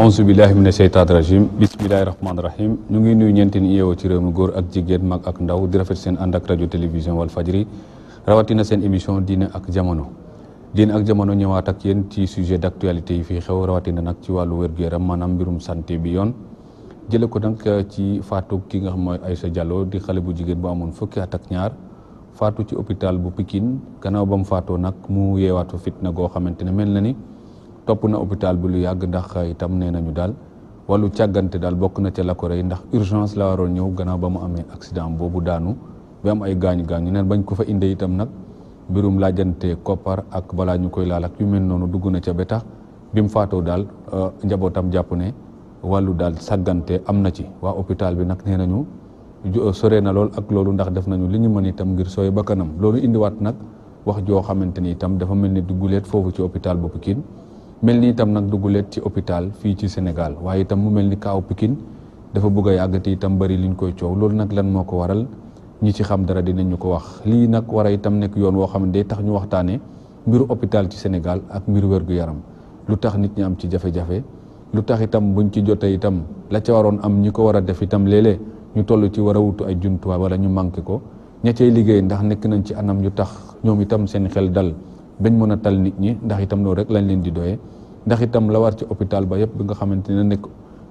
auzu billahi mina sheytaani rajim bismillahi rahmaani rahim ñu ngi nuyu ñeenti ñi yeewoo ci réew mi góor ak jigéen mag ak ndaw di rafet seen ànd ak rajo télévision wal fajri rawatina seen émission diina ak jamono diina ak jamono ñëwaat ak yéen ci sujet d' actualité yi fii xew rawatina nag ci wàllu wér gu maanaam mbirum santé bi yoon jële ko nag eh, ci faatu ki nga xam mooy Aïssa Diallo di xale bu jigéen bu amoon fukki at ak ñaar faatu ci hôpital bu Pikine gannaaw ba mu faatoo nag mu yeewaatu fitna goo xamante ne mel na ni topp na hôpital bi lu yàgg ndax itam nee nañu daal wàllu càggante daal bokk na ca la ko rey ndax urgence la waroon ñëw ganaaw ba mu amee accident boobu daanu bi am ay gaañu gaañu neen bañ ko fa indee itam nag mbirum laajante koppar ak balaa ñu koy laal ak yu mel noonu dugg na ca ba tax bi mu faatoo daal euh, njabootam jàpp ne wàllu daal sàggante am na ci waa hôpital bi nag nee nañu euh, sore na lool ak loolu ndax def nañu li ñu mën itam ngir sooy bakkanam loolu indiwaat nag wax joo xamante ni itam dafa mel ni dugguleet foofu ci hôpital bu Pikine mel ni itam nag duguleet ci hôpital fii ci Sénégal waaye itam mu mel ni kaaw pikin dafa bëgg a yàgg te itam bëri liñ koy coow loolu nag lan moo ko waral ñi ci xam dara ñu ko wax lii nag war a itam nekk yoon woo xam ne day tax ñu waxtaanee mbiru hôpital ci senegal ak mbiru wér yaram lu tax nit ñi am ci jafe-jafe lu tax itam buñ ci jotee itam la ca waroon am ñi ko war a def itam léeg ñu toll ci war a wutu ay jumtuwaay wala ñu manqué ko ña liggéey ndax nekk nañ ci anam yu tax ñoom itam seen xel dal bañ mën a tal nit ñi ndax itam loolu rek lañ leen di doyee ndax itam la war ci hôpital ba yëpp bi nga xamante ne nekk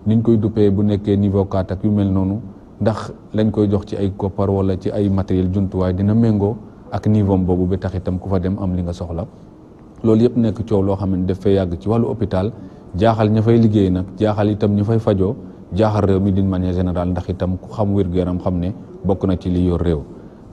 niñ koy duppee bu nekkee niveau 4 yu mel noonu ndax lañ koy jox ci ay koppar wala ci ay matériel jumtuwaay dina méngoo ak niveau boobu ba tax itam ku fa dem am li nga soxla loolu yëpp nekk coow loo xam ne daf fay yàgg ci wàllu hôpital jaaxal ña fay liggéey nag jaaxal itam ña fay fajoo jaaxal réew mi d'une manière générale ndax itam ku xam wér-gu-yaram xam ne bokk na ci li yor réew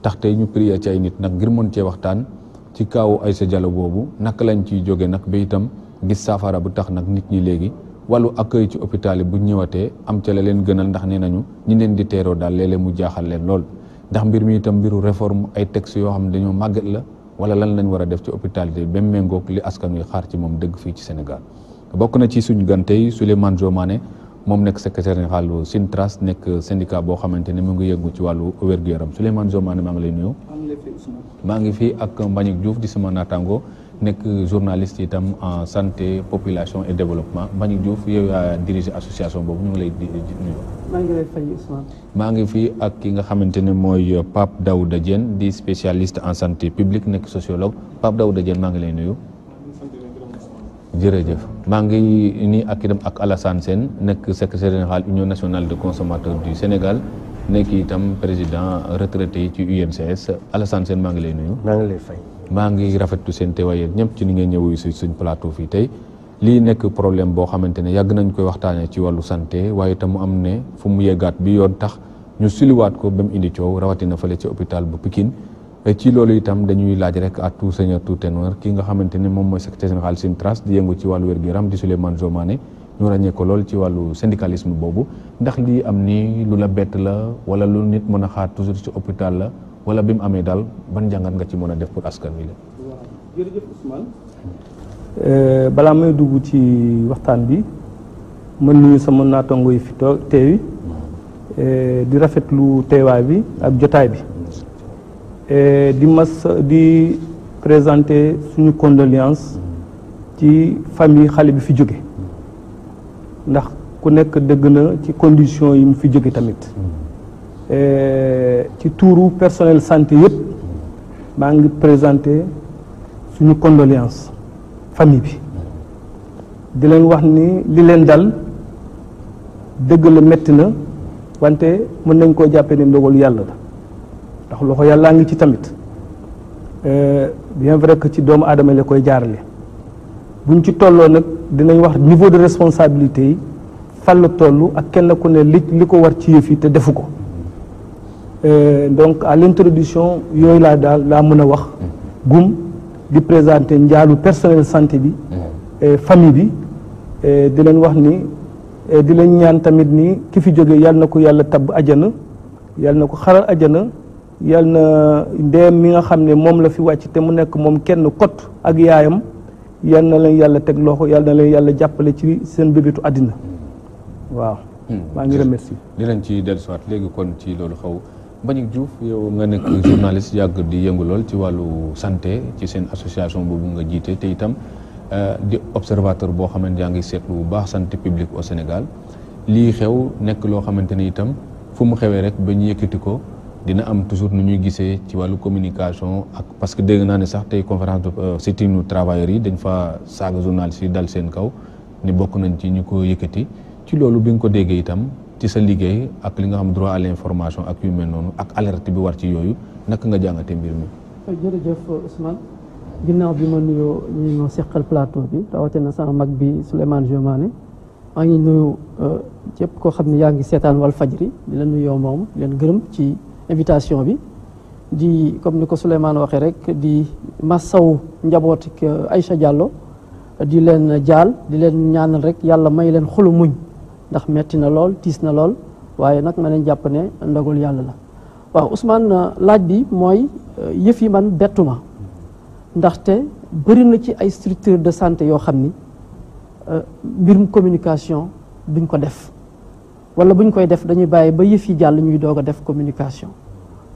tax tey ñu prier ci ay nit nag ngir mën cee waxtaan ci kaawu Aïssa Diallo boobu naka lañ ciy jóge nag ba itam gis saafara bu tax nag nit ñi léegi wàllu accueil ci hôpital yi bu ñëwatee am ca la leen gënal ndax nee nañu ñi leen di teeroo daal léeg-léeg mu jaaxal leen lool ndax mbir mi itam mbiru réforme ay textes yoo xam ne dañoo màggat la wala lan lañ war def ci hôpital yi ba méngoog li askan wi xaar ci moom dëgg fii ci senegal bokk na ci suñu gante yi Souleymane Diomane moom nekk secrétaire général Sintras nekk syndicat boo xamante ne mu ngi yëngu ci wàllu wér-gu-yaram Souleymane Diomane maa ngi lay nuyu maa ngi fi ak Mbagnick Diouf di sama naataango nekk journaliste itam en santé population et développement Mbagnick Diouf yow yaa association boobu ñu ngi lay maa ngi fi ak ki nga xamante ni mooy Pape Daouda Diène di spécialiste en santé publique nekk sociologue daw Daouda Diène maa ngi lay nuyu. jërëjëf maa ngi nii ak itam ak Alassane Sène nekk secrétaire général union nationale de consommateurs du Sénégal nekk itam président retraité ci UNCS Alassane Sène maa ngi lay nuyu. maa ngi lay fay. maa ngi rafetlu seen teewaay yéen ñëpp ci ni ngeen ñëwee si suñ plateau fii tey lii nekk problème boo xamante ne yàgg nañ koy waxtaanee ci wàllu sante waaye itam mu am ne fu mu yeggaat bi yoon tax ñu suliwaat ko ba mu indi coow rawatina fële ci hôpital bu Pikine ci loolu itam dañuy laaj rek à tout seigneur ten honneur ki nga xamante ne moom mooy secrétaire général Sintras di yëngu ci wàllu wér-gu-yaram di Souleymane Jomane ñu ràññee ko lool ci wàllu syndicalisme boobu ndax lii am ni lu la bett la wala lu nit mën a xaar toujours ci hôpital la wala bi mu amee daal ban jàngat nga ci mën a def pour askan wi la. waaw jërëjëf euh, balaa may dugg ci waxtaan bi mën nuyu sama naatango yi fi to toog teewi mm-hmm. euh, di rafetlu teewaay bi ak jotaay bi euh, di mas di présenter suñu condoléance ci famille xale bi fi jóge mm-hmm. ndax ku nekk dëgg na ci condition yi mu fi jóge tamit. Mm-hmm. Eh, ci tuuru personnel santé yëpp maa ngi présenté suñu condoléance famille bi di wax ni li leen dal dëgg la metti na wante mën nañ koo jàppee ne ndogalu yàlla la ndax loxo yàllaa ngi ci tamit eh, bien vrai que ci doomu aadama la koy jaarale buñ ci tolloo nag dinañ wax niveau de responsabilité yi fan la toll ak kenn ku ne li li ko war ci yëf yi te defu ko Euh, donc à l'introduction yooyu laa daal laa mën a wax mm-hmm. gum di présenter njaalu personnel santé bi mm-hmm. euh, famille bi euh, di leen wax ni di leen ñaan tamit ni ki fi jóge yàlla na ko yàlla tabb ajana yàlla na ko xaral ajana yàlla na ndeem mi nga xam ne moom la fi wàcc te mu nekk moom kenn kot ak yaayam yàlla na leen yàlla teg loxo yàlla na leen yàlla jàppale ci seen bébétu àddina mm-hmm. waaw maa ngi di leen ci dellusiwaat léegi kon ci loolu xaw Mbagnick Diouf yow nga nekk journaliste yàgg di yëngu lool ci wàllu santé ci seen association boobu nga jiite te itam euh, di observateur boo xamante yaa ngi seetlu bu baax santé publique au Sénégal lii xew nekk loo xamante ni itam fu mu xewee rek bañ yëkkati ko dina am toujours nu ñuy gisee ci wàllu communication ak parce que dégg naa ne sax tey conférence de euh, sitinu travailleurs yi dañ fa saaga journaliste yi dal seen kaw ni bokk nañ ci ñu ko yëkkati ci loolu bi nga ko déggee itam. ci sa liggéey ak li nga xam droit à l'information ak yu mel noonu ak alerte bi war ci yooyu naka nga jàngatee mbir mi. Euh, jërëjëf Ousmane ginnaaw bi ma nuyoo ñu ma seqal plateau bi rawatina mag bi Souleymane Jomane maa ngi nuyu euh, képp koo xam ne yaa ngi seetaan wal fajri di la nuyoo moom di leen gërëm ci invitation bi. di comme ni ko Souleymane waxee rek di massaw njaboot euh, Aïcha Diallo di leen jaal di leen ñaanal rek yàlla may leen xolu muñ. ndax metti na lool tiis na lool waaye nag ma leen jàpp ne ndogul yàlla la waaw Ousmane euh, laaj bi mooy euh, yëf yi man bettuma ndaxte bëri na ci ay structure de santé yoo xam ni euh, mbirum communication duñ ko def wala buñ koy def dañuy bàyyi ba yëf yi jàll ñuy doog a def communication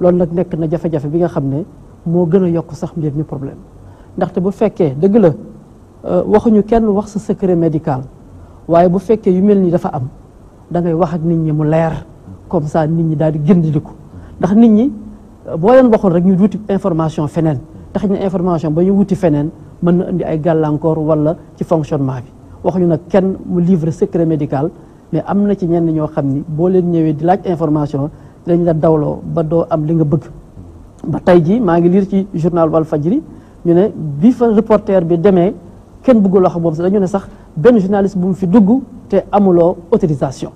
loolu nag nekk na jafe-jafe bi nga xam ne moo gën a yokk sax mbir ñu problème ndaxte bu fekkee dëgg la waxuñu kenn wax sa secret médical waaye bu fekkee yu mel nii dafa am dangay wax ak nit ñi mu leer comme saa nit ñi daal di ko ndax nit ñi boo leen waxul rek ñu wuti information feneen tax ñu information ba ñu wuti feneen mën na indi ay gàllankoor wala ci fonctionnement bi waxuñu nag kenn mu livre secret médical mais am na ci ñenn ñoo xam ni boo leen ñëwee di laaj information dañ la dawloo ba doo am li nga bëgg ba tey jii maa ngi liir ci journal Walfadjri ñu ne bi fa bi demee kenn bëggul wax moom sax dañu ne sax benn journaliste bu mu fi dugg te amuloo autorisation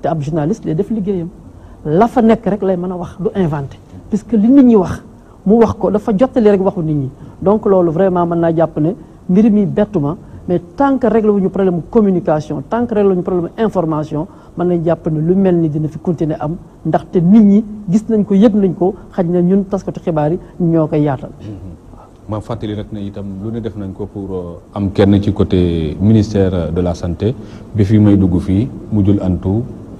te ab journaliste lay def liggéeyam la fa nekk rek lay mën a wax du inventé que li nit ñi wax mu wax ko dafa jottali rek waxu nit ñi donc loolu vraiment mën naa jàpp ne mbir mi bettuma mais tant que réglé wuñu problème communication tant que réglé problème information mën nañ jàpp ne lu mel ni dina fi continuer am ndaxte nit ñi gis nañ ko yëg nañ ko xaj na ñun taskatu xibaar yi ñoo koy yaatal mm-hmm. ma fàttali rek ne itam lu ne def nañ ko pour euh, am kenn ci côté ministère de la santé ba fi may dugg fii mujjul antu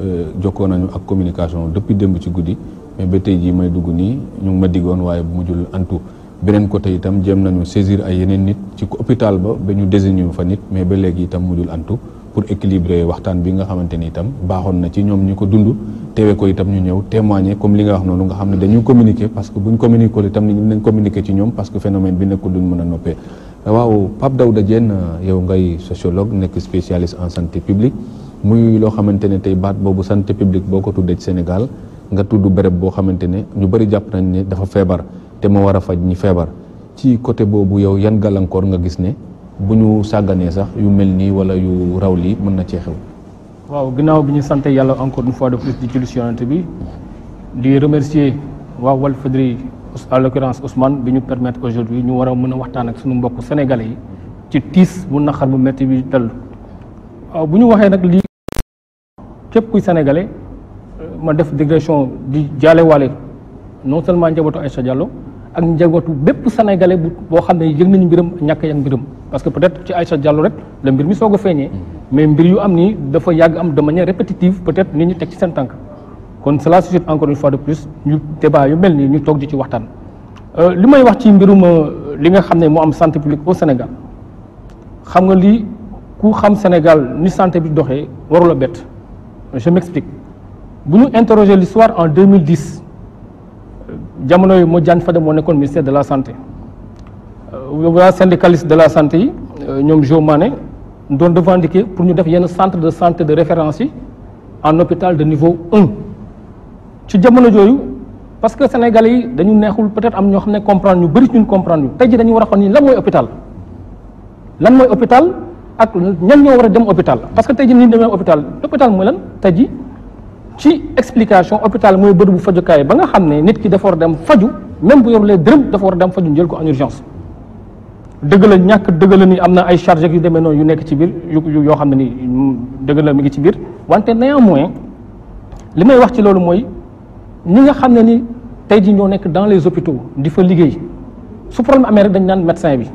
euh, jokkoo nañu ak communication depuis démb ci guddi mais ba tey jii may dugg nii ñu ma diggoon waaye mujjul antu beneen côté itam jéem nañu saisir ay yeneen nit ci hôpital ba ba ñu désigné fa nit mais ba léegi itam mujjul antu pour équilibrer waxtaan bi nga xamante ni itam baaxoon na ci ñoom ñu ko dund teewee ko itam ñu ñëw témoigner comme li nga wax noonu nga xam ne dañuy communiquer parce que buñ communiquer ko itam nit ñi nañ communiquer ci ñoom parce que phénomène bi a noppee waaw Pape Daouda Diène yow ngay sociologue nekk spécialiste en santé publique muy loo xamante ne tey baat boobu santé publique boo ko tuddee ci Sénégal nga tudd béréb boo xamante ne ñu bëri jàpp nañ ne dafa feebar te ma war a faj ñi feebar ci côté boobu yow yan gàllankoor nga gis ne bu ñu sàgganee sax yu mel nii wala yu raw lii mën na cee xew waaw ginnaaw bi ñu sante yàlla encore une fois de plus di julli si bi di remercier waa Walfadjri à l'occurrence Ousmane bi ñu permettre aujourd'hui ñu war a mën a waxtaan ak suñu mbokk sénégalais yi ci tiis bu naqar bu metti bi dal waaw bu ñu waxee nag lii képp kuy sénégalais ma def digression di jaalewaale non seulement njabootu ay sa Diallo ak njabootu bépp sénégalais bu boo xam ne yëg nañu mbiram ñàkk yag mbiram parce que peut-être ci ay sa rek mbir mi soog a feeñee mais mbir yu am nii dafa yàgg am de manière répétitive peut-être nit ñi teg ci seen tànk kon cela suscite encore une fois de plus ñu débat yu mel nii ñu toog di ci waxtaan. Euh, li may wax ci mbirum euh, li nga xam ne moo am santé publique au Sénégal xam nga lii ku xam Sénégal ni santé bi doxee warul bett je m'explique bu ñu interroger l'histoire en 2010 jamono yi moo Diagne Fada moo nekkoon ministère de la santé euh, waa syndicaliste de la santé yi ñoom Jo Mané. doon revendiquer pour ñu def yenn centre de santé de référence yi en hôpital de niveau un ci jamono jooyu parce que sénégalais yi dañu neexul peut-être am ñoo xam ne comprendre ñu bëri ñun comprendre ñu tey ji dañu war a xool ni lan mooy hôpital lan mooy hôpital ak ñan ñoo war a dem hôpital parce que tey ji ni demee hôpital hôpital mooy lan tey ji ci explication hôpital mooy bërëb bu fajukaay ba nga xam ne nit ki dafa war a dem faju même bu yorulee dërëm dafa war a dem faju ko en dëgg ñàkk dëgg la ni am na ay charge yu demee noonu yu nekk ci biir yu yoo xam ne ni dëgg la mi ngi ci biir wante néanmoins li may wax ci loolu mooy ñi nga xam ne ni tey ji ñoo nekk dans les hôpitaux di fa liggéey su problème amee dañ naan médecin bi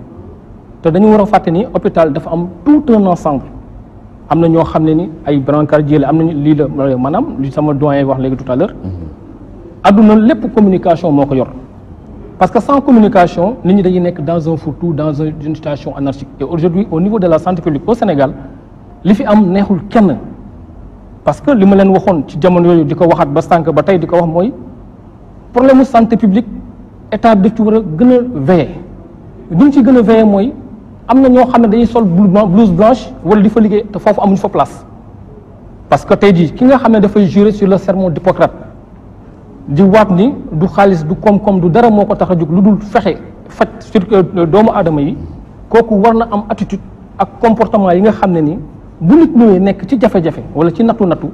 te dañu war a fàtte ni hôpital dafa am tout un ensemble am na ñoo xam ne ni ay brancardier la am nañu lii la maanaam li sama doyen wax léegi tout à l'heure mhm. adduna lépp communication moo ko yor parce que sans communication nit ñi dañuy nekk dans un fourre-tout dans une situation anarchique et aujourd'hui au niveau de la santé publique au Sénégal li fi am neexul kenn parce que li ma leen waxoon ci jamono yooyu di ko waxaat ba sànq ba tey di ko wax mooy problème mu santé publique état bi daf war a gën a veiller duñ ci gën a veiller mooy am na ñoo xam ne dañuy sol blouse blanche wala di fa liggéey foofu amuñ fa place parce que tey jii ki nga xam ne dafay jurer sur le serment d'Hippocrate di waat ni du xaalis du koom-koom du dara moo ko tax a jóg lu dul fexe faj sur euh, doomu aadama yi kooku war na am attitude ak comportement yi nga xam ne ni bu nit ñëwee nekk ci jafe-jafe wala ci nattu nattu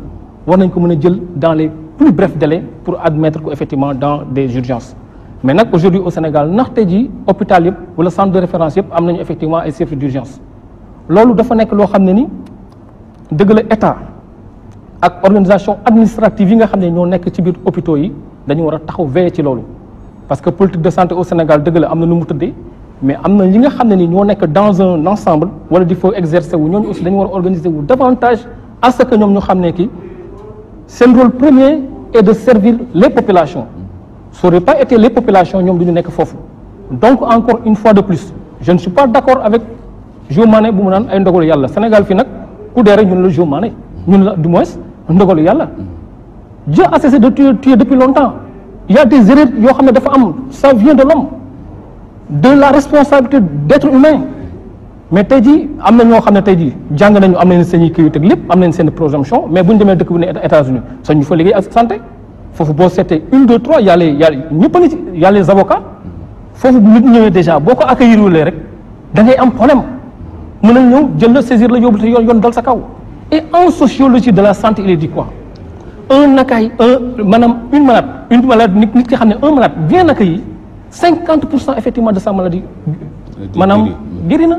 war nañ ko mën a jël dans les plus brefs délais pour admettre ko effectivement dans des urgences mais nag aujourd'hui au Sénégal ndax tey jii hôpital yëpp wala centre de référence yëpp am nañu effectivement ay services d'urgence loolu dafa nekk loo xam ne ni dëgg la ak organisation administrative yi nga xam ne ñoo nekk ci biir opito yi dañu war a taxaw veiller ci loolu parce que politique de santé au Sénégal dëgg la am na nu mu tëddee mais am na li nga xam ne ni ñoo nekk dans un ensemble wala di faut exercer wu ñooñu aussi dañu war a organiser wu davantage à ce que ñoom ñu xam ne ki seen rôle premier est de servir les populations ça aurait pas été les populations ñoom du ñu nekk foofu donc encore une fois de plus je ne suis pas d'accord avec mu naan ay yàlla Sénégal fii nag ku dee rek ñun la Jo Mané la du ndogalu yàlla Dieu a de tuer tuer depuis longtemps il y a des yoo xam ne dafa am ça vient de l'homme de la responsabilité d'être humain mais tey jii am na ñoo xam ne tey jii jàng nañu am nañ seen i kii yu teg lépp am nañ seen présomption mais bu ñu demee dëkk bu ne États-Unis sax ñu fa liggéey ak santé foofu boo seetee une deux trois y a les y a ñëpp a ngi ci y a les avocats foofu bu nit ñëwee déjà boo ko accueillir rek da am problème mën nañ ñëw jël la saisir la yóbbu te yoon dal sa kaw. Et en sociologie de la santé, il est dit quoi Un accueil, un, madame, une malade, une malade, un malade bien accueilli, 50% effectivement de sa maladie, madame, guéri na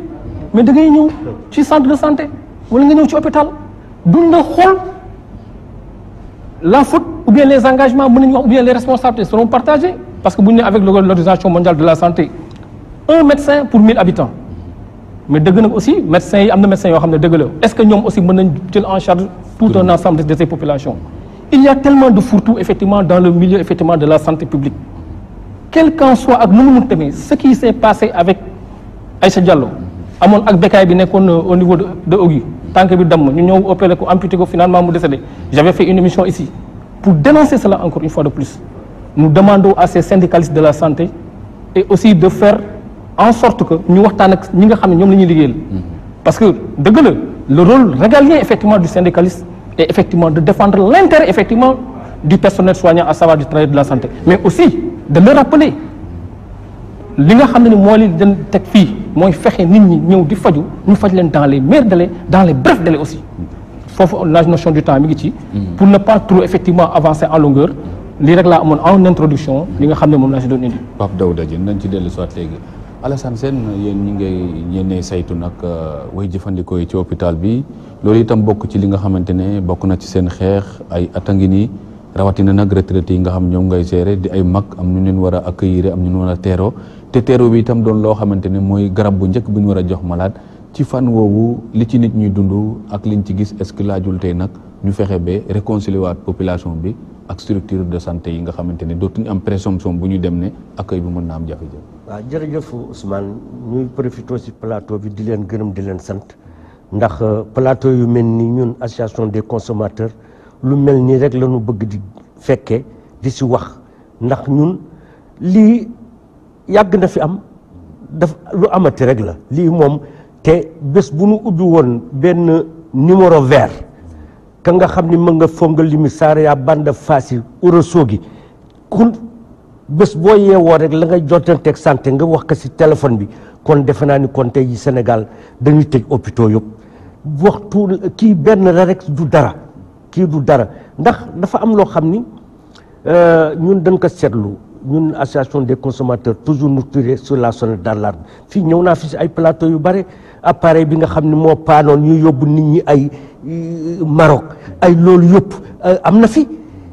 mais da ngay ñëw ci centre de santé wala nga ñëw ci hôpital duñ la xool la faute ou bien les engagements mën nañu wax ou bien les responsabilités seront partagées parce que bu ñu ne avec l'organisation mondiale de la santé un médecin pour 1000 habitants mais dëgg nag aussi médecins yi am na médecins yoo xam ne dëgg la est-ce que ñoom aussi mën nañ jël en charge tout un ensemble de ces populations il y a tellement de fourre effectivement dans le milieu effectivement de la santé publique quel soit ak nu mu mun tamit ce qui s'est passé avec Aïssa Diallo amoon ak békaay bi nekkoon euh, au niveau de Ogui tànk bi damm ñu ñëw opéré ko amputé ko finalement mu décédé j'avais fait une émission ici pour dénoncer cela encore une fois de plus nous demandons à ces syndicalistes de la en sorte que ñu waxtaan ak ñi nga xam ne ñoom la ñuy liggéeyal parce que dëgg la le rôle régalien effectivement du syndicaliste est effectivement de défendre l'intérêt effectivement du personnel soignant à savoir du travail de la santé mais aussi de le rappeler li nga xam ne moo li dañ teg fii mooy fexe nit ñi ñëw di faju ñu faj leen dans les meilleurs délais dans les brefs délais aussi foofu la notion du temps mi ngi ci mm-hmm. pour ne pas trop effectivement avancer en lii rek laa amoon en introduction li nga xam ne moom laa si doon indi Pape Daouda Diène Alassane Sène yéen ñu ngay ñeene saytu nag euh, way jëfandikoo yi ci hôpital bi loolu itam bokk ci li nga xamante ne bokk na ci seen xeex ay at a ngi nii rawatina nag retraité yi nga xam ñoom ngay gérer di ay mag am ñu leen war a accueillir am ñu leen war a teeroo te teeroo bi itam doon loo xamante ne mooy garab bu njëkk bu ñu war a jox malaat ci fan woowu li ci nit ñuy dund ak liñ ci gis est-ce que laajul tey nag ñu fexe ba réconcilier waat population bi ak structure de santé yi nga xamante ne dootuñu am présomption bu ñu dem ne accueil bi mën na am jafe waaw jërëjëf Ousmane ñuy profité si plateau bi di leen gërëm di leen sant ndax euh, plateau yu mel ni ñun association des consommateurs lu mel nii rek la ñu bëgg di fekkee di si wax ndax ñun lii yàgg na fi am daf lu amati rek la lii moom te bés bu nu ubbi woon benn numéro vert ka nga xam ni mën nga fongal limi saare yaa banda faasi oroso gi bés boo yeewoo rek la ngay jottanteeg santé nga wax ko si téléphone bi kon defe naa ni kon tey yi Sénégal dañuy tëj hôpitaux yëpp waxtu kii benn la rek du dara kii du dara ndax dafa am loo xam ni euh, ñun dañ ko seetlu ñun association des consommateurs toujours nous tirer sur la sonnette d'alarme fii ñëw naa fi si ay plateau yu bare appareil bi nga xam ne moo paanoon ñu yóbbu nit ñi ay Maroc ay loolu yëpp euh, am na fi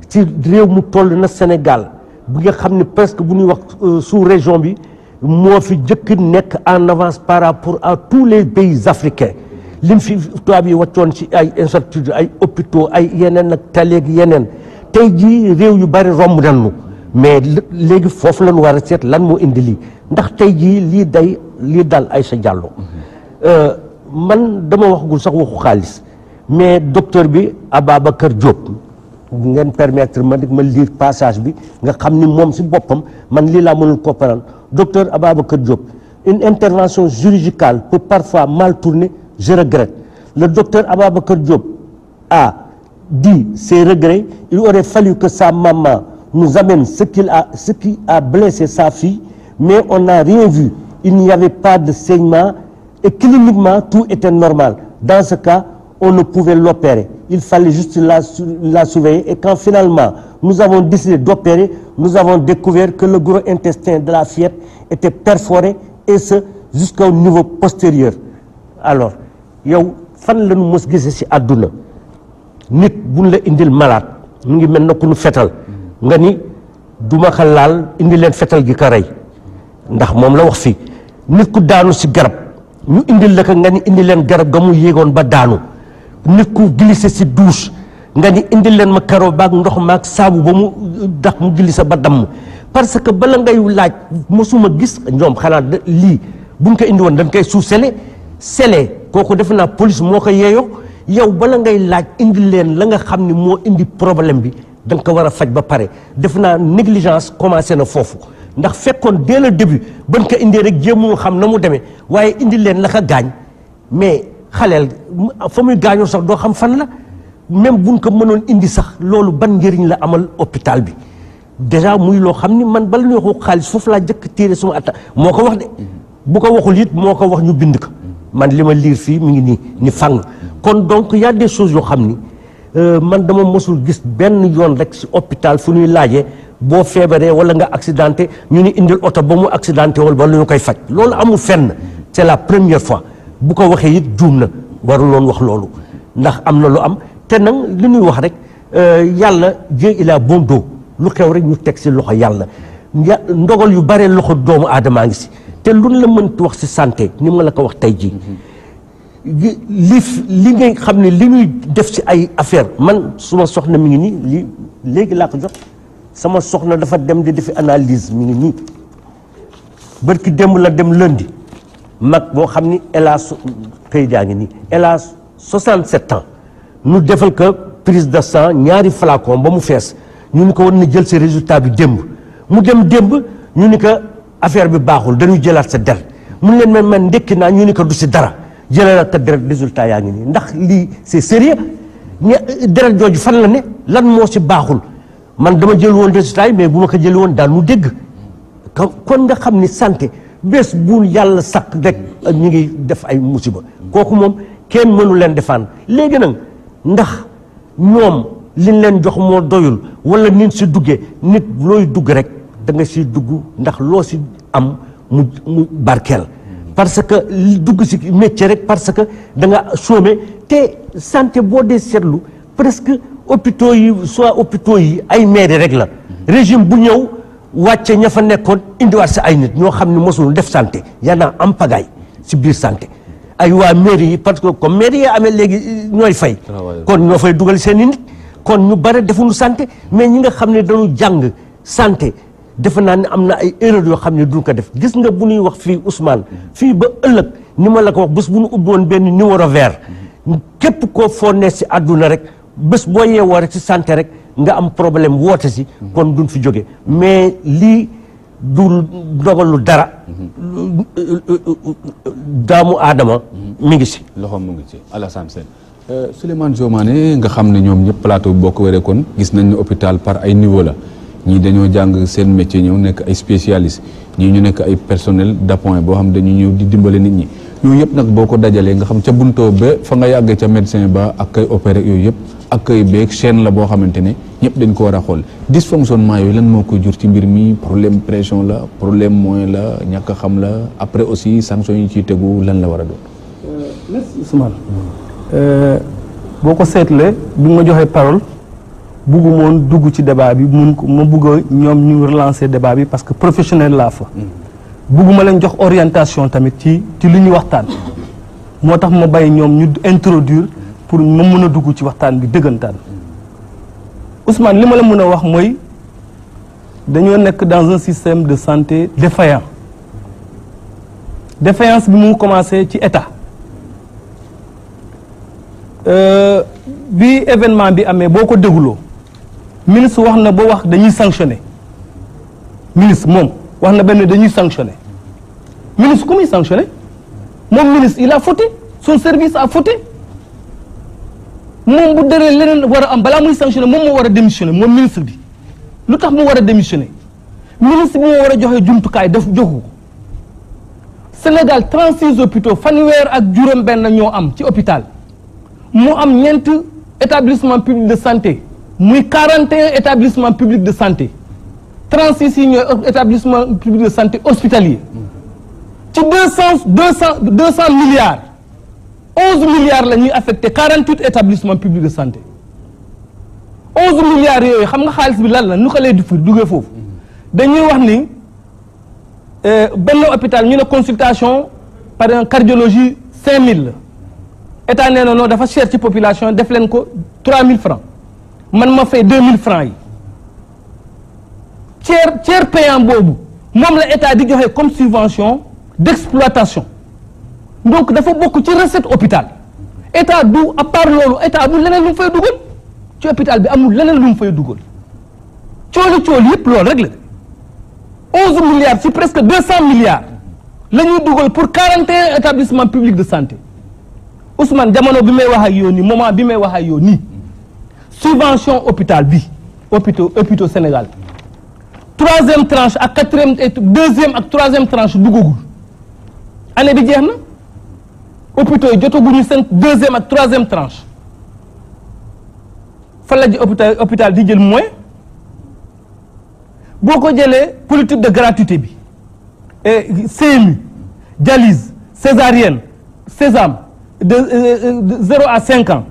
ci réew mu toll na Sénégal bu nga xam ne presque bu ñuy wax euh, sous région bi moo fi jëkk nekk en avance par rapport à tous les pays africains lim fi tubaab yi wàccoon si ay infrastructure ay hôpitaux ay yeneen ak taleeg yeneen tey jii réew yu bari romb nañu mais léegi foofu lañu war a seet lan moo indi lii ndax tey jii lii day lii dal Aïssa Diallo euh, man dama waxagul sax waxu xaalis mais docteur bi Ababacar Diop ngeen permettre ma ma lire passage bi nga xam ni moom si boppam man lii laa mënul comprendre docteur Ababacar Diop une intervention chirurgicale peut parfois mal tourner je regrette le docteur Ababacar Diop a dit ses regrets il aurait fallu que sa maman nous amène ce qu'il a ce qui a blessé sa fille mais on a rien vu il n'y avait pas de saignement et cliniquement tout était normal dans ce cas on ne pouvait l'opérer il fallait juste la, la surveiller. Et quand finalement nous avons décidé d'opérer, nous avons découvert que le gros intestin de la fillette était perforé et ce jusqu'au niveau postérieur. Alors yow fan la mos gisee ci àdduna nit buñ la indil malaat mu ngi mel na ku nu fetal nga ni duma ko laal indi leen fetal gi ko rey ndax moom la wax fii nit ku daanu ci garab ñu indil la ko nga ni indi leen garab ga mu yéegoon ba daanu. nit ku glissé si douche nga ni indil leen ma karo baag ndox maag saabu ba mu euh, dax mu glissé ba damm parce que bala ngay laaj mosuma gis ñoom xanaa lii buñ ko indi woon dañ koy suuf sele sele kooku defe naa police moo ko yeeyoo yow bala ngay laaj indi leen la nga xam ni moo indi problème bi danga nga ko war a faj ba pare defe naa négligence commencé na foofu ndax fekkoon dès le début ban ko indee rek jéem moo xam na mu demee waaye indi leen la ko gaañ xaleel fa muy gaañoo sax doo xam fan la même buñ ko mënoon indi sax loolu ban njëriñ la amal hôpital bi déjà muy loo xam ni man bala ñuy wax xaalis foofu laa jëkk téere suma atta moo ko wax de bu ko waxul yit moo ko wax ñu bind ko man li ma liir fii mu ngi nii ni fàng kon donc y a des choses yoo xam ni euh, man dama mosul gis benn yoon rek si hôpital fu ñuy laajee boo feebaree wala nga accidenté ñu ni indil oto ba mu accidenté wala ba lu ñu koy faj loolu amul fenn c'est la première fois bu ko waxee it juum na waruloon wax loolu ndax am na lu am te nag li ñuy wax rek euh, yàlla Dieu il bon dos lu xew rek ñu teg si loxo yàlla ndogal yu bare loxo doomu aadamaa ngi si te lu la mënti wax si santé ni ma la ko wax tey jii li li ngay xam ne li ñuy def si ay affaire man suma soxna mi ngi nii li léegi laa ko jot sama soxna dafa dem di defi analise mi ngi nii bërki démb la dem lëndi mag moo xam ni elle a kayit yaa ngi nii elle a 67 ans ñu defal ko prise de sang ñaari flacon ba mu fees ñu ni ko war na jël sa résultat bi démb mu dem démb ñu ni ko affaire bi baaxul dañu jëlaat sa der mun leen man man ndekki naa ñu ni ko du si dara jëlaat sa deret résultat yaa ngi nii ndax lii c'est sérieux ña deret jooju fan la ne lan moo si baaxul man dama jël woon résultat yi mais bu ma ko jëli woon daal mu dégg kon nga xam ni santé bés bu yàlla sakk rek ñu ngi def ay musiba kooku moom kenn mënu leen defaan léegi nag ndax moom liñ leen jox moo doyul wala nin si duggee nit looy dugg rek da nga siy dugg ndax loo si am mu mu barkeel parce que dugg si métier rek parce que da nga chômé te santé boo dee seetlu presque hôpitaux yi soit hôpitaux yi ay mairie rek la régime bu ñëw wàcce ña fa nekkoon indiwaat si ay nit ñoo xam ne mosul def santé yàlla am pagaay si biir santé ay waa mairie yi parce que comme mairie yi amee léegi euh, ñooy fay ah, kon ñoo fay dugal seen i nit kon ñu bare defuñu santé mais ñi nga xam ne dañu jàng santé defe naa ni am na ay erreur yoo xam ne duñ ko def gis nga bu ñuy wax fii Ousmane fii ba ëllëg ni ma la ko wax bés bu ñu ubbi woon benn numéro vert képp koo foo si àdduna rek bés boo yeewoo rek si sante rek nga am problème woote si kon duñ fi jóge mais lii du ndogalu dara daamu aadama mu ngi si loxoom mu ngi si Alassane Sène euh, Souleymane Diomane nga xam ne ñoom ñëpp plateau boo ko waree kon gis nañ ne hôpital par ay niveau la ñii dañoo jàng seen métier ñëw nekk ay spécialiste ñii ñu nekk ay personnel d'appoint boo xam dañu ñëw di dimbale nit ñi yooyu yëpp nag boo ko dajalee nga xam ca buntoo ba fa nga yàggee ca médecin ba ak kay opéré yooyu yëpp ak kay beeg chaîne la boo xamante ne ñëpp dañ ko war a xool dysfonctionnement yooyu lan moo koy jur ci mbir mi problème pression la problème moyen la ñàkk xam la après aussi sanction yi ciy tegu lan la war a doon. Euh, merci Ousmane. Euh, boo ko seetlee bi ma joxee parole bëggumoon dugg ci débat bi mun ko ma bëgg a ñoom ñu relancer débat bi parce que professionnel laa fa. Mm. bugguma leen jox orientation tamit ci ci li ñu waxtaan moo tax ma bàyyi ñoom ñu introduire pour ma mën a dugg ci waxtaan bi dëggantaan Ousmane li ma la mën a wax mooy dañoo nekk dans un système de santé défaillant défaillance bi mu commencé ci état euh, bi événement bi amee boo ko dégloo ministre wax na ba wax dañuy sanctionné ministre moom wax na benn dañuy sanctionné ministre ku muy sanctionné moom ministre il a fauté son service a fauté moom bu dëree leneen war a am balaa muy sanctionné moom moo war a démissionné moom ministre bi lu tax mu war a démissionné ministre bi moo war a joxe jumtukaay def joxu ko Sénégal 36 hôpitaux fanweer ak juróom-benn ñoo am ci hôpital mu am ñeent établissement public de santé muy 41 établissement public de santé 36 yi ñooy établissement public de santé hospitalier. ci deux cent deux cent deux cent milliards onze milliards la ñuy affecté quarante huit établissements publics de santé onze milliards yooyu xam nga xaalis bi lan la nu ko lay dugg duggee foofu dañuy wax ni euh, benn hôpital ñu ne consultation par exemple cardiologie cinq mille la état nee na non dafa cher ci population def leen ko trois mille francs man ma fay deux mille francs yi tiers tiers payant boobu moom la état di joxe comme subvention. d'exploitation donc dafa bokk ci recette hôpital état du à part loolu état amul leneen lu mu fay dugal ci hôpital bi amul leneen lu mu fay dugal cooli cooli yëpp loolu rek la onze milliards ci presque deux cent milliards la ñuy dugal pour quarante et un établissement public de santé Ousmane jamono bi may wax ak yow nii moment bi may wax ak yow nii subvention hôpital bi hôpitaux hôpitaux Sénégal troisième tranche ak quatrième et deuxième ak troisième tranche duggagul. année bi jeex na hôpitaux yi jotaguñu seen deuxième ak troisième tranche fan la ji hôpital hôpital di jël moins boo ko jëlee politique de gratuité bi CMU dialyse césarienne sésame de, euh, euh, de zéro à cinq ans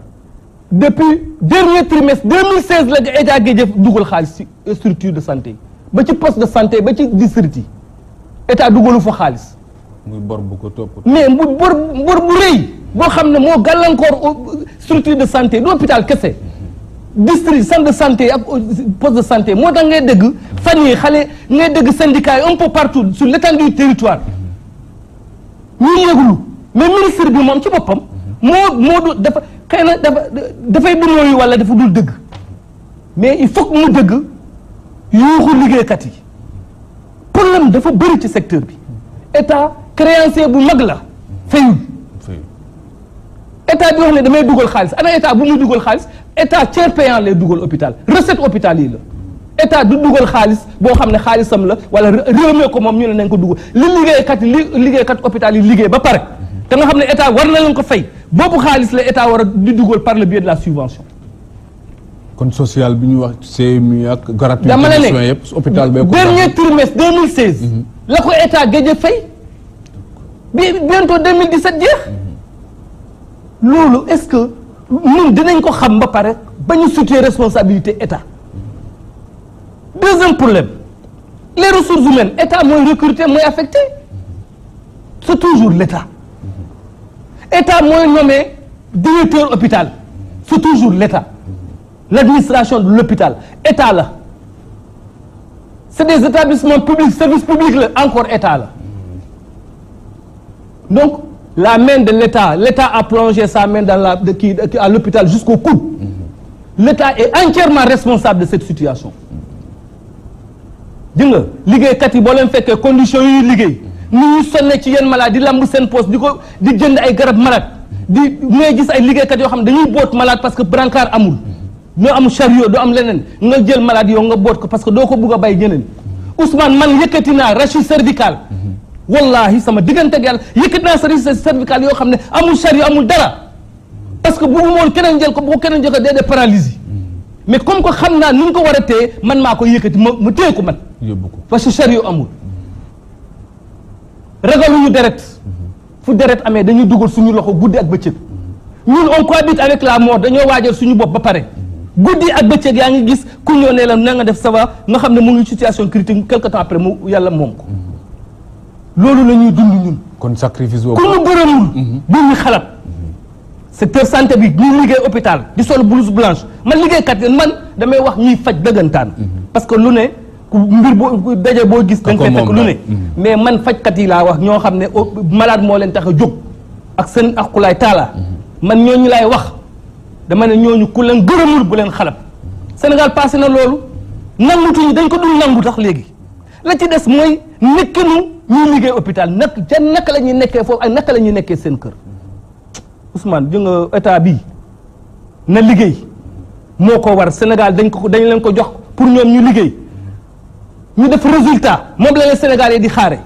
depuis dernier trimestre 2016 la ga e état gi jëf dugal xaalis ci structure de santé ba ci poste de santé ba ci district yi état dugalu fa xaalis muy bor bu ko topp. mais bu bor bor bu rëy boo xam ne moo gàllankoor euh, structure de santé du hôpital kese district centre de santé ak euh, poste de santé moo tax ngay dégg fan yi xale ngay dëgg syndicat yi un peu partout sur l'étendue du territoire ñuy yëglu mais ministre bi moom ci boppam moo moo du dafa xëy na dafa dafay bunóoyu wala dafa dul dëgg mais il faut mu dëgg yuuxu liggéeykat yi problème dafa bëri ci secteur bi créancier bu mag la fayul état bi wax ne damay dugal xaalis ana état bu muy dugal xaalis état tiers payant lay dugal hôpital recette hôpital yi la état du dugal xaalis boo xam ne xaalisam la wala réew mee ko moom ñu ne nañ ko dugal li liggéeykat yi li liggéeykat hôpital yi liggéey ba pare te nga xam ne état war na leen ko fay boobu xaalis la état war a di dugal par le biais de la subvention kon social bi ñu wax CMU ak gratuité dama la ne hôpital bee ko dernier trimestre 2016 mhm. la ko état gëj a bi bientôt 2017 jeex loolu est-ce que ñun ko xam ba pare ba ñu situer responsabilité état deuxième problème les ressources humaines état mooy recruter mooy affecté c'est toujours l'état état mooy nommé directeur hôpital c'est toujours l'état l'administration de l'hôpital état la c'est des établissements publics service public la encore état la donc la main de l'État l'État a plongé sa main dans la de kii à l'hôpital jusqu'au coude mm-hmm. l'État est entièrement responsable de cette situation di nga liggéeykat yi boo leen fekkee conditions yuy liggéey mm-hmm. ni ñu sonne ci yenn malade di lamb seen poste di ko di jënd ay garab malade mm-hmm. di ngay gis ay liggéey liggéeykat yoo xam ne dañuy boot malade parce que brancard amul doo am chariot doo am leneen nga jël malade yow nga boot ko parce que doo ko bugg a bay ñeneen Ousmane man yëkkati naa rachis cervical wallahi sama diggante ak yàlla yëkkat naa service cervical yoo xam ne amul chariot amul dara parce que bu umoon keneen jël ko bu ko keneen jël ko dee dee paralysie mais comme que xam naa ni ñu ko war a téye man maa ko yëkkati mu ma téye ko man. yóbbu ko parce que chariot amul. ragaluñu deret fu deret amee dañuy dugal suñu loxo guddi ak bëccëg ñun on cohabite avec la mort dañoo waajal suñu bopp ba pare guddi ak bëccëg yaa ngi gis ku ñëw ne la na nga def ça nga xam ne mu ngi situation critique quelque temps après mu yàlla moom loolu la ñuy dund ñun. kon sacrifice boobu ku mu gërëmul. Mhm. bu ñu xalaat. secteur santé bi ñu liggéey hôpital di sol blouse blanche man liggéeykat yi man damay wax ñuy faj dëggantaan. Mhm. parce que lu ne ku mbir boo daje boo gis. da nga fay fekk lu ne. Mhm. mais man fajkat yi laa wax ñoo xam ne malade moo leen tax a jóg. ak seen ak ku laay taalaa. man ñooñu laay wax dama ne ñooñu ku leen gërëmul bu leen xalab Sénégal passé na loolu nangutuñu dañ ko dul nangu tax léegi. la ci des mooy nekkinu ñuy liggéey hôpital nak ca naka la ñuy nekkee foofu ak naka la ñuy nekkee seen kër Ousmane ju nga état bi na liggéey moo ko war Sénégal dañ ko dañ leen ko jox pour ñoom ñu liggéey ñu def résultat moom la leen Sénégal yi di xaare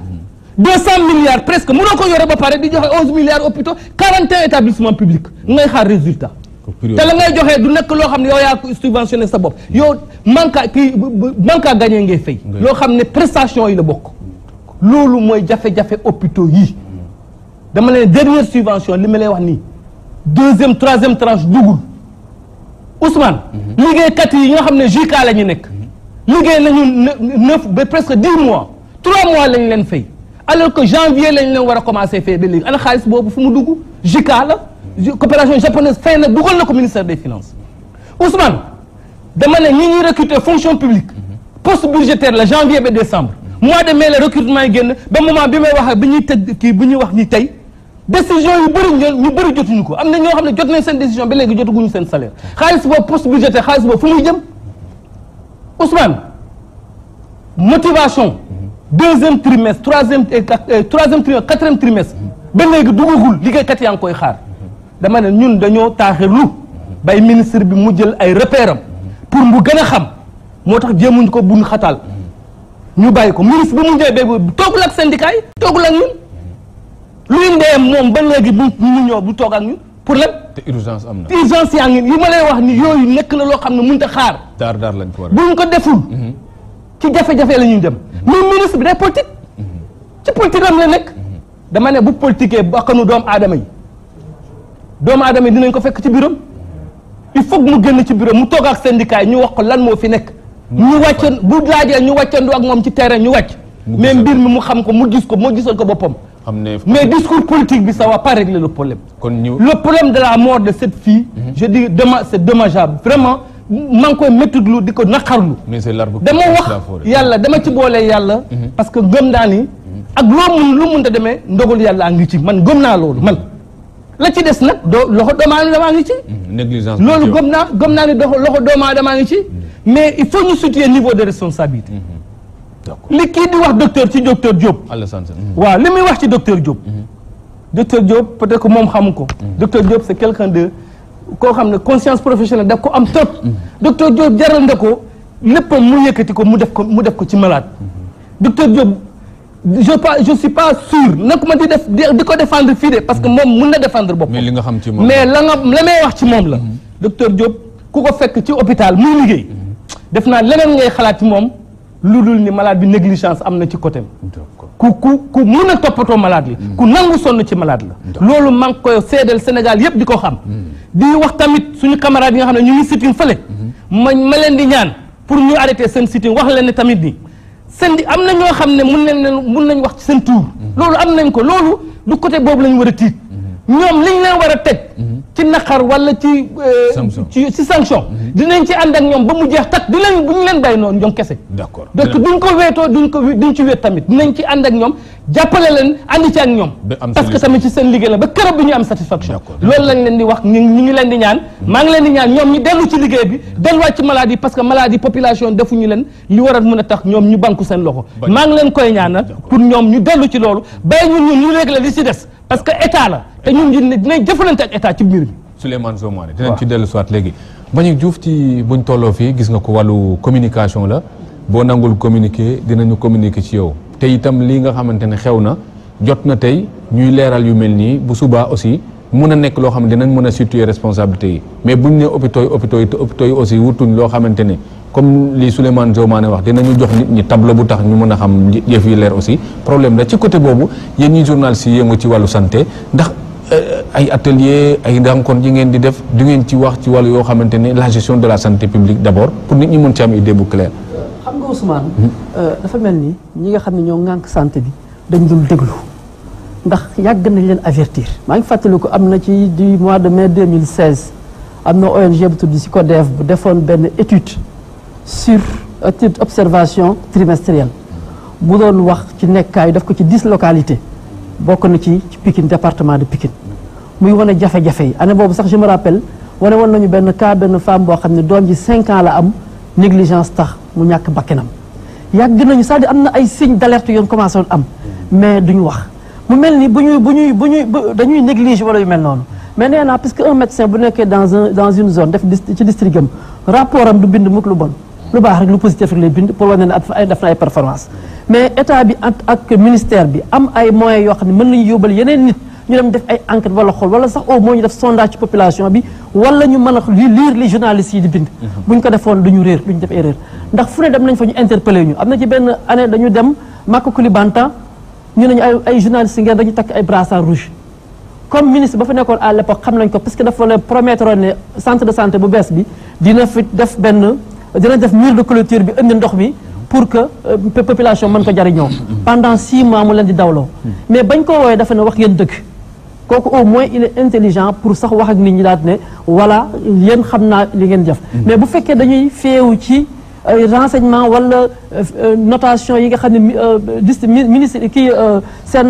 deux cent milliards presque mënoo ko yore ba pare di joxe onze milliards hôpitaux quarante et un établissements publics ngay xaar résultat te la ngay joxee du nekk loo xam ne yow yaa ko subventionné sa bopp yow manque à kii manque à gagné ngay fay loo xam ne prestation yi la bokk loolu mooy jafe-jafe hôpitaux yi dama leen dernière subvention li ma lay wax nii deuxième troisième tranche dugul Ousmane mhm. liggéeykat yi nga xam ne JK la ñu nekk mhm. liggéey nañu neuf ba presque dix mois trois mois lañ leen fay alors que janvier lañ leen war a commencé fay ba léegi ana xaalis boobu fu mu dugg JK la coopération japonaise fay na dugal na ko ministère des finances Ousmane dama ne ñi ñuy recruter fonction publique poste budgétaire la janvier ba décembre mois de mai la recrutement yi génn ba moment bi may wax ak bi ñuy tëj kii bi ñuy wax ni tey décision yu bëri ñu bëri jotuñu ko am na ñoo xam ne jot nañ seen décision ba léegi jotaguñu seen salaire xaalis boobu poste budgétaire xaalis boobu fu muy jëm Ousmane motivation deuxième trimestre troisième euh, troisième trimestre quatrième trimestre ba léegi dugagul liggéeykat yaa ngi koy xaar dama ne ñun dañoo taaxirlu bay ministre bi mu jël ay repère pour mu gën a xam moo tax jéemuñ ko bun xataal ñu bàyyi ko ministre bi mu ñëwee béy boobu toogul ak syndicat yi toogul ak ñun luy ndeem moom ba léegi mu mu ñëw bu toog ak ñun pour lépp. te urgence am na urgence yaa ngi li ma lay wax ni yooyu nekk na loo xam ne mënut a xaar. daar daar lañ ko war buñ ko deful. Mhm. ci jafe-jafe la ñuy dem. mais mhm. ministre bi day politique. Mhm. ci politique am la nekk. dama ne bu politiquee bakkanu doomu aadama yi. doomu aadama dinañ ko fekk ci biiram il faut mu génn ci biiram mu toog ak syndicat yi ñu wax ko lan moo fi nekk. ñu wàccoon bu laajee ñu wàccandu ak moom ci terrain ñu wàcc. mais mbir mi mu xam ko mu gis ko moo gisal ko boppam. mais discours politique bi ça va pas régler le problème. kon ñu le problème de la de cette fille. Mhm. je dis dema c' est vraiment maa ngi koy méttitlu di ko naqarlu. dama wax yàlla dama ci boolee yàlla. Mhm. parce que gëm naa ni. Mhm. ak loo mun lu mun a demee ndogalu yàlla a ngi ci man gëm naa loolu man. la ci des nag doo loxo doomu aadama ngi ci. Mm, négligence loolu gëm naa gëm naa ne loxo doomu aadama ngi ci. Mm. mais il faut ñu situer niveau de responsabilité. Mm-hmm. li kii di wax docteur ci docteur Diop. Alassane mm-hmm. waaw li muy wax ci docteur Diop. Mm-hmm. docteur Diop peut-être moom xamu ko. docteur Diop c'est quelqu'un de koo xam ne conscience professionnelle daf ko am trop. docteur Diop jaral na ko léppam mu yëkkati ko mu def ko mu def ko ci malade. docteur Diop. je pas je suis pas sûr ma di def di ko défendre fii de parce que moom mun na défendre boppam. mais li nga xam ci moom mais la nga la may wax ci moom la. Mm-hmm. docteur Diop ku ko fekk ci hôpital muy liggéey. Mm-hmm. def naa leneen ngay xalaat ci moom lu dul ni malaat bi négligence am na ci côté ku ku ku mun na toppatoo malade yi. Mm-hmm. ku nangu sonn ci malaat la. loolu maa ngi koy seedeel Sénégal yëpp di ko xam. di wax tamit suñu camarades yi nga xam ne ñu ngi sitting fële. ma ma leen di ñaan pour ñu arrêter seen sitting wax leen ne tamit nii. seen di am na ñoo xam ne mun nañ leen mun nañ wax ci seen tuur mm-hmm. loolu am nañ ko loolu du côté boobu lañ war a tiit mm-hmm. ñoom liñ leen war a teg mm-hmm. ci naqar wala ci. Euh, ci ci sanction. Mhm. dinañ ci ànd ak ñoom ba mu jeex takk du leen bu ñu leen bàyyi noonu ñoom kese. d'accord donc duñ ko wéetoo duñ ko duñ ci wéet tamit dinañ ci ànd ak ñoom jàppale leen ànd ci ak ñoom. parce que tamit ci seen liggéey la ba keroog bi ñu am satisfaction. loolu lañ leen di wax ñu ñu ngi leen di ñaan. Mhm. maa ngi leen di ñaan ñoom ñu dellu ci liggéey bi delluwaat ci maladie parce que maladie population defuñu leen li war a mën a tax ñoom ñu banku seen loxo. maa ngi leen koy ñaanal pour ñoom ñu dellu ci loolu bàyyi ñu li ci des parce que état la te ñun ñu dinañ jëfalante ak état ci mbir mi. Souleymane Somane dinañ ci dellu soit léegi. Mbagnick Diouf ci buñ tolloo fii gis nga ko wàllu communication la boo nangul communiqué dinañu communiquer ci yow te itam lii nga xamante ne xew na jot na tey ñuy leeral yu mel nii bu subaa aussi. mun a nekk loo xam ne dinañ mën a situer responsabilité yi mais buñ ne hôpitaux yi hôpitaux yi te hôpitaux yi aussi wutuñ loo xamante ne comme li Souleymane Diomane wax dinañu jox nit ñi tableau bu tax ñu mën a xam yëf yi leer aussi problème la ci côté boobu yéen ñi journalistes yi yëngu ci wàllu santé ndax euh, ay atelier ay rencontre yi ngeen di def du ngeen ci wax ci wàllu yoo xamante ni la gestion de la santé publique d'abord pour nit ñi mën ci am idée bu claire. xam nga Ousmane. Hmm. Euh, dafa mel ni ñi nga xam ne ñoo ŋànk santé bi dañu dul déglu ndax yàgg nañ leen avertir maa ngi fàttaliku am na ci du mois de mai 2016 am na ONG bu tudd ci CODEF bu defoon benn étude. sur titre observation trimestrielle bu doon wax ci nekkaay def ko ci dix localités bokk na ci ci Pikine département de Pikine muy wane jafe-jafe yi année boobu sax je me rappelle wane woon nañu benn cas benn femme boo xam ne doom ji cinq ans la am négligence tax mu ñàkk bakkanam yàgg nañu sax à dire am na ay signes d'alerte yoon commencé woon am mais du ñu wax mu mel ni bu ñuy bu ñuy bu ñuy dañuy négliger wala yu mel noonu mais nee naa puisque un médecin bu nekkee dans un dans une zone def ci district am am du bind mukk lu bon lu baax rek lu positif rek lay bind pour wane ne ay def na ay performance mais état bi ak ministère bi am ay moyens yoo xam ne mën nañu yóbbal yeneen nit ñu dem def ay enquête wala xool wala sax au moins ñu def sondage ci population bi wala ñu mën a li lire li journalistes yi di bind mhm. bu ñu ko defoon du ñu réer du ñu def erreur ndax fu ne dem nañ fa ñu interpellé ñu am na ci benn année dañu dem Maka Koulibantang ñu ne ñu ay ay journalistes ngeen dañu takk ay brassard rouge comme ministre ba fa nekkoon à l'époque xam nañ ko parce que dafa la promettre ne centre bu bees bi dina fi def benn dana def mur de clôture bi indi ndox bi pour que euh, population man ko jariñoo pendant six mois mu leen di dawloo mais bañ koo woowee dafa ne wax ngeen dëkk kooku au moins il est intelligent pour sax wax ak nit ñi daal ne voilà yéen xam naa li ngeen def mais bu fekkee dañuy feewu ci renseignement wala euh, euh, notation yi nga xam ne liste ministre kii seen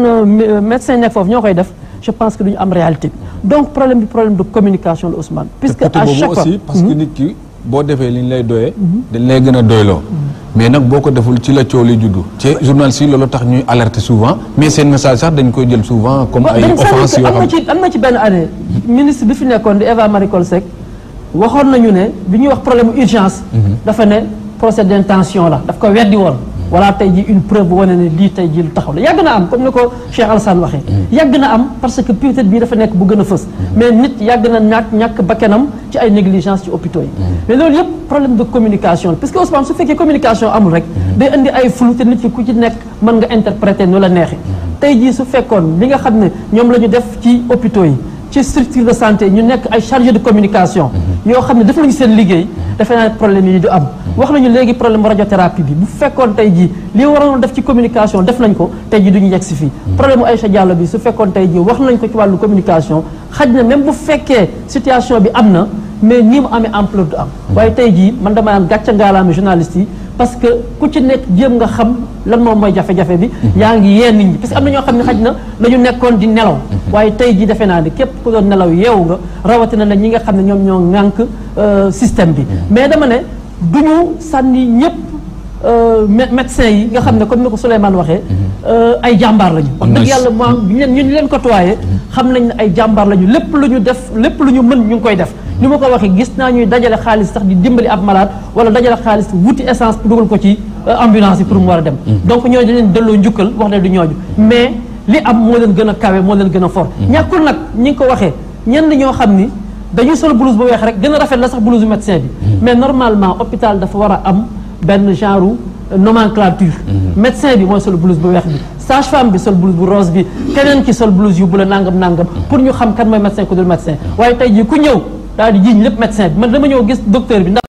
médecin nekk foofu ñoo koy def je pense que duñu am réalité donc problème bi problème de communication la Ousmane puisque à chaque fois parce que hmm? ki boo defee li ñu lay doyee dañ lay gën a doyloo mais nag boo ko deful ci la coow li juddu ci journal si loolu tax ñuy alerte souvent mais seen message sax dañ koy jël souvent comme ay offense yoo xam am na ci am na ci benn année ministre bi fi nekkoon di Eva Marie Coll waxoon nañu ne bi ñuy wax problème urgence mhm. dafa ne procès d'intention la daf ko weddi woon wala tey ji une preuve bu wane ne lii tey ji lu taxaw la yàgg na am comme ni ko Cheikh Alassane waxee mm. yàgg na am parce que peut-être bii dafa nekk bu gën a fës mm. mais nit yàgg na ñàkk ñàkk bakkanam ci ay négligence ci hôpitaux yi mm. mais loolu yëpp problème de communication la parce que Ousmane su fekkee communication amul rek day indi ay flou te nit ki ku ci nekk mën nga interpréter nu la neexee tey jii su fekkoon li nga xam ne ñoom la ñu def ci hôpitaux yi ci structure de santé ñu nekk ay chargé de communication mhm. yoo xam ne def nañu seen liggéey defe naa problème yi du am mhm. wax nañu léegi problème radiothérapie bi bu fekkoon tey jii li waroon def ci communication def nañ ko tey jii duñu ñu si fii mhm. problème u Aïcha Diallo bi su fekkoon tey jii wax nañ ko ci wàllu communication xaj na même bu fekkee situation bi am na mais nii mu amee ampleur du am waaye tey jii man damaa am gàcce ngaalaami journaliste yi parce que ku ci nekk jéem nga xam lan moom mooy jafe-jafe bi mhm. yaa ngi yee nit ñi parce que am na ñoo xam ne mhm. xaj na ñu nekkoon di nelaw mhm. waaye tey jii defe naa ne képp ku doon nelaw yeewu nga rawatina na ñi nga xam ne ñoom ñoo ŋànk euh, système bi mais dama ne duñu sànni ñëpp euh, médecin yi nga xam ne comme ni ko Souleymane waxee euh, ay jàmbaar lañu wax dëgg yàlla moo ñu leen ko tuwaaye xam nañ ne ay jàmbaar lañu lépp lu ñu def lépp lu ñu mën ñu ngi koy def ni ma ko waxee gis naa ñuy dajale xaalis sax di dimbali ab malade wala dajale xaalis wuti essence dugal ko ci euh, ambulance yi pour mu war a dem mm. donc ñooñu dañ leen delloo njukkal wax ne du ñooñu mais li am moo leen gën a kawe moo leen gën a fort mm. ñàkkul nag ñi ngi ko waxee li ñoo xam ni dañuy sol blouse bu weex rek gën a rafet la sax blouse bu médecin bi mm. mais normalement hôpital dafa war a am benn genre nomenclature médecin bi mooy sol blouse bu weex bi sage femme bi sol blouse bu ki sol blouse bu la nangam nangam pour ñu xam kan mooy médecin ku dul waaye tey jii ku ñëw daal di jiiñ lépp médecin bi man dama ñëw gis docteur bi ndax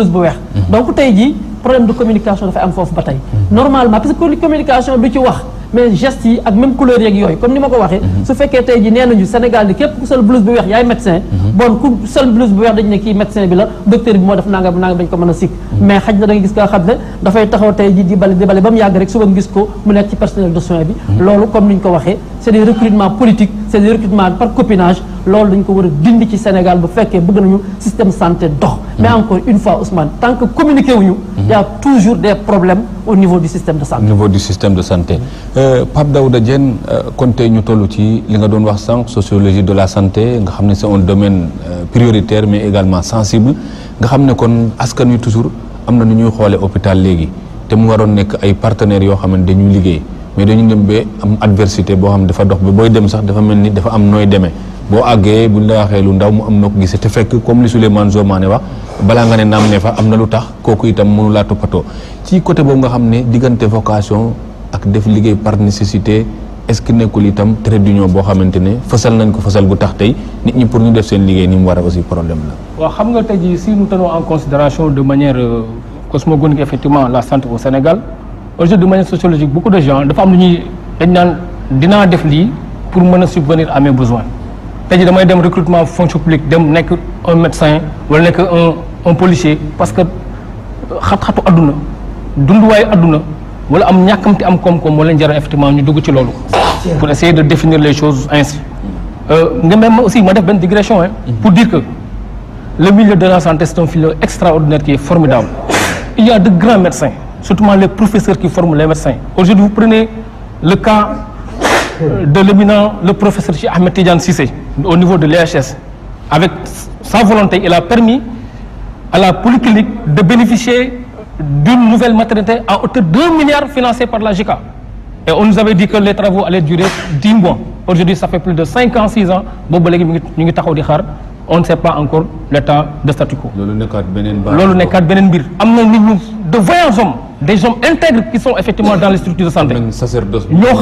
mhm. tey jii problème de communication ba tey mhm. normalement parce que communication du ci wax mais gestes yi ak même comme ni ma waxee mhm. su fekkee tey nee nañu Sénégal ni képp ku sol blouse bu weex yaay médecin bon ku sol blouse bu weex dañu a na da nga gis nga xam ne dafay taxaw tey jii di bale ba mu yàgg rek suba nga gis ko mu nekk ci personnel de soins bi loolu comme ni ñu ko waxee c'est des recrutements politiques c'est des recrutements par copinage loolu dañ ko war a dindi ci Sénégal bu fekkee bëgg nañu système santé dox mais encore une fois Ousmane tant que communiqué wuñu y a toujours des problèmes au niveau du système de santé au niveau du système de santé euh, Pape Daouda euh, ñu toll ci li nga doon wax sànq sociologie de la santé nga xam ne c'est un domaine euh, prioritaire mais également sensible nga xam ne kon askan wi toujours am na nu ñuy xoolee hôpital léegi te mu waroon nekk ay partenaires yoo xam ne liggéey mais dañu dem ba am adversité boo xam dafa dox ba booy dem sax dafa mel ni dafa am nooy demee boo àggee buñ la waxee lu ndaw mu am na ko gisee te fekk comme li Souleymane Zomané wax balaa nga ne naam ne fa am na lu tax kooku itam mënu laa toppatoo ci côté boobu nga xam ne diggante vocation ak def liggéey par nécessité est nekkul itam trait d'union boo xamante ne fësal nañ ko fësal gu tax tey nit ñi pour ñu def seen liggéey ni mu war a aussi problème aujourd'hui de manière sociologique beaucoup de gens dafa am lu ñuy dañ naan dinaa def lii pour mën a subvenir à mes besoins tey damay dem recrutement fonction publique dem nekk un médecin wala nekk un un policier parce que euh, xat-xatu adduna dunduwaayu adduna wala am ñàkkamti am koom-koom moo leen jaral ñu dugg ci loolu. pour essayer de définir les choses ainsi. Euh, nga ma aussi ma def benn digression hein. pour dire que le milieu de la santé c'est un filière extraordinaire qui est formidable a de grands médecins. surtout les professeurs qui forment les médecins. Aujourd'hui, vous prenez le cas de l'éminent, le professeur Ahmed Tidjan Sissé, au niveau de l'EHS. Avec sa volonté, il a permis à la polyclinique de bénéficier d'une nouvelle maternité à hauteur de 2 milliards financés par la GICA. Et on nous avait dit que les travaux allaient durer 10 mois. Aujourd'hui, ça fait plus de 5 ans, 6 ans. On ne sait pas encore l'état de statu quo. C'est ce de voyants hommes des hommes intègres qui sont effectivement dans les structures de santé ñoo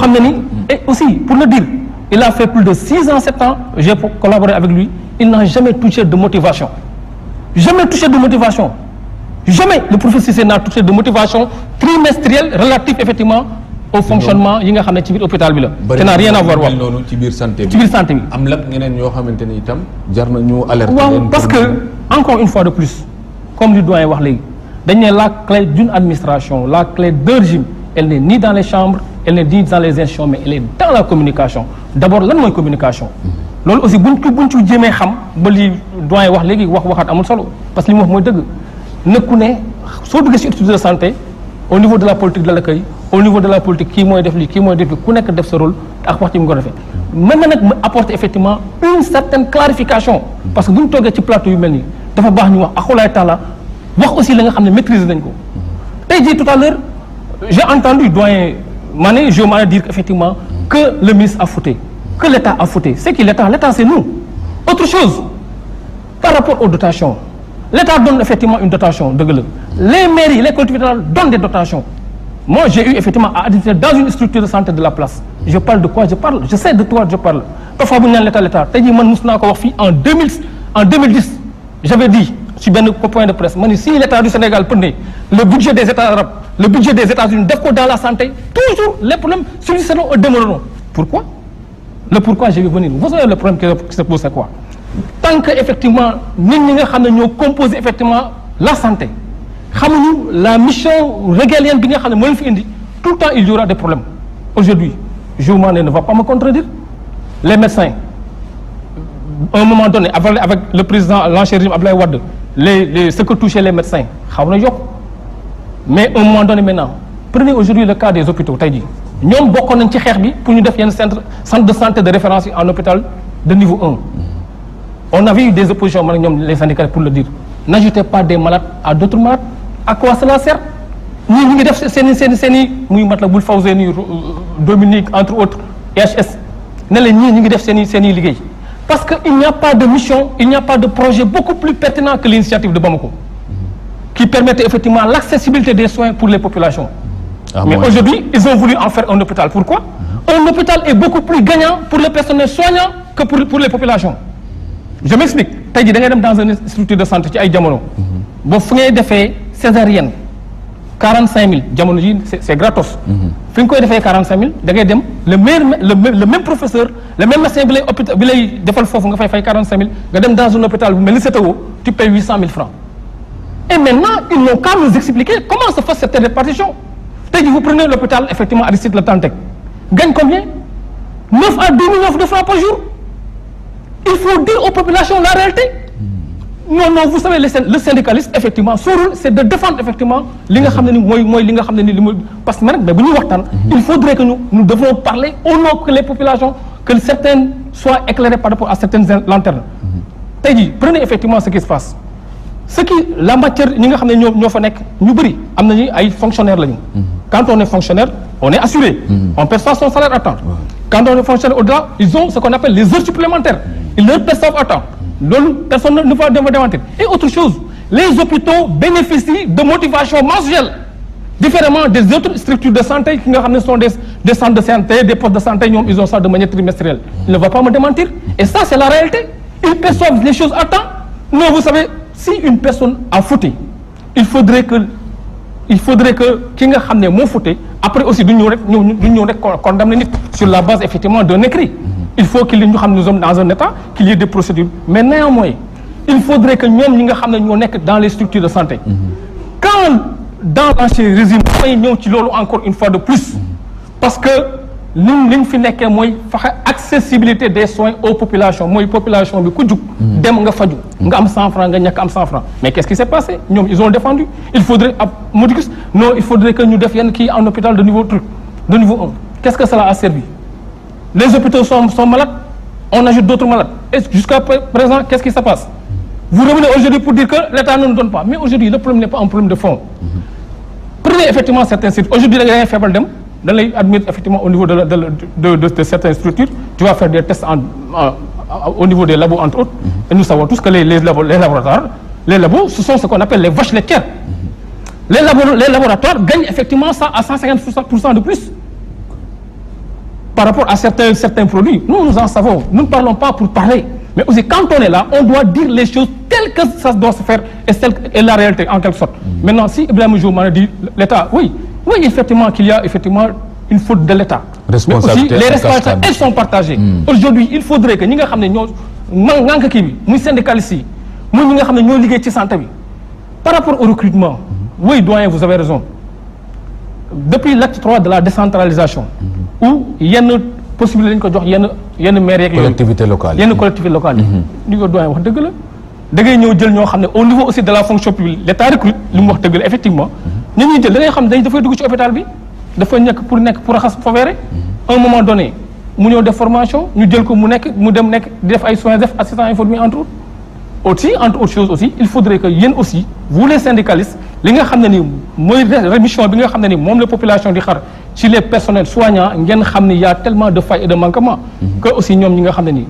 xam ne ni mm. et aussi pour le dire il a fait plus de six ans sept ans j'ai collaboré avec lui il n'a jamais touché de motivation jamais touché de motivation jamais le professeur Cissé n'a touché de motivation trimestrielle relative effectivement au fonctionnement yi nga xam ne ci biir hôpital bi la. te na rien à biir santé bi ci biir santé bi. am la ñeneen ñoo xamante ni itam jar na ñu alerte. waaw parce que encore une fois de plus comme li doyen léegi. dañ ne la clé d'une administration la clé d'un régime elle n'est ni dans les chambres elle n'est ni dans les institutions mais elle est dans la communication d'abord lan mooy communication loolu aussi buñ ci buñ xam ba li doyen wax léegi wax waxaat amul solo parce que li mu wax mooy dëgg nekku ne soo duggee ci étude de santé au niveau de la politique de l'accueil au niveau de la politique kii mooy def lii kii mooy def lii ku nekk def sa rôle ak wax ci mu ko defee mën na nag mu apporter effectivement que bu ñu toogee ci plateau yu mel wax aussi la nga xam ne maîtriser nañ ko tey jii tout à l'heure j'ai entendu doyen Mané je m'en dire effectivement que le ministre a fauté que l'État a fauté c'est qui l'État l'État c'est nous autre chose par rapport aux dotations l'État donne effectivement une dotation dëgg la les mairies les collectivités donnent des dotations moi j'ai eu effectivement à administrer dans une structure de santé de la place je parle de quoi je parle je sais de quoi naa ko wax fii en 2000 en 2010 ci benn point de presse ma si l' état du Sénégal prenait le budget des états arabes le budget des États-Unis def dans la santé toujours les problèmes subsisteront et demeureront pourquoi le pourquoi je vais venir vous savez le problème qui se pose quoi tant que effectivement nit ñi nga xam ne ñoo composé effectivement la santé xamuñu la mission régalienne bi nga xam ne moo fi indi tout le temps il y aura des problèmes aujourd'hui Jouma ne ne va pas me les médecins à un moment donné le président l'ancien régime Abdoulaye Wade les les ce que touchaient les médecins xaw na yokk mais un moment donné maintenant prenez aujourd'hui le cas des hôpitaux tey jii ñoom bokkoon nañ ci xeex bi pour ñu def yenn centre centre de santé de référence yi en hôpital de niveau un on avait eu des oppositions man ak ñoom les syndicats pour le dire n'ajoutez pas des malades à d'autres malades à quoi cela ñii ñu ngi def seen i seen i seen i muy Matlabul Fawzeyni Dominique entre autres IHS ne leen ñii ñu ngi def seen i seen i liggéey parce que il n'y a pas de mission il n'y a pas de projet beaucoup plus pertinent que l'initiative de Bamako qui permettait effectivement l'accessibilité des soins pour les populations ah, mais aujourd'hui ils ont voulu en faire un hôpital pourquoi ah. un hôpital est beaucoup plus gagnant pour le personnel soignant que pour, les populations je m'explique tey da ngay dem dans une structure de santé ci ay jamono mm-hmm. ba fu ngay defee césarienne quarante cinq mille jamono ji c' est gratos mhm. fi nga koy defee quarante cinq mille da ngay dem le même le même professeur le même médecin bi lay hôpital bi lay defal foofu nga fay fay quarante cinq mille nga dem dans un hôpital bu mel ni CTO huit cent mille francs et maintenant ils n'ont qu'à nous expliquer comment se fait cette répartition tey jii vous prenez l'hôpital effectivement Aristide Le Dantec gagne combien neuf à dix mille de francs par jour il faut dire aux non non vous savez le syndicaliste effectivement son rôle c'est de défendre effectivement li nga xam ne ni mooy li nga xam ne ni li mooy mais bu ñuy waxtaan mhm. il faudrait que nous devons parler au nom les populations que certaines soient éclairées par rapport à certaines lanternes mhm. tey jii prenez effectivement ce qui se passe ce qui la matière ñi nga xam ne ñoo ñoo fa nekk ñu bëri am nañu ay fonctionnaires lañu mhm. quand on est fonctionnaire on est assuré on quand on est fonctionnaire au-delà ils ont ce qu'on appelle les heures supplémentaires ils leur perçoivent à temps loolu personne ne va démentir et autre chose les hôpitaux bénéficient de motivation mensuelle différemment des autres structures de santé qui nga xam ne sont des des centres de santé des postes de santé ñoom ont ça de manière trimestrielle il ne va pas me démentir et ça c'est la réalité ils perçoivent les choses à temps non vous savez si une personne que il faudrait que ki nga xam ne moo fute après aussi du ñu rek ñu du ñu rek condamné nit sur la base effectivement d'un écrit il faut que li xam ne nous sommes dans un état qu'il y ait des procédures mais néanmoins il faudrait que ñoom ñi nga xam ne ñoo nekk dans les structures de santé quand dans l'ancien régime dafay ñëw ci loolu encore une fois de plus li liñ fi nekkee mooy fexe accessibilité des soins aux populations mooy population bi ku jug. dem nga faju nga am 100 francs nga ñàkk am 100 mais qu'est-ce qui s'est passé ñoom ils ont défendu il faudrait ab modicus non il faudrait que ñu def yenn kii en hôpital de niveau truc de niveau un qu'est-ce que cela a servi les hôpitaux sont malades on ajoute d'autres malades et jusqu'à présent qu'est-ce qui se passe vous revenez aujourd'hui pour dire que mm-hmm. dem dañ lay admettre effectivement au niveau de la de de, de de certaines structures tu vas faire des tests en, en, en au niveau des entre autres. et nous savons tous que les les les laboratoires gagnent effectivement à cent cinquante pour cent de plus par rapport à certains produits nous en savons nous ne parlons pas pour parler mais quand on est là on dire les choses telles que ça doit se faire et la réalité en quelque sorte. Mm. maintenant si Ibrahima Diop mën a l'État oui. oui effectivement qu'il y a effectivement une faute de l'État mais aussi les responsabilités elles sont partagées hmm. aujourd'hui il faudrait que ñi nga xam ne ñoo man ngànk bi muy syndicaliste yi muy ñi nga xam ne ñoo liggéey ci santé bi par rapport au recrutement hmm. oui doyen vous avez raison depuis l'acte 3 de la décentralisation mm -hmm. yenn possibilité lañ ko jox yenn yenn maire yeeg collectivité locale yenn collectivité locale yi ñu hmm. ko doyen wax dëgg la da ngay ñëw jël ñoo xam ne au niveau aussi de la wax dëgg la ñi ñuy jël da ngay xam dañ dafay dugg ci hôpital bi dafa nekk pour nekk pour raxas foofeere un moment donné mu ñëw def formation ñu jël ko mu nekk mu dem nekk di def ay soins def assistant infirmier entre autres aussi entre autres choses aussi il faudrait que yéen aussi vous les syndicalistes li nga xam ne ni mooy rémission bi nga xam ne ni moom la population di xar ci les personnels soignants ngeen xam ni y a tellement de failles et de manquements mm-hmm. que aussi ñoom nga xam ne nii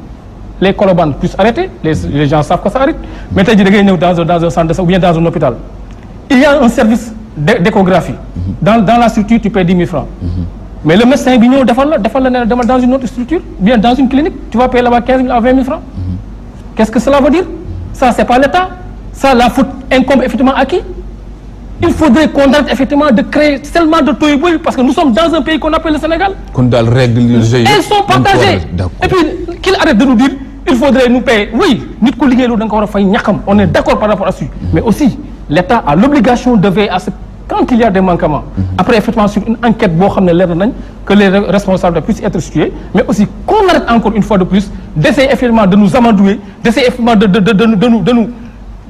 les colobanes puissent arrêter les les gens savent que ça arrête mais tey jii d'échographie dans dans la structure tu paies francs mais le médecin bi ñëw la defal la ne demal dans une autre structure bien dans une clinique tu vas payer là-bas 15 000 à 20 000 francs qu'est-ce que cela veut dire ça c'est pas l'État ça la incombe effectivement à qui il faudrait qu'on arrête effectivement de créer tellement de tohu parce que nous sommes dans un pays qu'on appelle le Sénégal elles sont partagées et puis qu'il arrête de nous dire il faudrait nous payer oui nit ko liggéey quand il y a des manquements mhm. après effectivement sur une enquête boo xam ne leer na nañ que les responsables puissent être situés mais aussi qu'on arrête encore une fois de plus d'essayer effectivement de nous amadouer d'essayer effectivement de de de de nous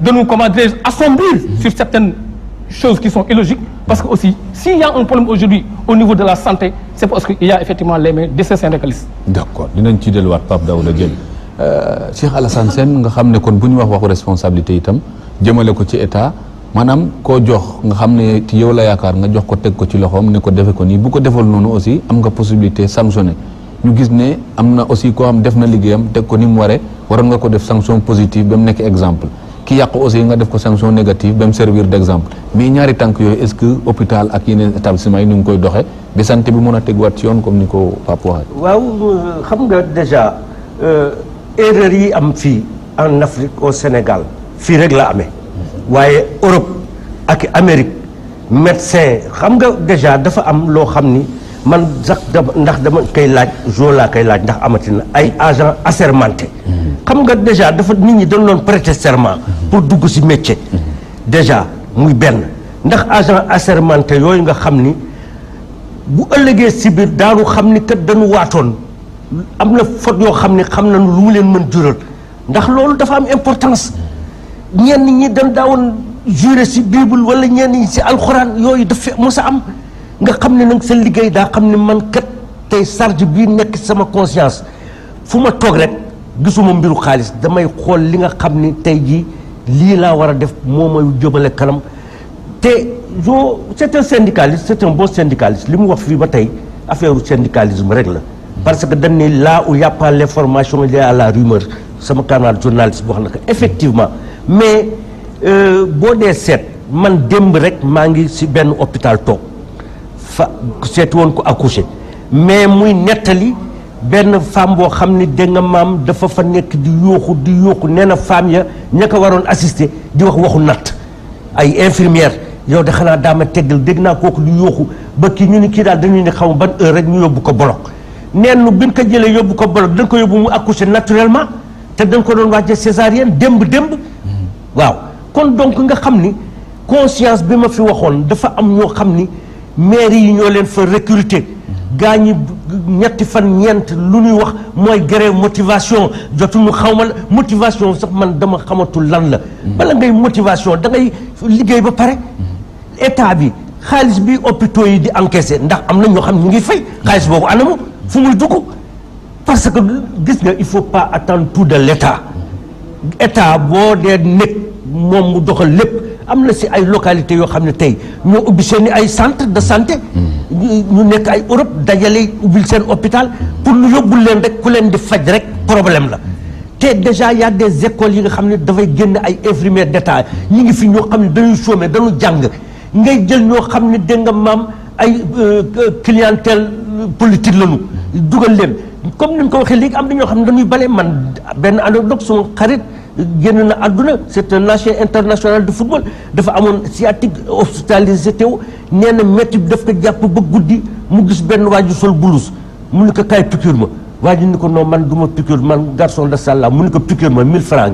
de nous mhm. sur certaines choses qui sont illogiques parce que aussi s'il y un problème aujourd'hui au niveau de la santé c'est parce qu'il y a effectivement les mains de ces syndicalistes d'accord dinañ euh, nga xam ne kon bu ñu wax waxu responsabilité itam jëmale ko ci état maanaam koo jox nga xam ne ci yow la yaakaar nga jox ko teg ko ci loxoom ni ko defe ko nii bu ko defal noonu aussi am nga possibilité sanctionné ñu gis ne am na aussi koo xam def na liggéeyam teg ko ni mu waree waroon nga ko def sanction positive ba mu nekk exemple ki yàq aussi nga def ko sanction négative ba mu servir d' exemple ñaari tànk yooyu est ce que hôpital ak yeneen établissement yi ñu ngi koy doxee ba santé bi mën a tegwaat ci yoon comme ni ko Pape waxee. waaw xam nga déjà euh, erreur yi am fii en Afrique au Sénégal fii rek la amee. waaye Europe ak Amérique médecin xam nga déjà dafa am loo xam ni man sax ndax dama koy laaj jour laa koy laaj ndax amati na ay agent assermenté xam nga déjà dafa nit ñi dañ doon prêter serment pour dugg si métier déjà muy benn ndax agent assermenté yooyu nga xam ni bu ëllëgee ci biir daanu xam ni kat dañu waatoon am na faute yoo xam ni xam na lu mu leen mën jural ndax loolu dafa am importance ñenn ñi dem daawoon juré si bible wala ñenn ñi si alxuraan yooyu dafa mos a am nga xam ne nag sa liggéey daa xam ne man kat tey charge bii nekk sama conscience fu ma toog rek gisuma mbiru xaalis damay xool li nga xam ni tey jii lii laa war a def moo may jëmale kanam te yoo c'est un syndicaliste c'est un li mu wax fii ba tey affaire syndicalisme rek la parce que laa ne là où il n'y a la rumeur sama canal journaliste boo xam na ko effectivement mais euh, boo dee seet man démb rek maa ngi ci benn hôpital toog fa seet woon ko accouché mais muy nettali benn femme boo xam ni dégg nga maam dafa fa nekk di yooxu di yooxu nee na femme ya ña ko waroon assister di wax waxu natt ay infirmière yow de xanaa daama teggal dégg naa kooku di yooxu ba kii ñu ni kii daal dañuy ne xaw ban heure rek ñu yóbbu ko bolok neen nu ko jëlee yóbbu ko bolok dañ ko yóbbu mu accouché naturellement te dañ ko doon wàcce césarienne démb démb waaw kon donc nga xam ni conscience bi ma fi waxoon dafa am ñoo xam ni mairie yi ñoo leen fa recruter gaa ñi ñetti fan ñeent lu ñuy wax mooy grève motivation jotuñu xawma motivation sax man dama xamatul lan la bala ngay motivation dangay ngay liggéey ba pare état bi xaalis bi hôpitaux yi di encaissé ndax am na ñoo xam ñu ngi fay xaalis boobu anamu fu muy dugg parce que gis nga il faut pas attendre tout de l'état état boo dee nekk moom mu doxal lépp am na si ay localités yoo xam ne tey ñoo ubbi seen i ay centre de santé. Hmm. ñu nekk ay Europe dajale ubbil seen hôpital pour ñu yóbbul leen rek ku leen di faj rek problème la. te déjà y a des yi nga xam ne dafay génn ay infirmiers d'état ñi ngi fi ñoo xam ne dañuy chômer dañu jàng ngay jël ñoo xam ne dégg nga maam ay euh, euh, clientèle politique lañu dugal leen. comme ni ñu ko waxee léegi am na ñoo xam ne dañuy bale man benn anecdote suma xarit génn na àdduna c'est un ancien international de football dafa amoon sciatique hospitalisé teew nee na métti bi daf ko jàpp ba guddi mu gis benn waaju sol blouse mu ni ko kaay ma waa ji ni ko non man du ma piqûre man garçon de salle la ko piqûre ma 1000 francs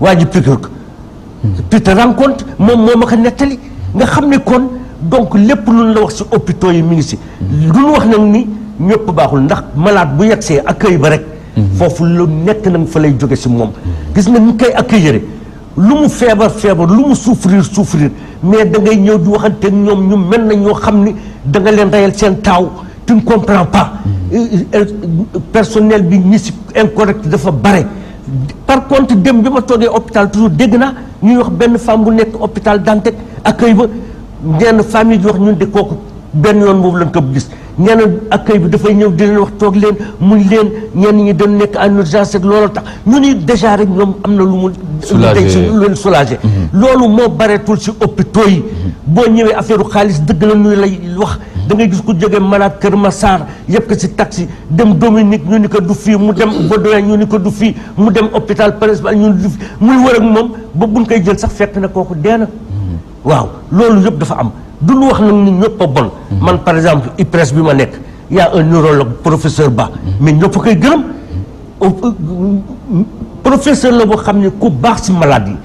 waa ji piqûre ko moom moo ma ko nga xam ne kon donc lépp lu ñu la wax si hôpitaux yi mi ngi si lu ñu wax nag ni ñëpp baaxul ndax malaat bu yegsee accueil ba rek. Mhm. foofu lu nekk nag fa lay jóge si moom. Mhm. gis na ni koy accueillir lu mu feebar feebar lu mu souffrir souffrir mais da ngay ñëw di waxante ñoom ñu mel na ñoo xam ni danga leen rayal seen taaw tu ne comprends pas. Mhm. Euh, euh, euh, personnel bi ñi si incorrect dafa bari par contre dem bi ma toogee hôpital toujours dégg naa ñuy wax benn femme bu nekk hôpital Dantec accueil ba ñenn famille yi di wax ñun de kooku benn yoon boobu lañ ko ñeneen accueil bi dafay ñëw di leen wax toog leen muñ leen ñenn ñi dañ nekk en urgence ak loolu tax ñu ni déjà rek ñoom am na lu mu tey si lu leen mhm. loolu moo bareetul si hôpitaux yi mhm. boo ñëwee affaire xaalis dëgg la ñu lay wax mhm. da ngay gis ku jógee malade Kër Massar yëpp ko si taxi dem Dominique ñu ni ko du fii mu dem Baudouin ñu ni ko du fii mu dem hôpital principal ñu ni du fii moom ba buñ koy jël sax fekk na kooku dee na waaw loolu yëpp dafa am du lu wax na ni ñëpp a bon. Mm-hmm. man par exemple IPRES bi ma nekk y' a un neurologue professeur Ba. Mm-hmm. mais ñëpp koy gërëm. Mm-hmm. Euh, professeur la boo xam ne ku baax si malade yi.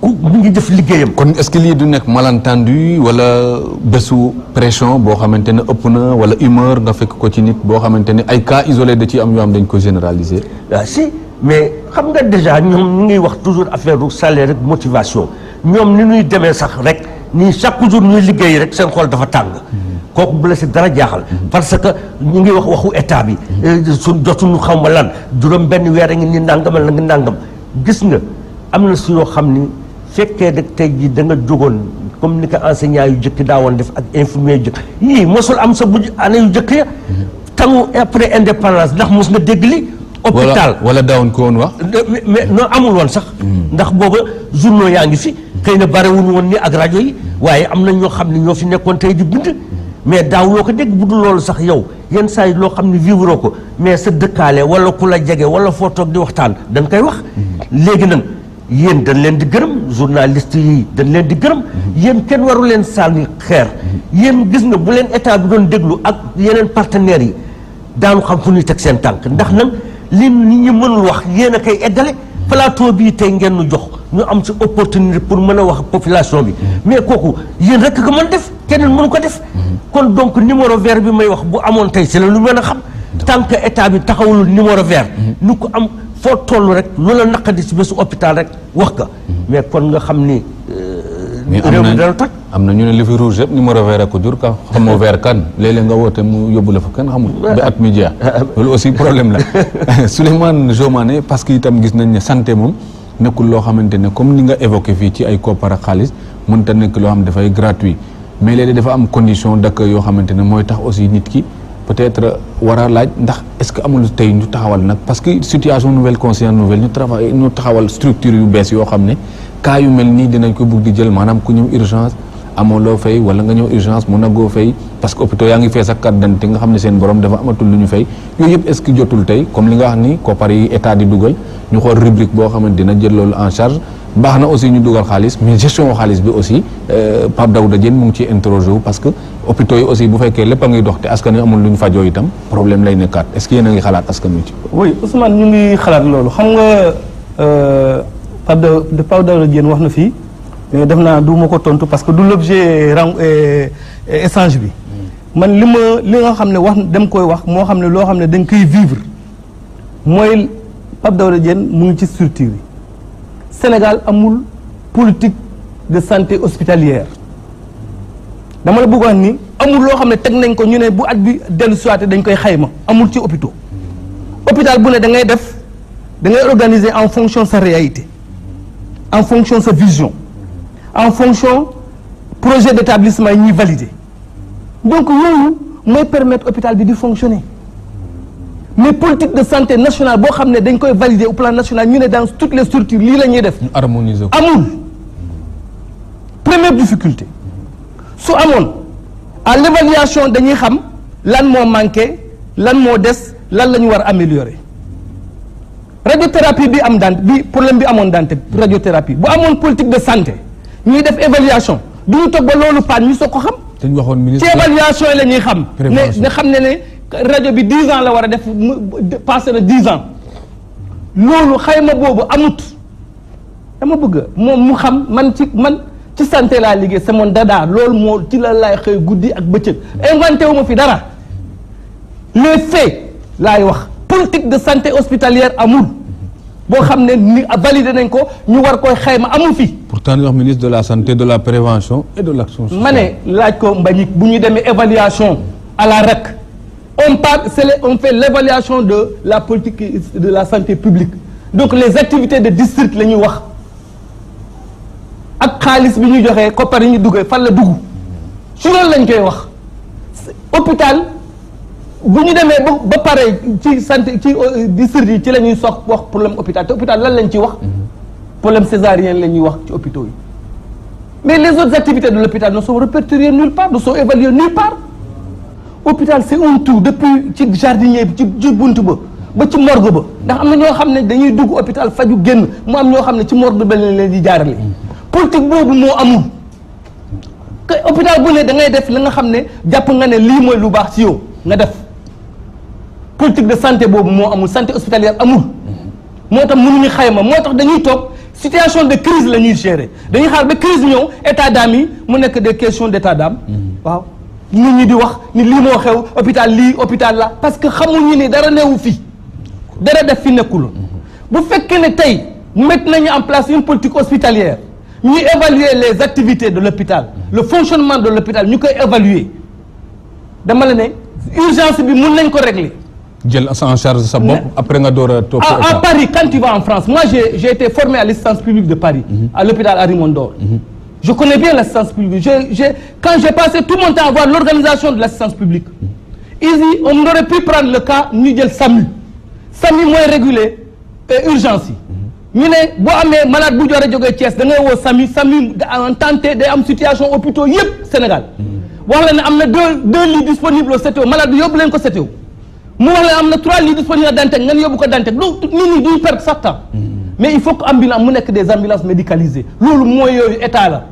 ku mu ngi def liggéeyam. kon est-ce que lii du nekk malentendu wala bésu pression boo xamante ne ëpp na wala humeur nga fekk ko ci nit boo xamante ne ay cas isolé da ci am yoo am dañ ko généraliser. Ah, si mais xam nga déjà ñoom ñu ngi wax toujours affaire salaire rek motivation ñoom ni ñuy demee sax rek. nii chaque jour ñuy liggéey rek seen xol dafa tàng kooku bu la si dara jaaxal parce que ñu ngi wax waxu état bi eh, suñ jotuñu xaw ma lan juróom benn weer a ngi ni nàngamal la ngi nàngam gis nga am na su yoo xam ni fekkee rek tey jii da jógoon comme ni ko enseignant yu jëkk daawoon def ak infirmier yu mosul am sa bu année yu jëkk ya mm-hmm. tangu après indépendance ndax mos nga dégg li hôpital wala daawoon ko wax. mais non amul sax. ndax booba journaux yaa ngi fi. xëy na barewul woon ni ak rajo yi waaye am na ñoo xam ne ñoo fi nekkoon tey di bind. mais daaw loo ko dégg bu dul loolu sax yow yenn saa yi loo xam ne vivre ko mais sa dëkkaale wala ku la jege wala foo toog di waxtaan danga koy wax. léegi nag yéen dañ leen di gërëm journaliste yi dañ leen di gërëm. yéen kenn waru leen sànni xeer. yéen gis nga bu leen état bi doon déglu ak yeneen partenaires yi daanu xam fu ñuy seen tànk ndax nag. li nit ñi mënul wax yéen a koy eggale plateau bii tey ngeen nu jox ñu am si opportunité pour mën a wax population bi mais kooku yéen rekk ko mën def keneen mënu ko def kon donc numéro ver bi may wax bu amoon tey si la lu mën a xam tant état bi taxawul numéro vert lu ko am foo toll rek lu la naqadi si bésu hôpital rek wax ka mais kon nga xam ni mais mi dal toj am na ñu ne li fi rouge yëpp numéro vert ko jur ka xamoo vert kan léeg-léeg nga woote mu yóbbu la fa kenn xamul ba at mi jeex loolu aussi problème la Souleymane Jomane parce que itam gis nañ ne santé moom nekkul loo xamante ne comme ni nga évoqué fii ci ay koppar ak xaalis mënta nekk loo xam dafay gratuit mais léeg-léeg dafa am condition d'accueil yoo xamante ne mooy tax aussi nit ki peut-être wara laaj ndax est-ce que amul tey ñu taxawal nag parce que situation nouvelle conscience nouvelle ñu travail ñu taxawal structure yu bees yoo xam ne cas mel nii dinañ ko bugg di jël maanaam ku ñëw urgence amoo loo fay wala nga ñëw urgence mun nagoo fay parce que hôpital yaa ngi fees ak carte d'identité nga xam ne seen borom dafa amatul lu ñu fay yooyu yëpp est jotul tey comme li nga wax ni koppar yi état di dugal ñu xool rubrique boo xamante dina jël loolu en charge baax na aussi ñu dugal xaalis mais gestion xaalis bi aussi euh, Pape Daouda Diène mu ngi ciy interroger wu parce que hôpitaux yi aussi bu fekkee Pape Daouda Pape Daouda Diène wax na fii mais def naa du ma ko tontu parce que du l'objet ren euh, euh, échange bi man li ma li nga xam ne wax dem koy wax moo xam ne loo xam ne dañ koy vivre mooy Pape Daouda Diène mu ngi ci structure yi Sénégal amul politique de santé hospitalière dama la bëgg wax ni amul loo xam ne teg nañ ko ñu ne bu at bi dellu suwaate dañ koy xayma amul ci hôpital hôpital bu ne da ngay def da ngay organiser en fonction sa réalité en fonction de vision en fonction projet d'établissement yi ñuy validé donc loolu mooy permettre hôpital bi di fonctionner mais politique de santé nationale boo xam ne dañ koy valider au plan national ñu ne dans toutes les structures lii lañuy def. ñu amul première difficulté su amoon à l'évaluation dañuy xam lan moo manqué lan moo des lan la ñu war améliorer. radiothérapie bi am daan bi problème bi amoon daan radiothérapie bu amoon politique de santé ñuy def évaluation du ñu toog ba loolu paan ñu soog ko xam. te ñu waxoon ministre ci évaluation yi la ñuy xam. ne xam ne ne rajo bi 10 ans la war a def mu passé na 10 ans loolu xayma boobu amut dama bëgg moom mu xam man ci man ci santé laa liggéey sama dadaa loolu moo ci la laay xëy guddi ak bëccëg inventé wu ma fi dara les faits laay wax. politique de santé hospitalière amul boo xam ne ni validé nañ ko ñu war koy xayma amul fii. pourtant ñu wax de la santé de la prévention et de l'action ma ne laaj ko Mbagnick bu ñu demee évaluation à la RAC on parle c'est on fait l'évaluation de la politique de la santé publique donc les activités de district la ñuy wax ak xaalis bi ñuy joxee koppar yi ñu duggee fan la dugg ci loolu lañ koy wax hôpital. bu ñu demee ba ba ci sant ci euh, di sër ci la ñuy sox wax problème hôpital te hôpital lan lañ ci wax mm-hmm. problème césarien la ñuy wax ci hôpitaux yi mais les autres activités de l'hôpital ne sont répertoriées nulle part ne sont évaluées nulle part hôpital c'est un tout depuis ci jardinier bi ci ci bunt ba ba ci morgue ba ndax am na ñoo xam ne dañuy dugg hôpital faju génn mu am ñoo xam ne ci morgue ba lañ leen di jaarale mm-hmm. politique boobu moo amul que hôpital bu ne da def li nga xam ne jàpp nga ne lii mooy lu baax ci yow nga def politique de santé boobu moo amul santé hospitalière amul moo tax mënuñu xayma moo tax dañuy toog situation de crise la ñuy gérer dañuy xaar ba crise ñëw état d'âme yi mu nekk des questions d'état d'âme mm-hmm. waaw nit ñi di wax ni lii moo xew hôpital lii hôpital la parce que xamuñu nii dara neewu fii dara def fi nekkul mm-hmm. bu fekkee ne tey mettre nañu en place une politique hospitalière ñuy évaluer les activités de l'hôpital mm-hmm. le fonctionnement de l'hôpital ñu koy évaluer dama la ne urgence bi mën nañ ko régler jël en charge sa bopp après nga door a toog à Paris quand tu vas en France moi j'ai j'ai été formé à l'assistance publique de Paris mm-hmm. à l'hôpital Henri Mondor mm-hmm. je connais bien l'assistance publique je mm-hmm. SAMU SAMU mooy réguler euh, urgence yi ñu ne boo amee malade bu joore jógee Thiès da ngay woo SAMU SAMU en tenté am situation hôpitaux yëpp Sénégal wax la ne am na deux deux lits disponibles au CTO malade bi yóbbu leen ko CTO mu wax leen am na trois lits disponibles à Dantec ngeen yóbbu ko Dantec donc nit ñi duñ perdre sax hmm. mais il faut que ambulance mu nekk des ambulances médicalisées loolu mooy yooyu état la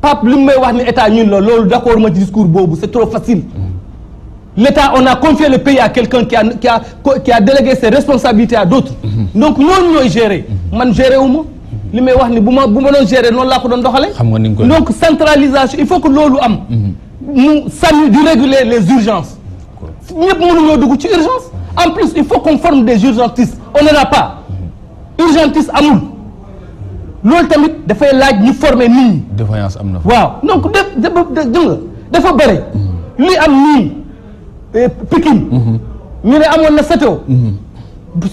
Pape li mu may wax ne état ñun la loolu d'accord ma ci discours boobu c'est trop facile hmm. l'état on a confié le pays a qui a qui a délégué ses responsabilités à d'autres hmm. donc ñooñu ñooy gérer man gérer wu ma li may wax ni bu ma bu ma doon gérer noonu laa ko doon doxale donc centralisation il faut que loolu am mu sànni di réguler les urgences ñëpp mënuñoo dugg ci urgence en plus il faut qu'on forme des urgentistes on n'en a pas urgentiste amul loolu tamit dafay laaj ñu former nit ñi. défaillance am na waaw donc def dafa dafa bëri. li am nii eh, Pikine. Mhm. ñu ne amoon na Sétéo. Mhm.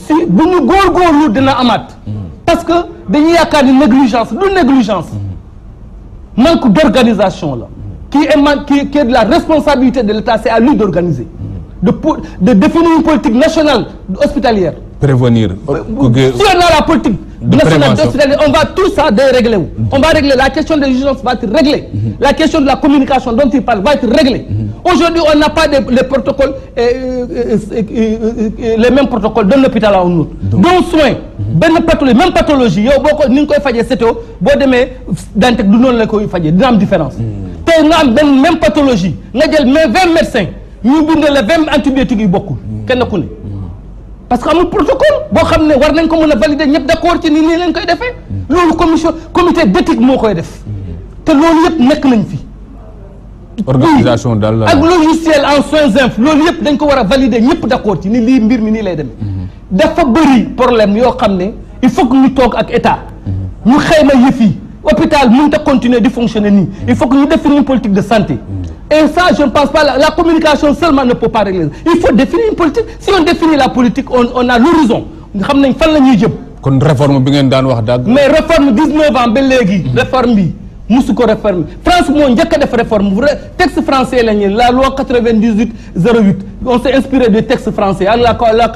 si bu na góorgóorlu dina amaat. Mhm. parce que dañuy yaakaar ni négligence du négligence. manque d'organisation la. qui est man qui est de la responsabilité de l'État c'est à lui d'organiser. de po de définir une politique nationale hospitalière. prévenir ku euh, euh, gë. si on a la politique. de nationale on va tout ça dérégler wu. Mm-hmm. on va régler la question des urgences va être réglée. Mm-hmm. la question de la communication dont il parle va être réglée. Mm-hmm. aujourd'hui on n'a pas les protocoles les mêmes protocoles d'un hôpital à un autre. donc soin benn pathologie même pathologie yow boo ko ni nga koy fajee CTO boo demee Dantec du noonu la koy fajee dina am différence. tey nga am benn même pathologie nga jël mais vingt médecins. ñu bind la vingt antibiotiques yu bokkul kenn ku ne parce que amul protocole boo xam ne war nañ ko mën a valider ñëpp d' accord ci ni nii leen koy defee loolu commission comité d' éthique moo koy def te loolu yëpp nekk nañ fi organisation daal la ak logiciel en soins inf loolu yëpp dañ ko war a valider ñëpp d' accord ci ni lii mbir mi nii lay demee dafa bëri problème yoo xam ne il faut ñu toog ak état ñu xayma yëf yi hôpital mënut a continuer di fonctionner nii il faut que ñu définir une politique de santé et ça je ne pense pas la, la communication seulement ne peut pas régler il faut définir une politique si on définit la politique on on a l'horizon xam nañ fan la ñuy jëm. kon réforme bi ngeen wax dàgg. mais réforme ans ba léegi. Hmm. réforme bi musu réforme France moo njëkk def réforme texte français la ñu la loi on s'est inspiré du texte français ak ah, la la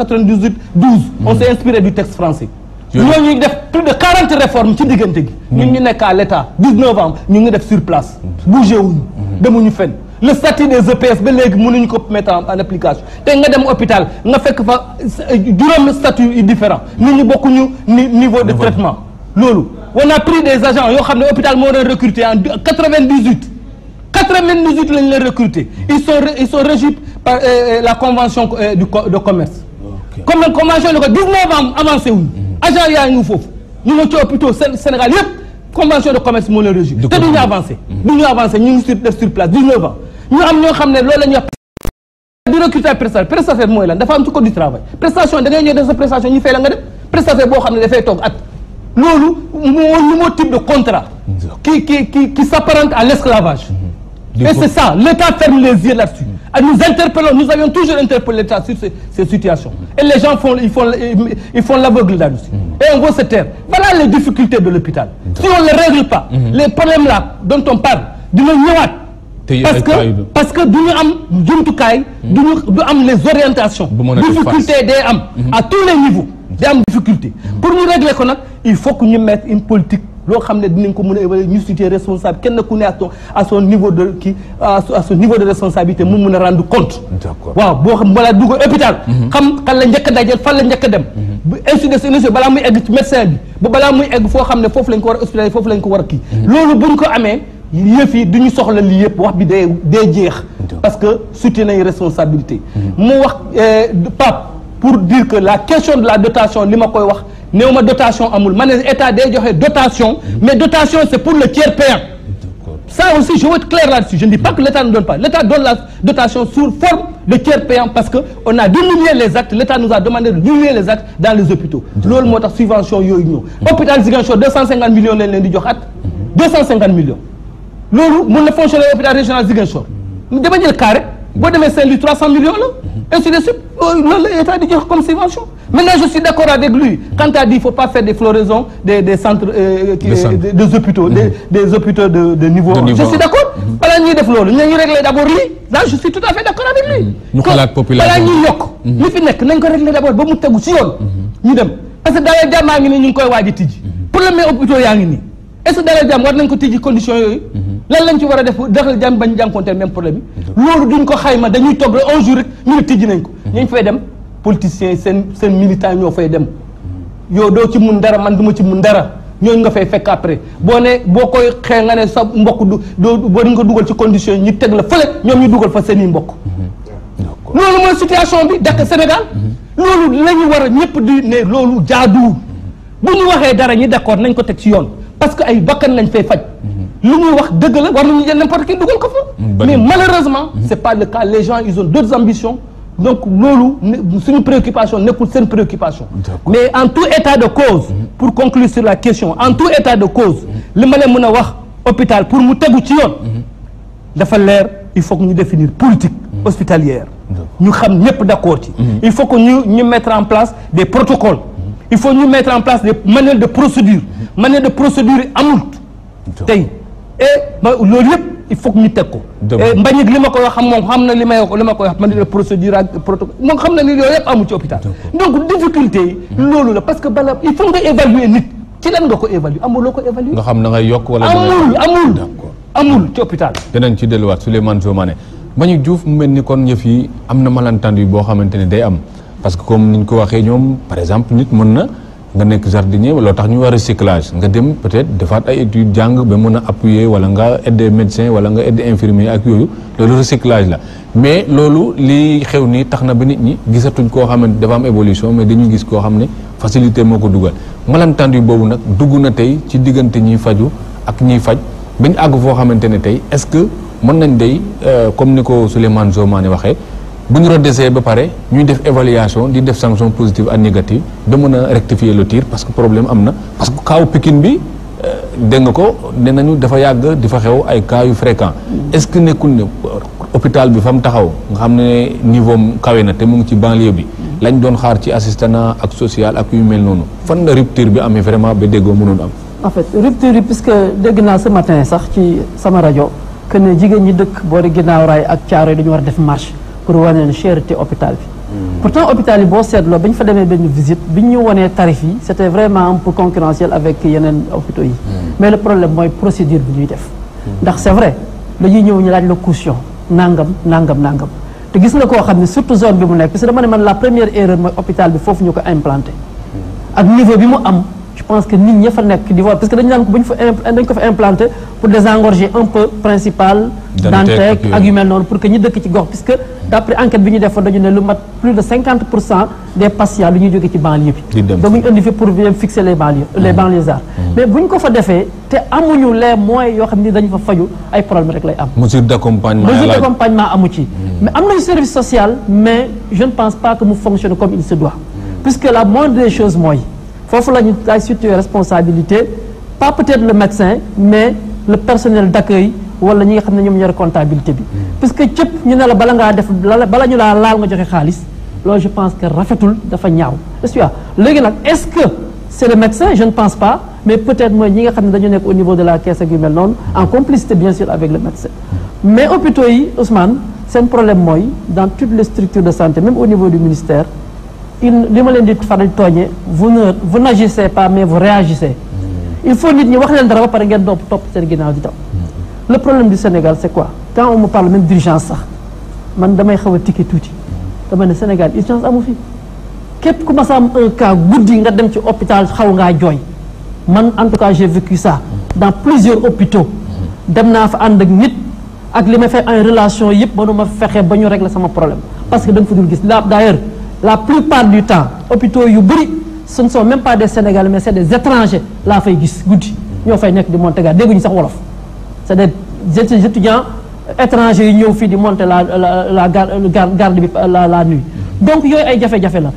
on hmm. s'est ñoo ñu def plus de quarante réformes ci diggante gi mm. ñun ñu nekk à l'état dix-neuf ans ñu ngi def sur place mm. bougé wuñu mm. demuñu fenn le statut des EPS ba léegi mënuñu ko mettre en application te nga dem hôpital nga fekk fa euh, juróom statut yi différent nit ñu bokkuñu ni niveau de traitement loolu on a pris des agents yoo xam ne hôpital moo doon recruter en quatre-vingt-dix-huit quatre-vingt-dix-huit lañ leen recruter ils sont ils sont régis par euh, euh, la convention du de commerce comme convention la ko dix-neuf ans avancé wuñu agent yaa ngi foofu ñu nga ci hôpitaux Sénégal yëpp convention de commerce moo leen régime te duñu avancé mm-hmm. duñu avancé ñu ngi sur def sur place 19 ans ñu am ñoo xam ne loolu la ñuy wax di recruter prestataire prestataire mooy lan dafa am ci code du travail prestation da ngay ñëw sa prestation ñu fay la nga ne dafay toog at loolu moo type de contrat qui qui qui s'apparente à l'esclavage mm-hmm. c'est ça, l'État ferme les yeux là-dessus. Mm. Et nous interpellons, nous avions toujours interpellé l'État sur ces, situations. Mm. Et les gens font, l'aveugle mm. là les difficultés de l'hôpital. Si on ne les règle pas, mmh. les problèmes là dont on parle, du ñëwaat parce que parce ñu am jumtukaay. du ñu am les orientations. difficulté day am. Mm-hmm. à tous les niveaux day mm-hmm. pour ñu régler ko nag il faut que ñu mettre une politique. loo xam ne dinañ ko mën a évaluer ñu situer responsable kenn ku ne à son niveau de kii à son niveau de responsabilité mu mën a rendre compte waaw boo xam balaa dugg hôpital mhm. xam kan la njëkk a dajal fan la njëkk a dem ainsi mhm. de suite balaa muy egg ci médecin bi balaa muy egg foo xam ne foofu lañ ko war a hospitaliser foofu lañ ko war a kii mhm. loolu buñ ko amee yëf yi du ñu soxla lii yëpp wax bi day day jeex parce que suti nañ responsabilité mu wax euh, Pape pour dire que la question la dotation li ma koy wax néew ma dotation amul ma ne état day joxe dotation mais dotation c'est pour le tiers payant ça aussi je veux être clair là-dessus je ne dis pas que l'État ne donne pas l'État donne la dotation sous forme de tiers payant parce que on a diminué les actes l'État nous a demandé de les actes dans les hôpitaux loolu moo subvention yooyu ñëw hôpital Ziguinchor 250 millions lañ leen di jox at 250 millions fonctionner hôpital régional Ziguinchor dama jël boo demee Saint-Louis 300 millions la. Mhm. ainsi de suite loolu la état di jox comme subvention maintenant je suis d' accord lui quand t'as dit il faut pas faire des floraisons des des de de niveau. De niveau je suis d' accord mhm. balaa ñuy def loolu nañu régler d' abord lii là tout à fait d' lui. mu mhm. xalaat population li fi nekk nañ ko régler d' abord ba mu tegu ci yoon. ñu dem parce que daanaka jàmm maa ngi nii ñu ngi koy waaj a tijji. problème hôpitaux yaa ngi nii. est-ce que dalal jàmm war nañ ko tijji condition yooyu mhm. lan lañ ci war a def dalal jàmm bañ jànkonteel même problème bi loolu duñ ko xayma dañuy toog rek un jour rek ñu ne tijji nañ ko ñuñ mhm. fay dem politiciens seen seen militant ñoo fay dem mhm. yow doo ci mun dara man du ma ci mun dara ñooñu nga fay fekk après boo ne boo koy xee nga ne sa mbokk du doo boo nga dugal ci condition yi ñu teg la fële ñoom ñu dugal fa seen i mbokk loolu mooy situation bi dakk Sénégal loolu la ñu war a ñëpp di ne loolu jaadu bu ñu waxee dara ñi d'accord nañ ko teg ci yoon parce que ay bakkan lañ fay faj. lu muy wax dëgg la war nañu jël n'importe qui dugal ko fa. Mm-hmm. mais malheureusement. Mm-hmm. c' est pas le cas les gens ils ont d' autres ambitions. donc loolu suñu préoccupation nekkul seen préoccupation. mais en tout état de cause. Mm-hmm. pour conclure sur la question en tout état de cause. li ma leen mën a wax hôpital pour mu tegu ci yoon. dafa leer il faut que ñu définir politique. hospitalière. ñu xam ñëpp d' accord ci. il faut que en place des protocoles. il faut ñu mettre en place des manuels de procédure manuels de procédure yi amul tey et loolu yëpp il faut que ñu teg ko mbañig li ma koy wax xam moom xam na li may li ma koy wax manuel de procédure ak protocole moom xam na ni yooyu yëpp mmh. loolu la parce que bala il faut nga évaluer nit ci lan loo ko évaluer xam na yokk wala amul amul amul ci hôpital dinañ ci delluwaat Souleymane Diomane Mbagnick Diouf mu mel ni kon yëf yi am na malentendu boo xamante ne day am parce que comme ni ñu ko waxee ñoom par exemple nit mën na nga nekk jardinier loo tax ñu war a recyclage nga dem peut-être defaat ay études jàng ba mën a appuyer wala nga aider médecin wala nga aider infirmier ak yooyu loolu recyclage la mais loolu lii xew nii tax na ba nit ñi gisatuñ koo xamante ne dafa am évolution mais dañu gis koo xam ne facilité moo ko dugal malentaan malentendu boobu nag dugg na tey ci diggante ñiy faju ak ñii faj bañ àgg foo xamante ne tey est-ce que mën nañ day euh, comme ni ko Souleymane Zomane waxee bu ñu redesee ba pare ñuy def évaluation di def sanction positive ak négative ba mën a rectifier le tir parce que problème am na parce que kaaw Pikine bi euh, dégg nga ko nee nañu dafa yàgg di fa xew ay cas yu fréquent est-ce que nekkul ne hôpital bi fa mu taxaw nga xam ne niveau am kawe na te mu ngi ci banlieue bi lañ doon xaar ci assistanat ak social ak yu mel noonu fan la rupture bi amee vraiment ba déggoo mënul am en fait rupture yi puisque dégg naa ce matin sax ci sama rajo que ne jigéen ñi dëkk boori ginnaaw raay ak caaro yi dañu war def marche pour wane ne cherté hôpital bi. pourtant hôpital yi boo seetloo ba ñu fa demee benn visite bi ñu wonee tarif yi c' était vraiment un peu concurrentiel avec yeneen hôpitaux yi. mais le problème mooy procédure bi ñuy def. ndax c' est vrai dañuy ñëw ñu laaj la caution nangam nangam nangam te gis nga koo xam ne surtout zone bi mu nekk parce que dama ne man la première erreur mooy hôpital bi foofu ñu ko implanté. ak niveau bi mu am. parce que nit ña fa nekk di voir parce que dañu naan bu ñu fa dañ pour désengorger un peu principal Dantec ak noonu pour que ñi dëkk ci gox puisque d' après enquête bi ñu defoon dañu ne lu mat plus de 50 pour cent des patients lu ñuy jóge ci banlieue bi donc ñu indi fi pour fixer les banlieues mm-hmm. les banlieusards mm-hmm. mais bu ñu ko fa defee te amuñu les moyens yoo xam ni dañu fa faju ay problème rek lay am mesure d' accompagnement amu ci mm-hmm. mais social mais je ne pense pas que mu fonctionne foofu la ñu ay situer responsabilité pas peut-être le médecin mais le personnel d'accueil wala ñi nga xam ne ñoom ñore comptabilité bi hmm. puisque cëpp ñu ne la bala ngaa def bala ñu laa laal nga joxe xaalis loolu je pense que rafetul dafa ñaaw est-ce que léegi nag est-ce que c'est le médecin je ne pense pas mais peut-être mooy ñi nga xam ne dañu nekk au niveau de la caisse ak yu noonu en complicité bien sûr avec le médecin hmm. mais hôpitaux yi Ousmane seen problème mooy dans toutes les structures de santé même au niveau du ministère li ma leen di faral tooñe vous ne vous n'agissez pas mais vous réagissez il faut nit ñi wax leen dara ba pare ngeen dopp topp seen ginnaaw di daw le problème du Sénégal c'est quoi quand on me parle d'urgence sax man damay xaw a tikke tuuti dama ne Sénégal urgence amu fi képp ku mas a am un cas guddi nga dem ci hôpital xaw ngaa jooy man en tout cas j'ai vécu ça dans plusieurs hôpitaux dem naa fa ànd ak nit ak li ma fay en relation yëpp mënu ma fexe ba ñu régler sama problème parce que da nga gis la d'ailleurs la plupart du temps hôpitaux yu bëri ce ne même pas de sénégalais mais c' est des étrangers laa fay gis guddi ñoo fay nekk di monter garde dégguñu sax wolof c' est des étudiants étrangers yu ñëw fii di monte la la la euh, garde bi euh, la la nuit. donc yooyu ay jafe-jafe la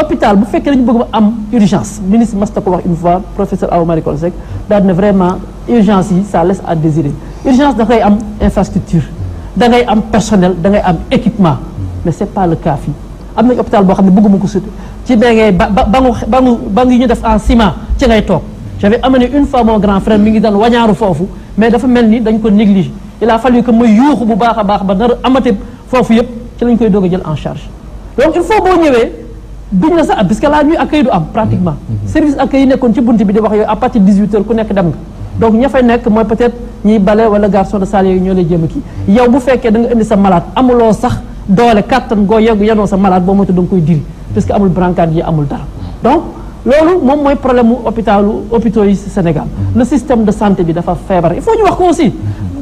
hôpital bu fekkee dañu bëgg am urgence ministre mas na ko wax une fois professeur Awa Marie Coll Seck vraiment urgence yi ça les à désirer urgence da ngay am infrastructure da am personnel da ngay am équipement mais c' est pas le am nañu hôpital boo xam ne bëgguma ko sutu ci bee ngay ba bangu bangu bangu def en ciment ci ngay toog j'avais amené une fois mon grand frère mi ngi daan wañaaru foofu mais dafa mel ni dañ ko négligé il a fallu que ma yuuxu bu baax a baax ba nar amate foofu yëpp ci lañ koy doog jël en charge donc il faut boo ñëwee duñ la sax parce que am pratiquement mm-hmm. Mm-hmm. service accueil yi nekkoon ci bunt bi di wax yooyu à partir de 18 heures ku nekk dem nga donc ña fay nekk mooy peut-être ñiy bale wala garçon de salle yooyu ñoo lay jéem a mm-hmm. yow bu fekkee da nga indi sa malade amuloo sax doole kattan goo yegg yanoo sa malaat boo moytu da nga koy diri puisque amul brancard yi amul dara donc loolu moom mooy problème mu hôpitalu hôpitaux yi Sénégal le système de santé bi dafa feebar il faut ñu wax ko aussi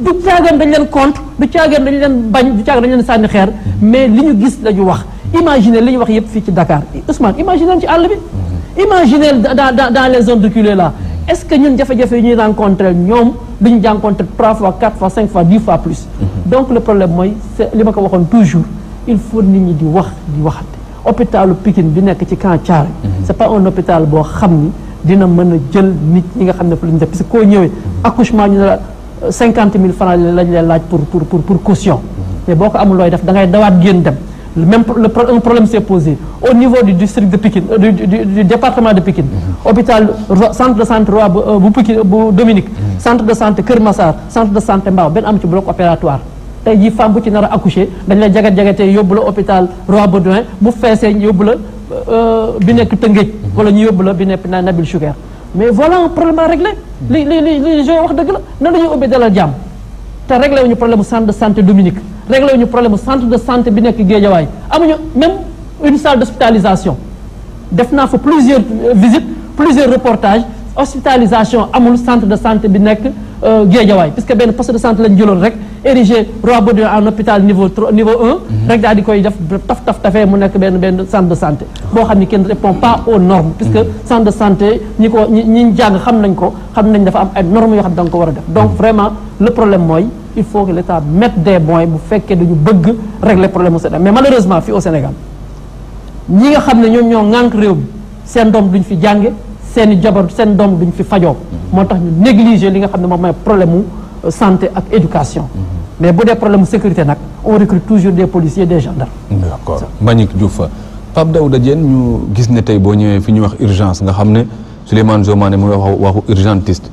du caagan dañ leen compte du caagan dañu leen bañ du caagan dañ leen sànni xeer mais li ñu gis la wax imaginer li ñu wax yëpp fii ci Dakar Ousmane imaginer ci àll bi imaginer daa dans dans les de reculées là est-ce que ñun jafe ñuy rencontrer ñoom duñu jànkonte trois fois quatre fois cinq fois dix fois plus mhm. donc le problème mooy c'est li ma ko waxoon toujours il faut nit ñi di wax di waxante hôpitalu Pikine bi nekk ci camp Thiaroye mhm. c'est pas un hôpital boo xam ni dina mën a jël nit ñi nga xam ne lu lañu def parce koo ñëwee mhm. accouchement ñu ne la cinquante mille francs lañ lay laaj pour pour pour pour caution mais boo ko amul looy def da ngay dawaat génn dem même le un problème s'est posé au niveau du district de Pikine du, du, du département de Pikine mm -hmm. hôpital centre de santé roi bu Pikine bu Dominique mm -hmm. centre de santé Kër Massar centre de santé Mbao benn am ci bloc opératoire tey jii femme bu ci nar a accouché dañ la jagat-jagatee yóbbu la hôpital Roi Baudouin bu feesee yóbbu la bi nekk Tëngéej wala ñu yóbbu la bi nekk na Nabil Choucair mais voilà un problème à régler li li li li je wax dëgg la nan la ñuy ubbi dalal jàmm te réglé wuñu problème centre de santé Dominique réglé wu ñu problème centre de santé bi nekk Géejawaay amuñu même une salle d'hospitalisation def naa fa plusieurs euh, visites plusieurs reportages hospitalisation amul centre de santé bi nekk euh, Géejawaay puisque benn poste de santé lañ jëloon rek érigé Roi Baudouin en hôpital niveau niveau mhm. rek daal di koy def taf taf tafee mu nekk benn benn centre de santé boo xam ni kenn répond pas aux normes puisque mhm. centre de santé ñi ko ñi jàng xam nañ ko xam nañ dafa am ay normes yoo xam ne da ko war a def donc mhm. vraiment le problème mooy il faut que l'État mette des moyens bu fekkee dañu bëgg régler problème au Sénégal mais malheureusement fii au Sénégal ñi nga xam ne ñoom ñoo ŋànk réew bi seen doom duñ fi jànge seen jabar seen doom duñ fi fajoo moo tax ñu négliger li nga xam ne moom mooy problème mu Euh, santé ak éducation. Mhm. mais bu dee problème sécurité nag on recrute toujours des policiers des gendarmes. d'accord Mbagnick Diouf Pape Daouda Diène ñu gis ne tey boo ñëwee fi ñuy wax urgence nga xam ne Souleymane Diomane mu wax waxu urgentiste.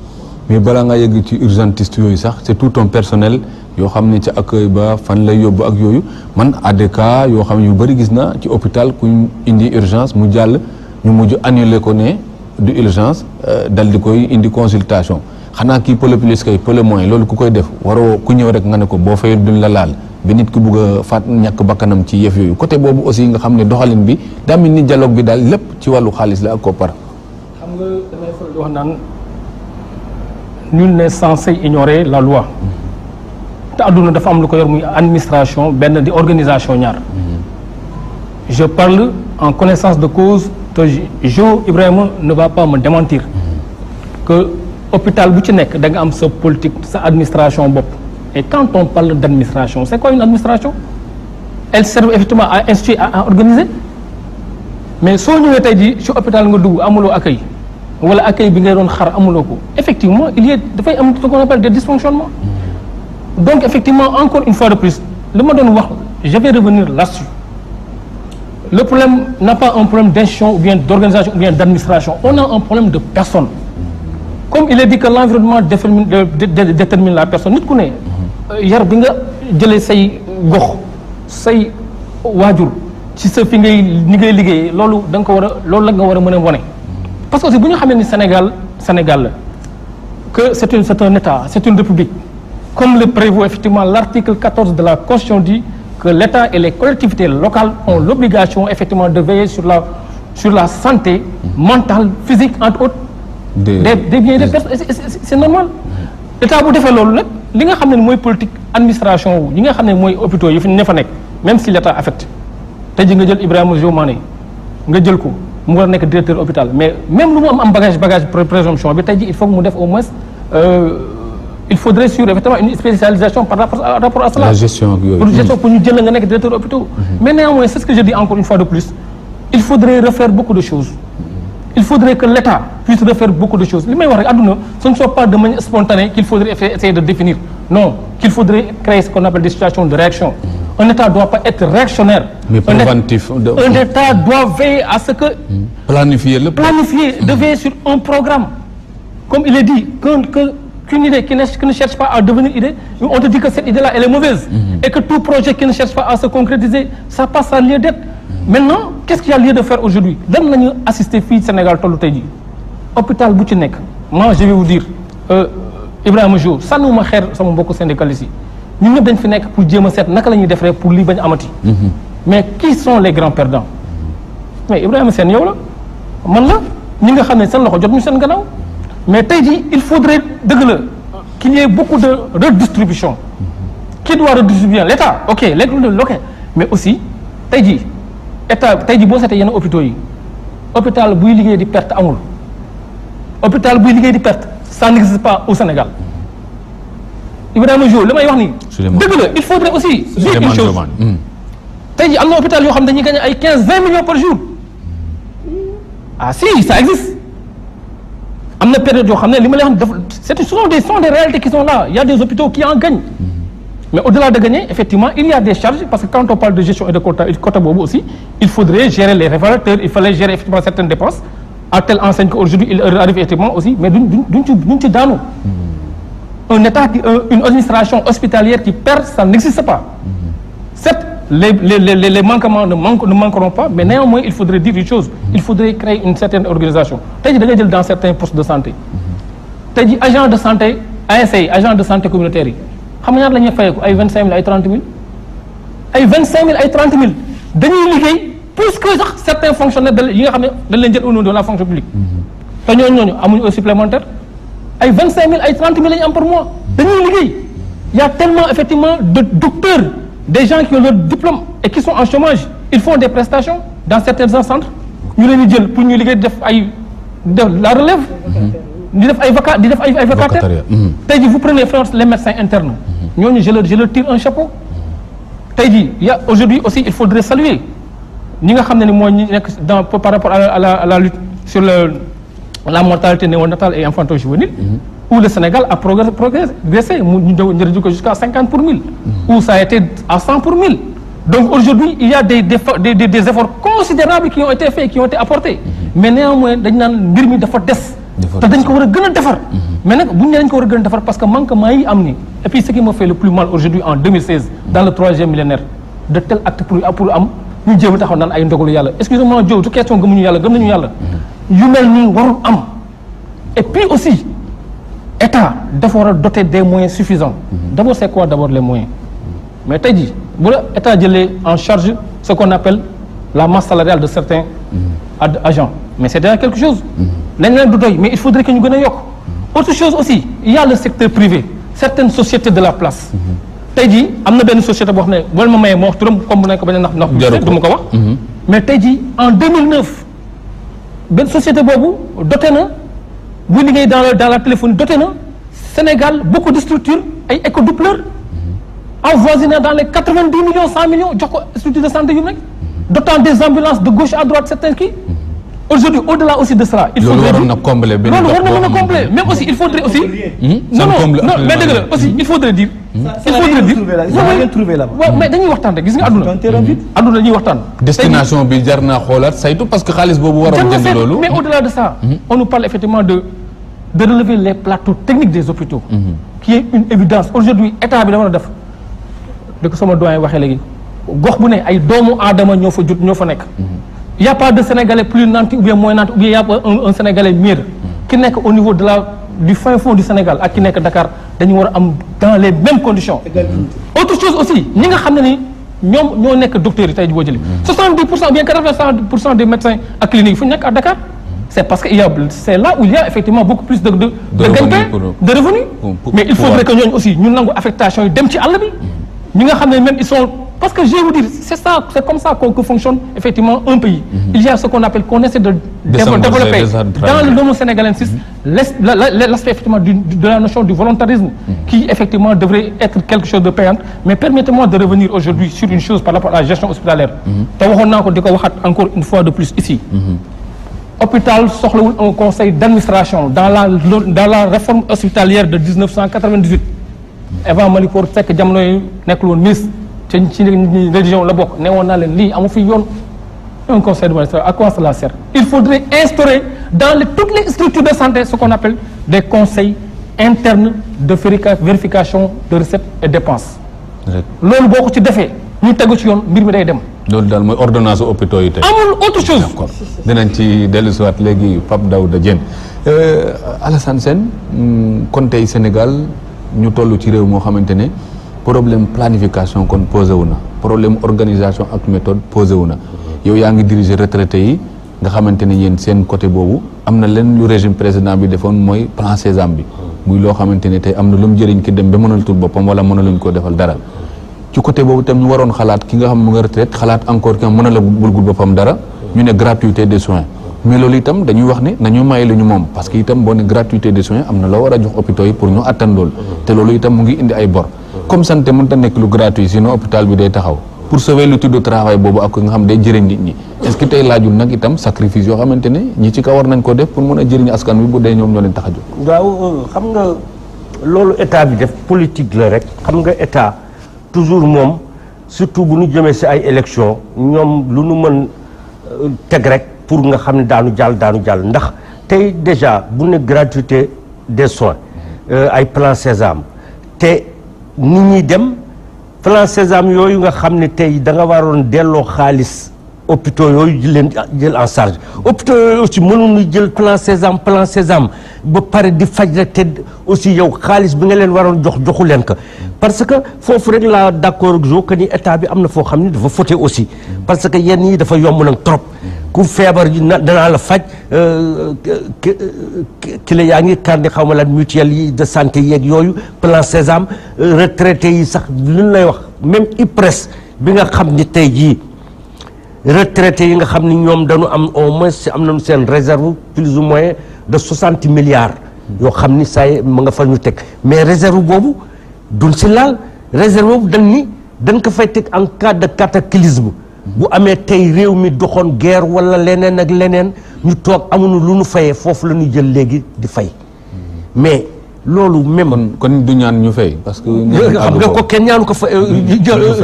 mais balaa nga yegg ci urgentiste yooyu sax c'est tout un personnel yoo xam ne ca accueil ba fan lay yóbbu ak yooyu man ADK yoo xam ne yu bëri gis na ci hôpital kuñ indi urgence mu jàll ñu mujj annulé ko ne du urgence euh, dal di koy indi consultation. xanaa kii peu le plus que peu loolu ku koy def waroo ku ñëw rek nga ne ko boo fayul duñ la laal bi nit ki bugg a faat ñàkk bakkanam ci yëf yooyu côté boobu aussi nga xam ne doxalin bi daa mel ni dialogue bi daal lépp ci wàllu xaalis la ak koppar. xam nga damay faral ignorer la loi te àdduna dafa am lu ko yor muy administration benn di organisation ñaar. Mm-hmm. je parle en connaissance de cause te Jo Ibrahima ne va pas me démentir mm-hmm. que. hôpital bu ci nekk da nga am sa politique sa administration bopp et quand on parle d' administration c' est quoi une administration elle sert effectivement à instituer à organiser mais soo ñëwee tey jii ci hôpital nga dugg amuloo accueil wala accueil bi ngay doon xar amuloo ko effectivement il y dafay am ce qu'on appelle des dysfonctionnements donc effectivement encore une fois de plus li ma doon wax je vais revenir là-dessus le problème n'a pas un problème d'institution ou bien d'organisation ou bien d'administration on comme il est dit que l'environnement détermine euh, détermine la personne nit ku ne euh, yar bi nga jëlee say gox say waajur ci sa fi ngay ni ngay liggéeyee loolu danga ko war a loolu la nga war a mën a wone parce que aussi bu ñu xamee ni Sénégal Sénégal la que c'est une c'est une état c'est une république comme le prévoit effectivement l'article de la constitution dit que l'État et les collectivités locales ont l'obligation effectivement de veiller sur la sur la santé mentale physique entre autres des des biens des personnes c'est normal état bu defee loolu nag li nga xam ne mooy politique administration wu ñi nga xam ne mooy hôpitaux yi fi ne fa nekk même si l'état affecte tey ji nga jël Ibrahima Diomane nga jël ko mu war a nekk directeur hôpital mais même lu mu am am bagage bagage présomption bi tey ji il faut que mu def au moins euh, il faudrait sur effectivement une spécialisation par rapport à cela pour gestion mm-hmm. jël nga nekk directeur hôpital mm-hmm. mais néanmoins c'est il faudrait que l'État puisse refaire beaucoup de choses li may wax rek àdduna ce ne soit pas de manière spontanée qu'il faudrait essayer de définir non qu'il faudrait créer ce qu'on appelle des situations de réaction un État doit pas être réactionnaire un État doit veiller à ce que mm. planifier le planifier de mm. veiller sur un programme comme il est dit que cette idée là est mauvaise mm-hmm. et que tout projet qui ne cherche pas à se concrétiser ça passe à lieu maintenant qu'est-ce qu'il de faire aujourd'hui lan la ñu fii Sénégal tollu tey jii hôpital bu ci nekk moi je vais vous dire euh, Ibrahima Jo sànniwuma xeer sama mbokku syndicalistes yi ñun ñëpp dañ fi nekk pour jéem a seet naka la ñuy defaree pour lii bañ amati. Mm-hmm. mais qui sont les grands perdants mais Ibrahima seen yow la man la ñi nga xam ne seen loxo jot ñu seen gannaaw mais tey jii il faudrait dëgg la qu'il y ait beaucoup de redistribution mm-hmm. qui doit redistribuer l'État ok léegi ok mais aussi tey jii état tey ji boo seetee yenn hôpitaux yi hôpital buy liggéey di perte amul hôpital buy liggéey di perte ça n'existe pas au Sénégal Ibrahima Diop li may wax nii. dëgg la il faudrait aussi. dire une chose hmm. tey am na hôpital yoo xam dañuy gagné ay quinze vingt millions par jour ah si ça existe am na période yoo xam ne li ma lay wax dafa c'est ce sont des réalités qui sont là il des hôpitaux qui en gagnent. mais au-delà de gagner effectivement il y a des charges parce que quand on parle de gestion et de compta côté boobu aussi il faudrait gérer les révélateurs il fallait gérer effectivement certaines dépenses à telle enseigne qu'aujourd'hui il arrive effectivement aussi mais duñ duñ ci duñ ci hmm. une administration hospitalière qui perd ça n'existe pas hmm. certes les manquements ne manquent pas mais néanmoins il faudrait dire une chose hmm. il faudrait agent de santé ASA agent de santé yi xam nga ñaata la ñuy fayeeku ay vingt cinq mille ay trente mille ay vingt mille ay trente mille dañuy liggéey plus que sax certains fonctionnaires de yi nga xam ne dañ leen jël au nom de la fonction publique mm-hmm. te ñooñu amuñu heure supplémentaire ay vingt cinq mille ay trente mille la ñu am par mois dañuy liggéey y a tellement effectivement de docteurs des gens qui ont leur diplôme et qui sont en chômage ils font des prestations dans certains centres ñu leen di jël pour ñu liggéey def ay def la relève mm-hmm. di def ay vaca di def ay vacataires mm-hmm. tey ñooñu je leur je leur tire un chapeau tey jii ya aujourd'hui aussi il faudrait saluer ñi nga xam ne ni mooy ñi nekk dans par rapport à la à la, à la lutte sur le la mortalité néonatale et infanto-juvénile mm-hmm. où le Sénégal a progressé mu ñu réduit jusqu'à pour mille mm-hmm. où ça été à cent pour mille donc aujourd'hui il y a des, des des efforts considérables qui ont été faits qui ont été apportés mm-hmm. mais néanmoins dañ naan mbir mi dafa des te mhm. dañ ko war a gën a defar mais nag bu ñu dañ ko war a gën defar parce que manquement yi am ni et puis ce qui m'a fait le plus mal aujourd'hui en 2016 dans le troisième millénaire de tel acte pour pour am ñu jéem a taxaw naan ay ndogalu yàlla excusez-moi Diop du question yàlla gëm nañu yàlla mhm. yu mel nii warul am et puis aussi état dafa war a doter des moyens suffisants mhm. d'abord c'est quoi d'abord les moyens mais tey jii bu la état jëlee en charge ce qu'on appelle la masse salariale de certains agents mais c'est déjà quelque chose nañ leen du doy mais il faudrait que ñu gën a yokk autre chose aussi il y a le secteur privé certaines sociétés de la place tey jii am na benn société boo am ne wala ma mayee moo wax turam comme bu nañ ko bañ a nax nax du ma ko wax mhm. mais tey jii en 2009 benn société boobu doté na bu liggéey dans la dans la téléphonie doté na Sénégal beaucoup de structures ay éco-doubleurs mhm. avoisinant dans les 90 millions 100 millions jox ko structure de santé yu nekk de gauche à droite certains kii mhm. aujourd'hui au-delà aussi de ça. il faut loolu waroon na combler benn loolu war na mën a combler même aussi il faudrait aussi. Hmm? non non mais dëgg la aussi hmm? il faudrait dire. il faudrait dire waaw mais dañuy waxtaan rek gis nga àdduna. àdduna dañuy waxtaan. destination bi jar naa xoolaat saytu parce que xaalis boobu waroon jënd loolu. mais au-delà de ça. Hmm? on nous parle effectivement de de relever les plateaux techniques des hôpitaux. qui est une évidence aujourd'hui état bi dama la def. de ko sama doyen waxee léegi gox bu ne ay doomu aadama ñoo fa jut ñoo fa nekk. y' a pas de sénégalais plus nanti ou bien moins nanti ou bien y' un, un sénégalais ki nekk au niveau de la du fin fond du Sénégal ak ki nekk Dakar dañu war am dans les mêmes conditions. autre chose aussi ñi nga xam ne ni ñoom ñoo nekk docteurs yi tey jii boo jëlee. 70 mm-hmm. pour cent ou bien pour cent des médecins ak cliniques fu nekk à Dakar. Mm-hmm. c' parce que il y a c' est là où il effectivement beaucoup plus de gagne-pain de revenu mais il faudrait que ñooñu aussi ñu Parce que je vais vous dire, c'est ça, c'est comme ça que, que fonctionne effectivement un pays. Mm -hmm. Il y a ce qu'on appelle, qu'on essaie de, de développer dans le domaine sénégalensis, mm -hmm. l'aspect effectivement de la notion du volontarisme, mhm. qui effectivement devrait être quelque chose de payant. Mais permettez-moi de revenir aujourd'hui sur une chose par rapport à la gestion hospitalière. Mhm. Mhm. dans la réforme hospitalière de te ci religion la bokk ne woon naa leen lii amu fi yoon un conseil de ministre à quoi cela sert il faudrait instaurer dans les, toutes les structures de santé ce qu'on appelle des conseils interne de vérification de recettes et dépenses loolu boo ko ci defee ñu tegu ci yoon mbir mi day dem loolu daal mooy ordonnance hôpitaux yi tey amul autre chose d'accord dinañ ci dellu siwaat léegi Pape Daouda de euh, Alassane Sène hmm, kon tey Sénégal ñu toll ci réew moo xamante ne problème planification kon posé wu na problème organisation ak méthode posé wu na yow yaa ngi diriger retraité yi nga xamante ne yéen seen côté boobu am na leen lu régime président bi defoon mooy plan Sésame bi muy loo xamante ne tey am na lu mu jëriñ ki dem ba mënal tul boppam wala mënaluñ ko defal dara ci côté boobu tam ñu xalaat ki nga xam mu nga retraite xalaat encore ki nga mën a la bulgul boppam dara ñu ne gratuité des soins mais loolu itam dañuy wax ni nañu may lu ñu moom parce que itam boo ne gratuité des soins am na loo war a jox hôpitaux yi pour ñu attan itam mu ngi indi ay bor comme sante mënut a nekk lu gratuit sinon hôpital bi day taxaw pour sauver le titre de travail boobu ak nga xam day jëriñ nit ñi est que tey laajul nag itam sacrifice yoo xamante ne ñi ci kaw war nañ ko def pour mën a jëriñ askan wi bu dee ñoom ñoo leen tax a jóg. waaw euh, xam nga loolu état bi def politique la rek xam nga état toujours moom surtout bu nu jëmee si ay élections ñoom lu nu mën euh, teg rek pour nga xam ne daanu jàll daanu jàll ndax tey déjà bu ne gratuité des soins euh, ay plan Sésame nit ñi dem plan Sésame yooyu nga xam ne tey da nga waroon delloo xaalis hôpitaux yooyu di leen jël en charge hôpitaux yooyu aussi mënuñu jël plan Sésame plan te aussi yow xaalis bi nga leen waroon jox joxu leen ko parce que foofu rek laa d'accord ak yow ni état bi am na foo xam ne dafa fauté aussi parce que yenn yi dafa yomb nag trop ku feebar yi na danaa la faj ki euh, la yaa ngi kardi xaw ma lan mutuelle yi de santé yeeg yooyu plan Sésame euh, retraité yi sax li lay wax même IPRES bi nga xam ni tey jii retraités yi nga xam ni ñoom dañu am au moins am na nañu seen réserve plus ou moins de soixante milliards yoo xam ni saa yi ma nga fa ñu teg mais réserve boobu duñ si laal réserve boobu dañ ni dañ ko fay teg en cas de cataclysme bu amee tey réew mi doxoon guerre wala leneen ak leneen ñu toog amuñu lu ñu fayee foofu la ñu jël léegi di fay mais loolu même. kon kon du ñaan ñu fay. parce que xam ko kenn ñaanu ko fa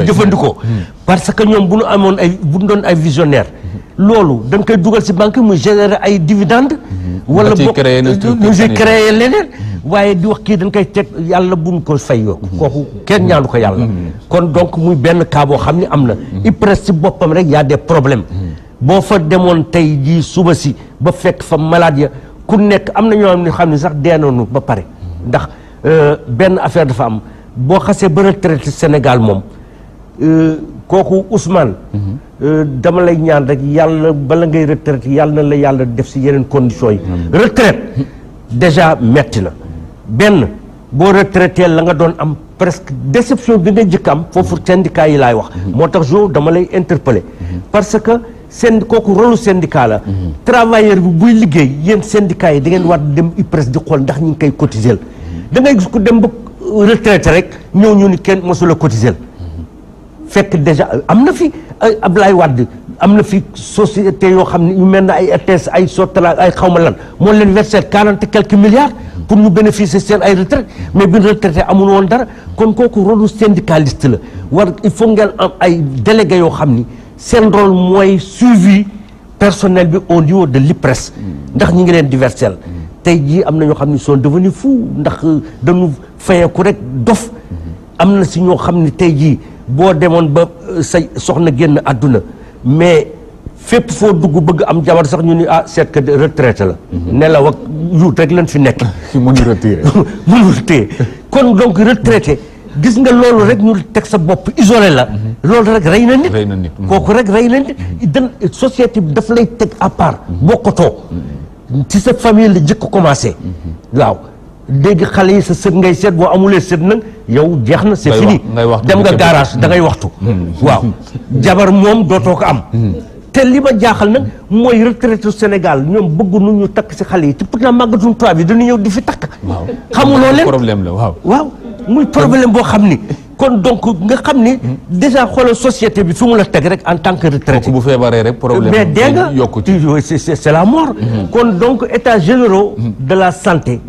jëfandikoo. Hmm. parce que ñoom bu ñu amoon ay bu ñu doon ay visionnaire. Hmm. loolu dañ koy dugal si banque mu générer ay dividende hmm. wala boo ñu si créé leneen. waaye di wax kii dañ koy teg yàlla buñ ko fay yoo kooku kenn ñaanu ko yàlla. kon donc muy benn kaaboo boo xam ne am na. IPRES si boppam rek yaa de problème boo fa demoon tey jii suba si ba fekk fa malade ya ku nekk am na ñoo xam ne sax dee nañu ba pare. ndax euh, benn affaire dafa am boo xasee ba retraité Sénégal moom euh, kooku Ousmane. Mhm. Euh, dama lay ñaan rek yàlla bala ngay retraite yàlla na la yàlla def si yeneen condition yi. retraite déjà metti la benn boo retraité la nga doon am presque déception bi nga jëkk am foofu syndicat yi laay wax. Mhm. moo tax jour dama lay interpeller mhm. parce que. seen kooku rôlu syndicat la. Mhm. travailleur bi buy liggéey yéen syndicat yi da ngeen war dem IPRES di xool ndax ñu ngi koy cotiser mhm. da ngay gis ku dem ba euh, retraité rek ñëw ñu ni kenn mosul a cotiser mhm. fekk déjà euh, am na fi Ablaye Wade am na fi société yoo xam ni yu mel ne ay RTS ay Sotra ay xawma lan moo leen versé quarante et quelques milliards pour ñu bénéficier seen ay retraite mais bi retraité amul woon dara kon kooku rôlu syndicaliste la war il faut ay délégué yoo xam ni. seen rôle mooy suivi personnel bi au niveau de l'IPRES ndax ñi ngi leen diversel tey jii am na ñoo xam ne sont devenus fous ndax euh, dañu fayeeku rek dof am na si ñoo xam ne tey jii boo demoon ba euh, say soxna génn àdduna mais fépp foo dugg bëgg am jabar sax ñu ni ah seet que retraité la nelaw ak yuut rek lañ fi nekk mu retiré mënu retiré kon donc retraité gis nga loolu rek ñu teg sa bopp isolé la loolu rek rey na nit mm-hmm. kooku rek rey na nit mm-hmm. dan société bi daf lay teg à part bokkatoo mm-hmm. ci sa famille la jëkk commencé waaw léegi xale yi sa sët ngay seet boo amulee sët nag yow jeex na c'est fini dem nga garage da ngay waxtu waaw jabar moom dootoo ko am te li ma jaaxal nag mooy retraité Sénégal ñoom bëgguñu ñu takk si xale yi te pourtant màggatuñu tubaab yi dañu ñëw di fi takk xamuloo leen problème la waaw waaw muy problème boo xam ni kon donc nga xam ni déjà xoolal société bi fi mu la teg rek en tant que retraité bu feebaree rek problème mais dégg nga c'est la mort mm-hmm. kon donc états généraux mm-hmm. de la santé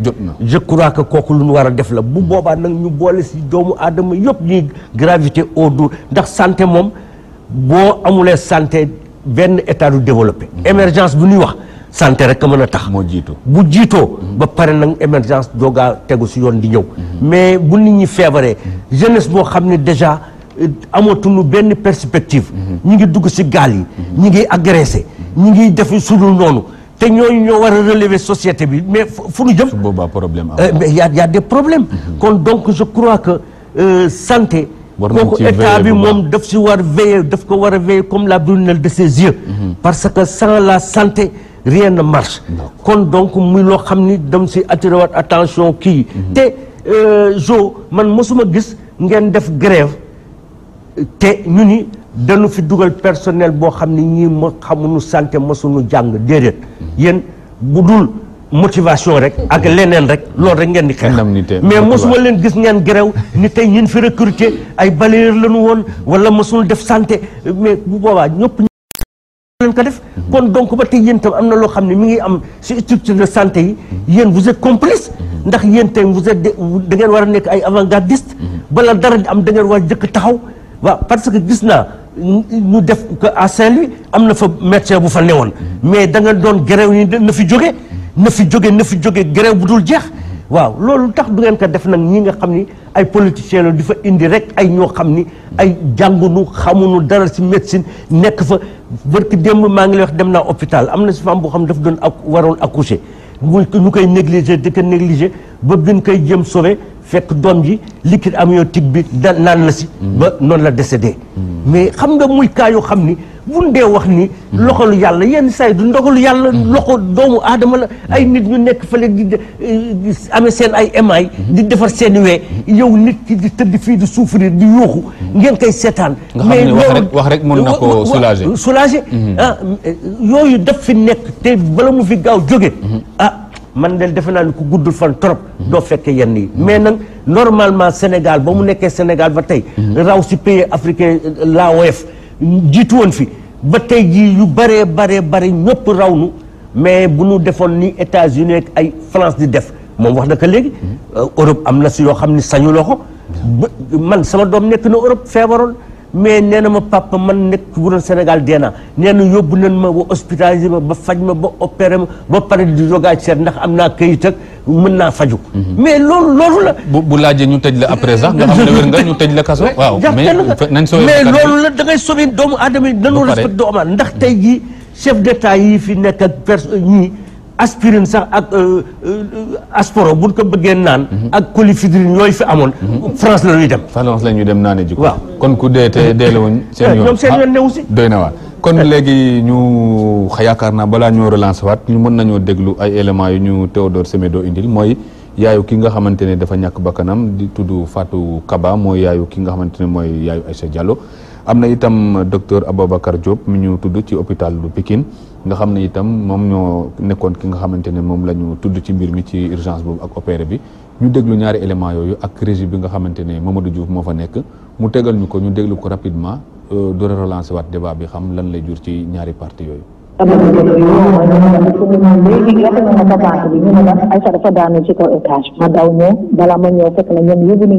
je crois que kooku lu ñu war a def la bu mm-hmm. boobaa nag ñu boole si doomu aadama yëpp ñuy gravité au du ndax santé moom boo amulee santé benn état du développé émergence bu ñuy wax santé rek a mën a tax. moo jiitu bu jiitoo. ba pare nag émergence doog tegu si yoon di ñëw. mais bu nit ñi feebaree. jeunesse boo xam ne déjà euh, amatuñu benn perspective. ñi ngi dugg si gaal yi. ñu ngi agressé. ñi ngi def sudul noonu. te ñooñu ñoo war a relever société bi mais fu ñu jëm. su boobaa problème am euh, mais y' a y' a des donc je crois que euh, santé. war kooku état bi moom daf si war veiller daf ko war a veiller comme la prunelle de ses yeux. Mhm. parce que sans la santé. rien ne marche kon donc muy loo xam ni dem si attiré waat attention kii mhm. te jo euh, man masuma gis ngeen def grève te ñu ni dañu fi dugal personnel boo xam ni ñii ma xamuñu santé mosuñu jàng déedéet mhm. yéen bu dul motivation rek ak leneen rek loolu rek ngeen di xeex mais mosuma leen gis ngeen grève ni tey ñu fi recruter ay balayeur lañu woon wala mosul def santé mais bu boobaa leen ko def kon donc ba tey yéen tam am na loo xam ne mi ngi am si structure de santé yi yéen vous êtes complice ndax yéen tey vous êtes da ngeen war a nekk ay avant-gardiste bala dara di am da ngeen war a jëkk taxaw waaw parce que gis naa ñu def que à saint am na fa médecin bu fa newoon mais da nga doon grève yi na fi jóge na fi jóge na fi jóge grève bu dul jeex waaw loolu tax du ngeen ko def nag ñi nga xam ni ay politiciens la di fa indi rek ay ñoo xam ni ay jàngunu xamunu dara si médecine nekk fa bërki démb maa ngi lay wax dem na hôpital am na si femme boo xam daf doon ak waroon accoucher mu ñu koy négliger di ko négliger ba biñ koy jëm sauver fekk doom ji liquide amniotique bi da naan na si mm. ba noonu la décédé mm. mais xam nga muy cas yoo xam ni buñ dee wax ni. Mhm. loxolu yàlla yenn saa yi du ndogalu yàlla. Mhm. loxo doomu aadama la. Mhm. ay nit ñu nekk fële di eh, amee seen ay emaay. di defar seen wee yow nit ki di tëdd fii di souffrir di yuuxu. ngeen koy seetaan. mais loolu nga xam ne wax rek wax rek mën na koo soulager. soulager ah eh, yooyu daf fi nekk te bala mu fi gaaw jóge ah man de defe naa ni ku guddul fan trop. doo fekkee yenn yi mais nag normalement Sénégal ba mu nekkee Sénégal ba tey. raw si pays africain euh, la woyof. jiitu woon fi ba tey jii yu bëree baree bëri ñëpp raw nu mais bu ñu defoon ni États-Unis ak ay France di def moom wax na ko léegi. Mm-hmm. Euh, Europe am na si yoo xam ni sañuloo ko. man sama doom nekk na Europe feebaroon. mais nee na ma papa man nekk wuroon Sénégal dee naa nee na yóbbu nañ ma ba hospitalisé ma ba faj ma ba opéré ma ba pare di dogaaj seet ndax am naa këyit ak mën naa faju mhm. mais loolu loolu la. bu bu laajee ñu tëj la après sax nga xam ne wér kaso. waaw mais mais loolu la da ngay sauver doomu aadama yi. ba pare nanoo respecté doomu ndax tey jii chef d' état yii fi nekk ak pers ñii. aspirine sax ak euh, euh, asporo bu ko bëggee naan. Mhm. ak colifidrine yooyu fi amoon. Mhm. France la ñuy dem. France la ji ko. kon ku deete te deelewuñ eh, seen yoon ñoom seen yoon ne aussi doy na waa kon eh. léegi ñu yaakaar naa balaa ñoo relance waat ñu mën nañoo déglu ay éléments yu ñu Théodore Semedo indil mooy. yaayu ki nga xamante ne dafa ñàkk bakkanam di tudd faatu Kaba mooy yaayu ki nga xamante ne mooy yaayu Aïcha Diallo am na itam docteur Ababacar Diop mu ñu tudd ci hôpital bu Pikine nga xam ne itam moom ñoo nekkoon ki nga xamante ne moom la ñu tudd ci mbir mi ci urgence boobu ak opéré bi ñu déglu ñaari élément yooyu ak régie bi nga xamante ne Mamadou Diouf moo fa nekk mu tegal ñu ko ñu déglu ko rapidement euh, door a relancer waat débat bi xam lan lay jur ci ñaari parti yooyu saboda da ke yawan wani wanda mutumin ne ne ya kuma mata ba a bi ne ba ai sa dafa daanu ci kaw étage ma daw ne bala na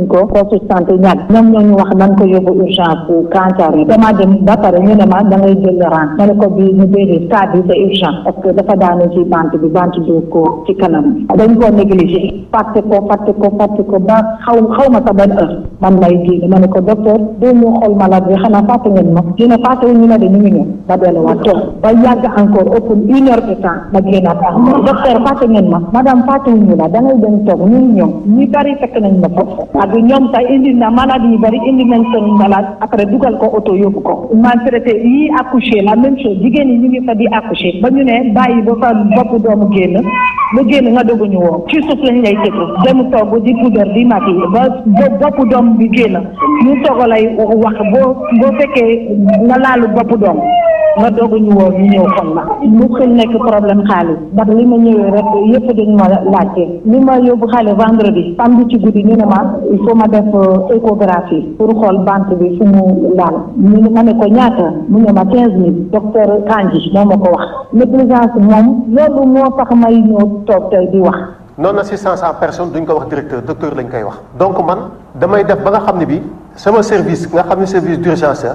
ko poste santé ñàkk ñoom ñoo ñu wax nan ko yóbbu urgence bu cancer yi dama dem ba pare ñu da ngay jël rang ma ne ko bi ñu déedéet cas bi c'est urgent parce que dafa daanu ci bant bi bant doo ko ci kanam dañ koo négligé fàtte ko fàtte ko fàtte ko ba xaw xaw ma sa ban heure man lay génn ma ne ko docteur doo ñu xool malade bi xanaa fàtte ngeen ma ñu ne fàtte ñu ne de ñu ngi ñëw ba toog ba yàgg encore ëppul une heure de temps ma génnaat ah docteur fàtte ngeen ma madame fàttewuñu la da ngay dem toog ñun ñoom ñu bari fekk nañ ma foofu ak ñoom sax indi na malade yu bari indi nañ seen malade après dugal ko oto yóbbu ko maltraité yi accouché la même chose jigéen yi ñu ngi fa di accouché ba ñu ne bàyyi ba fa bopp doomu génn ba génn nga doguñu woo ci suuf lañ lay tëgg dem togg di puudar di mati ba bopp doom bi génn ñu togg lay wax boo boo fekkee nga laalu bopp doom ma doog ñu woo ñu ñëw kon ma bu ko nekk problème xaalis ndax li ma ñëwee rek yëpp dañ ma laajte li ma yóbbu xale vendredi samedi ci guddi ñu ne ma il faut ma def euh, échographie pour xool banque bi fu mu laal ñu ne ma ne ko ñaata mu ñu ma quinze mille docteur Kandji moom ma ko wax négligence moom loolu moo tax may ñëw toog tey di wax non assistance en personne duñ ko wax directeur docteur lañ koy wax donc man damay def ba nga xam ne bi sama service nga xam ne service d'urgence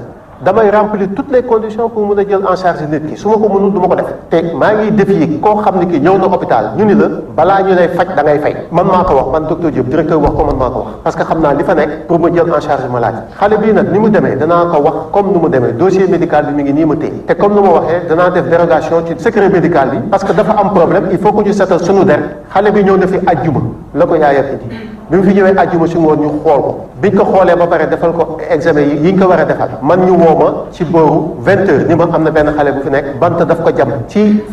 damay remplir toutes les conditions pour mun a jël en charge nit ki su ma ko mënul du ma ko def te maa ngi défier koo xam ne ki ñëw na hôpital ñu ni la balaa ñu lay faj da ngay fay man maa ko wax man docteur Diop directeur wax ko man maa ko wax parce que xam naa li fa nekk pour ma jël en charge xale bii nag ni mu demee danaa ko wax comme nu mu demee dossier médical bi mi ngi nii ma téye te comme nu ma waxee danaa def dérogation ci secret médical bi parce que dafa am problème il faut que ñu seetal sunu der xale bi ñëw bi mu fi ñëwee àjjuma si ngoon ñu xool ko a defal man ñu woo ma benn xale bu fi nekk bant daf ko jam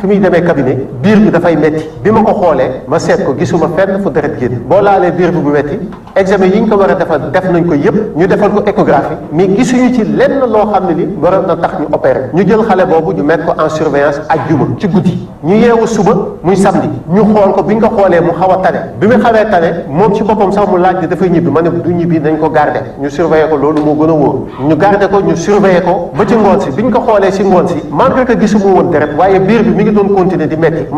muy demee cabinet biir bi dafay metti bi ma ko xoolee ma seet ko gisuma fenn fu deret génn boo laalee biir bi bu metti examen yi ko war a defal def nañ ko yépp ñu defal ko échographie mais gisuñu ci lenn loo xam ne li waroon na tax ñu opéré ñu jël xale boobu ñu mettre ko en surveillance àjjuma ci guddi ñu yeewu suba muy samedi ñu xool ko biñ ko xoolee mu xaw a tane bi mu xawee tane moom ci boppam boppam sax a wóor ñu garder ko ñu surveiller ko ba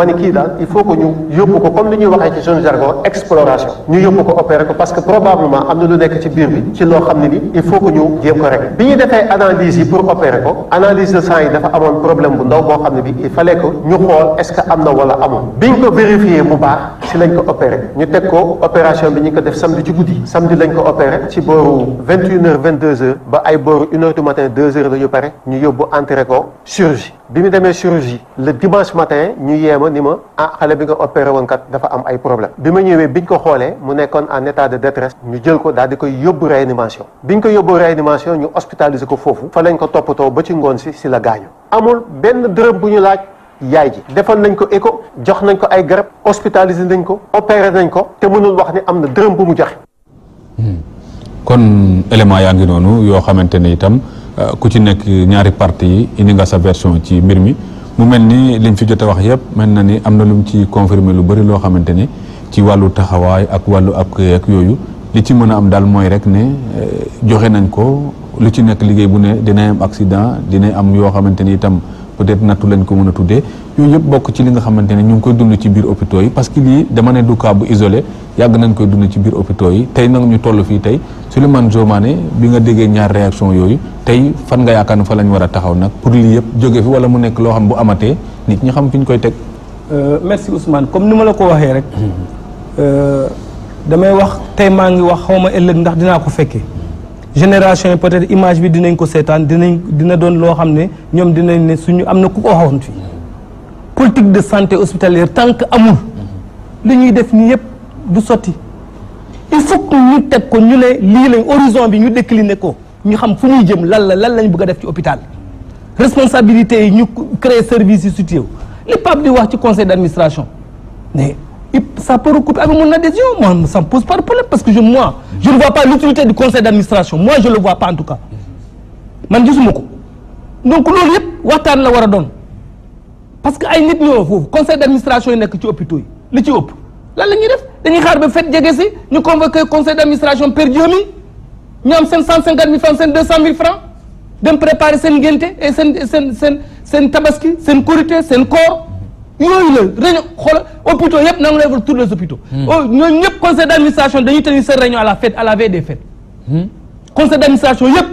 kii daal il faut que ñu yóbbu ko comme li ñuy waxee ci suñu jargon exploration ñu yóbbu ko opérer ko analyse de sang yi dafa amoon problème bu ndaw boo xam ne bi il fallait que ñu xool est-ce que am na wala amul biñ ko vérifier bu baax si lañ ko opérer ñu teg ko opération bi ñu ko def samedi ci guddi samedi lañ ko opéré ci booru vingt une heure vingt deux heures ba ay booru une matin deux heures ñu pare ñu yóbbu entré ko chirurgie bi mu demee chirurgie le dimanche matin ñu yeema ni ma ah xale bi nga opéré woon kat dafa am ay problème bi ma ñëwee biñ ko xoolee mu nekkoon en état de détresse ñu jël ko daal di koy yóbbu réanimation biñ ko yóbbu réanimation ñu hospitaliser ko foofu fa lañ ko toppatoo ba ci ngoon si si la gaañu amul benn dërëm bu ñu laaj yaay ji defal nañ ko écho jox nañ ko ay garab hospitalisé nañ ko opéré nañ ko te mënul wax ni am na dërëm bu mu joxe. Hmm. kon élément yaa ngi noonu yoo xamante ni itam euh, ku ci nekk ñaari parti yi indi nga sa version ci mbir mi mu mel ni liñ fi jot wax yëpp mel na ni am na lu mu ci confirmer lu bëri loo xamante ni ci wàllu taxawaay ak wàllu ak ak yooyu li ci mën a am daal mooy rek ne euh, joxe nañ ko lu ci nekk liggéey bu ne dina am accident dina am yoo xamante ni itam. peut-être nattu lañ ko mën a tuddee yooyu yëpp bokk ci li nga xamante ne ñu ngi koy dund ci biir hôpitaux yi parce que lii dama du cas bu yàgg nañ koy dund ci biir hôpitaux yi tey nag ñu toll fii tey Souleymane Diomane bi nga déggee ñaar réaction yooyu tey fan nga yaakaar ne fa lañ war a taxaw nag pour lii yëpp jóge fi wala mu nekk loo xam bu amatee nit ñi xam fi ñu koy teg. Euh, merci Ousmane comme ni ma la ko waxee rek. Euh, damay wax tey maa ngi wax xaw ma ëllëg ndax dinaa ko fekkee. génération yi peut-être image bi dinañ ko seetaan dinañ dina doon loo xam ne ñoom dinañ ne suñu am na ku ko waxoon fii politique de santé hospitalière tant que amul li ñuy def nii yëpp du sotti il faut que ñu teg ko ñu ne lii lañ horizon bi ñu décliné ko ñu xam fu ñuy jëm lan la lan lañ bëgg def ci hôpital responsabilité yi ñu créer service yi situé li Pape di wax ci conseil d'administration mais ça peut recouper avec mon adhésion moi ça me pose par de problème parce que je moi je ne vois pas l'utilité du conseil d'administration moi je le vois pas en tout cas man gisuma ko donc loolu yëpp waxtaan la war a doon parce que ay nit ñoo foofu conseil d'administration yi nekk ci hôpitaux yi li ci ëpp lan la ñuy def dañuy xaar ba fête jege si ñu convoqué conseil d'administration per diem ñu am seen cent cinquante mille francs seen deux cent dem préparer seen ngénte et seen seen seen seen tabaski seen korité seen koor yooyu la réunion xoolal hôpitaux yëpp nangu lay tous les hôpitaux. Hmm. Oh, ñooñu ñëpp conseil d' administration dañuy tenir seen réunion à la fête à la veille des fêtes. Hmm. conseil d' administration yëpp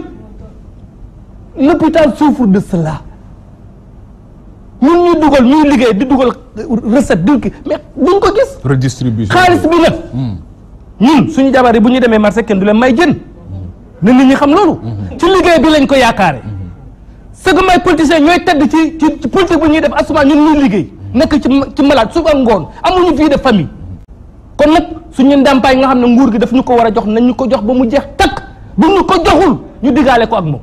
l'hôpital de cela ñun ñu dugal ñuy liggéey di dugal recette di kii mais duñ ko gis. redistribution xaalis bi nag. Hmm. ñun suñu jabar yi bu ñuy demee marché kenn du leen may jën. na nit ñi xam loolu. ci liggéey bi lañ ko yaakaare. sëg may politiciens ñooy tedd ci ci politique bu ñuy def asuma ñun ñuy liggéey. nekk ci ci malade suba ngoon amuñu vie de famille kon nag suñu ndàmpaay nga xam ne nguur gi daf ñu ko war a jox nañ ñu ko jox ba mu jeex takk bu ñu ko joxul ñu diggaale ko ak moom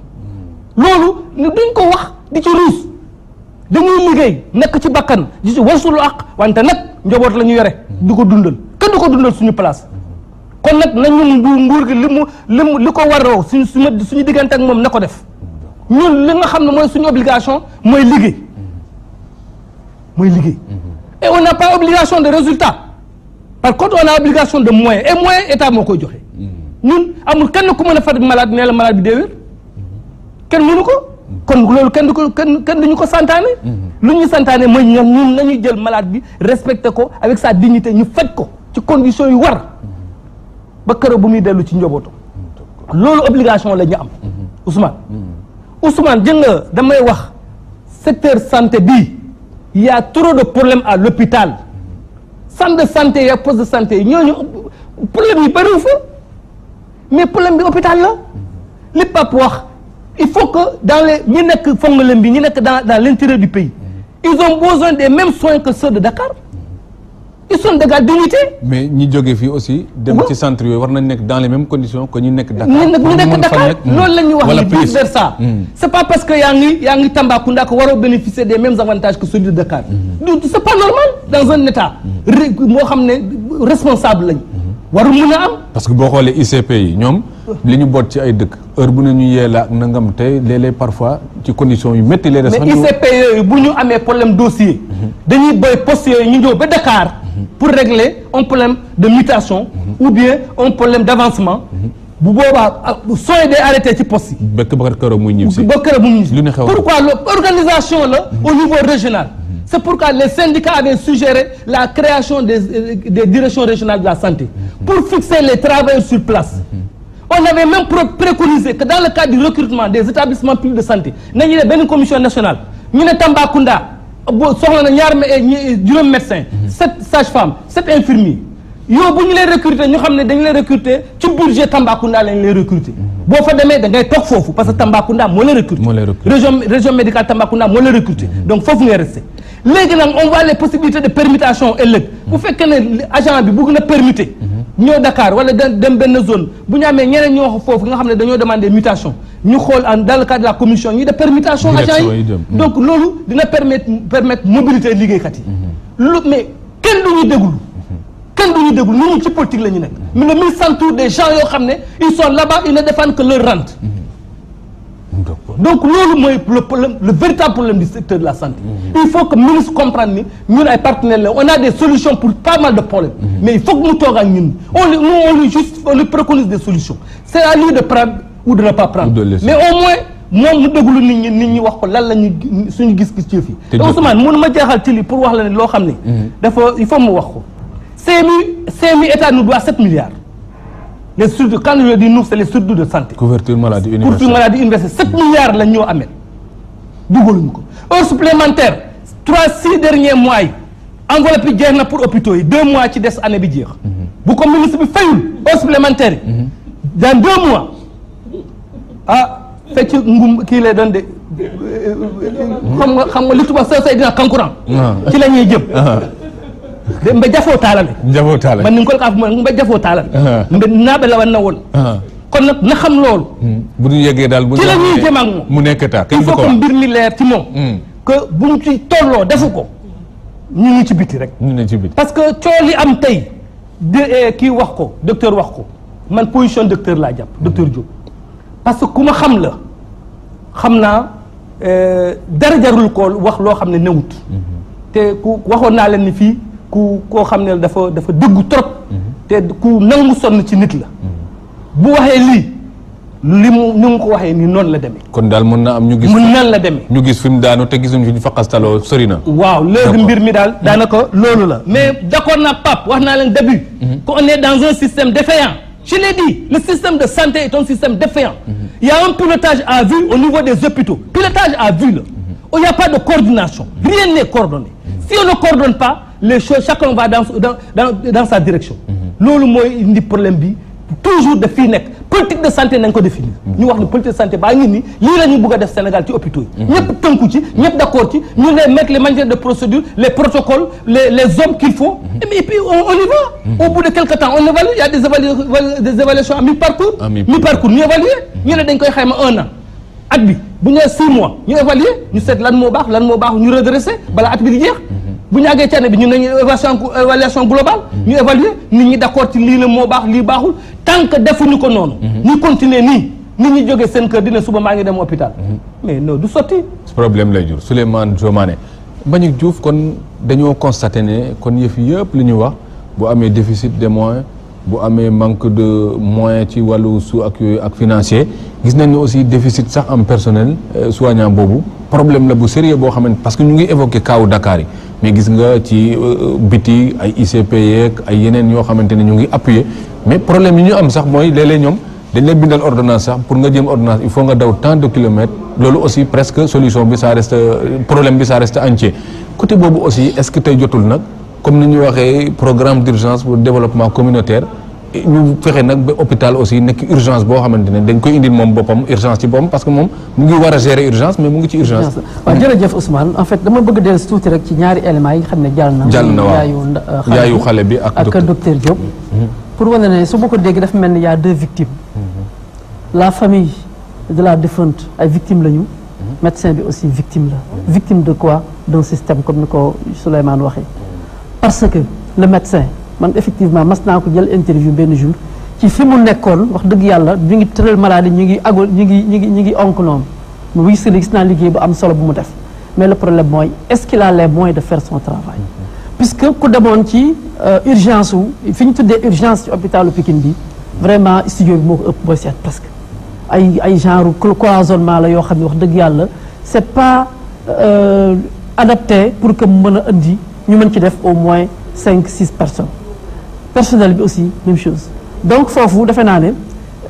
loolu duñ ko wax di ci ruus liggéey nekk ci bakkan di ci wasulu ak wante nag njaboot la ñu yore du ko dundal kenn du ko dundal suñu place kon nag nañu nguur gi li mu li mu li ko waroo suñu suñu diggante ak moom na ko def ñun li nga xam ne mooy suñu obligation mooy liggéey mooy liggéey. et on n'a pas obligation de résultat par contre on a obligation de moyen et moyen état moo koy joxe. ñun amul kenn ku mën a faj malade nee la malade bi dee wér kenn mënu ko. kon loolu kenn du ko kenn kenn duñu ko santaane. lu ñu santaane mooy ñoom ñun nañu jël malaat bi respecté ko avec sa dignité ñu faj ko ci condition yu war ba keroog bu muy dellu ci njabootu. loolu obligation la ñu am. Ousmane. Mm-hmm. Ousmane jël nga damay wax secteur santé bi ya y a trop de problèmes à l'hôpital santé yi ak poste de santé yi ñooñu problème yi bëriwu fa mais problème bi hôpital la li Pape wax il faut que dans les ñi nekk Fongolembi ñi nekk dans dans l'intérieur du pays ils ont besoin des mêmes soins que ceux de Dakar ils sont de la dignité. mais ñi jógee fii aussi. dem ci centre yooyu war nañ nekk dans les mêmes conditions que ñu nekk. Dakar ñu nekk Dakar hmm. loolu la ñuy wax. wala plus versa hmm. c' pas parce que yaa ngi yaa ngi Tambacounda ko waroo bénéficier des mêmes avantages que celui de Dakar. Hmm. du c' est pas normal dans un état. moo xam ne responsable lañ. waru mun a am. parce que boo xoolee ICP yi ñoom. li ñu boot ci ay dëkk heure bu ne ñu yee la ak nangam te léeg-léeg parfois ci condition yu métti. les responsables mais bu ñu amee problème dossier. dañuy boy poste yooyu ñu ñëw ba Dakar. pour régler un problème de mutation mhm. ou bien un problème d'avancement mhm. bu boobaa ah, sooy dee arrêté ci poste yi. ba këram muy ñibbi si ba këram muy ñibbi si. lu ne xew pourquoi l'organisation la. Mhm. au niveau régional. c'est pourquoi les syndicats avaient suggéré la création des des directions régionales de la santé. pour fixer les travailleurs sur place. on avait même préconisé que dans le cadre du recrutement des établissements publics de santé nañu ne benn commission nationale ñu ne Tambacounda. boo soxla na ñaar eh, eh, juróom médecin mhm. sept sage femme sept infirmier yow bu ñu leen recruter ñu xam ne dañu leen recruter ci budget Tambacounda lañ lay recruter mhm. boo fa demee da ngay toog foofu parce que mhm. Tambacounda moo lay recruter région région médicale Tambacounda moo lay recruter donc foofu ngay resté léegi nag on voit les possibilités de permutation ëllëg bu fekk ne agent bi bëgg na permuter ñëw Dakar wala dem benn zone bu ñu amee ñeneen ñoo wax foofu nga xam ne dañoo demander mutation ñu xool en dans le cadre de la commission ñu def permutation agent yi donc loolu dina permettre permettre mobilité liggéeykat yi lu mais kenn du ñu déglu kenn du ñu déglu nu ñu ci politique la ñu nekk mu le mille cent tour des yoo xam ne ils sont là-bas ils ne défendent que leur rente mmh. mmh. donc loolu mooy le problème le véritable problème du secteur de la santé. Mhm. il faut que ministre comprendre ni ñun ay partenaires la on a des solutions pour pas mal de problèmes. Mhm. mais il faut que mu toog ak ñun on lui on on lui préconise des solutions c' à lui de prendre ou de ne pas prendre. mais au moins moom mu déglu nit ñi nit ñi wax ko lan la ñu suñu gis-gis ci fi. te Ousmane mënu ma jeexal ci lii pour wax la ne loo xam ne. Mhm. dafa il faut mu wax ko. CMU CMU état nous doit 7 milliards. les structures quand je dis nous c'est les structures de santé. couverture maladie universelle couverture maladie universelle 7 milliards la ñoo amee ko heure supplémentaire 3 6 derniers mois yi enveloppe bi jeex na pour hôpitaux yi 2 mois ci des année bi jeex. Mhm. bu ko ministre bi fayul heure supplémentaire yi. Mhm. dans 2 mois ah ngum kii lay doon de mhm. xam nga xam nga li tubaab soo dina kankurang. Ah. ci la ñuy mbe jafoo taalal jafoo taalale man ni ngol kaaf man mbe jafoo taalale mbe naaɓe lawan na woon kon nag na xam loolu hmm. bu ñu yeggee daal bu ci la ñuy mu nekk taa il faut que mbir mi leer ci moom hmm. que bu mu ci tolloo defu ko ñu ngi ci biti rek ñu ne ci parce que coow li am tey eh, kii wax ko docteur wax ko man position docteur laa jàpp hmm. docteur Diop parce que ku ma xam la xam naa eh, dara jarul ko wax loo xam ne newut te ku waxoon naa leen ni fii ku koo xam ne dafa dafa dëggu trop te ku nangu sonn ci nit la bu waxee lii li mu ni mu ko waxee nii noonu la demee kon daal mën na am ñu gis mën nan la demee ñu gis fi mu daanu te gisuñ fi ñu faqastaloo sori na waaw léegi mbir mi daal mm. daanaka loolu la mais mm. d'accord naa Pape wax naa leen début ko mm-hmm. on est dans un système défaillant je l'ai dit le système de santé est un système défaillant mm-hmm. il un pilotage à vue au niveau des hôpitaux pilotage à vue la Il oh, n'y a pas de Si on ne coordonne pas, les choses, chacun va dans, sa direction. Mhm. loolu mooy indi problème bi toujours daf fi nekk politique de santé nañ ko définir. Mhm. ñu wax ne politique de santé baa ngi nii lii la ñu bëgg a def Sénégal ci hôpitaux yi. Mhm. ñëpp tënku ci ñëpp d' accord ci ñu ne mettre les manières de procédure les protocoles les les hommes qu'il faut. et puis on au bout de quelque temps on évalue il a des évaluations à mi parcours. mi parcours mi parcours ñu évaluer ñu bi. bu ñu nee 6 ñu évaluer ñu seet lan moo baax lan moo baax ñu redresser bala at bi di jeex. Mhm. bu ñu àggee ci année bi ñu nañu évaluation évaluation globale. Mhm. ñu évaluer nit ñi d' accord ci lii na moo baax lii baaxul tant que defuñu ko noonu. Mhm. ñu continuer nii nit ñi jógee seen kër dina suba maa ngi dem hôpital. mais noo du sotti. problème lay jur Souleymane Diomane Mbagnick juuf kon dañoo constaté ne kon yëf yëpp li ñu wax boo amee déficit de moyens. bu amee manque de moyens ci wàllu su ak yooyu ak financier gis nañ ne aussi déficit sax am personnel euh, soignant boobu problème la bu sérieux boo xamante parce que ñu ngi évoqué kaawu Dakar yi mais gis nga ci euh, biti ay ICP yeeg ay yeneen yoo xamante ne ñu ngi appuyer mais problème yi ñu am sax mooy léeg-léeg ñoom dañ lay bindal ordonnance sax pour nga jëm ordonnance il faut nga daw tant de kilomètres loolu aussi presque solution bi ça reste euh, problème bi ça reste entier côté boobu aussi est-ce que tey jotul nag. comme ni ñu waxee programme d'urgence pour développement communautaire ñu fexe nag ba hôpital aussi nekk urgence boo xamante ne dañ koy indi moom boppam urgence ci boppam parce que moom mu ngi war a gérer urgence mais mu ngi ci urgence. waaw jërëjëf Ousmane en fait dama bëgg dellu si rek ci ñaari éléments yi xam ne jàll na. jàll na waaw yaayu euh, xale bi ak docteur docteur Diop. pour wane ne su ma ko dégg dafa mel ni y a deux victimes. la famille de la défunte ay victimes lañu. Mhm. médecin bi aussi victime la. victime de quoi d'un système comme ni ko Souleymane waxee. parce que le médecin man effectivement mas naa ko jël interview benn jour ci fi mu nekkoon wax dëgg yàlla ñu ngi tëral maladie ñu ngi ago ñu ngi ñu ngi ñu ngi onk noonu mu wis li gis naa liggéey bu am solo bu mu def mais le problème mooy est-ce qu'il a de faire son travail puisque ku demoon ci euh, urgence wu fi ñu tuddee urgence ci hôpitalu Pikine bi vraiment studio bi moo ko ëpp booy seet presque ay ay genre cloisonnement la yoo xam ne wax dëgg yàlla c'est pas euh, adapté pour que mu mën a indi ñu mën ci def au moins cinq six personnes personnel bi aussi même chose donc foofu defe naa ne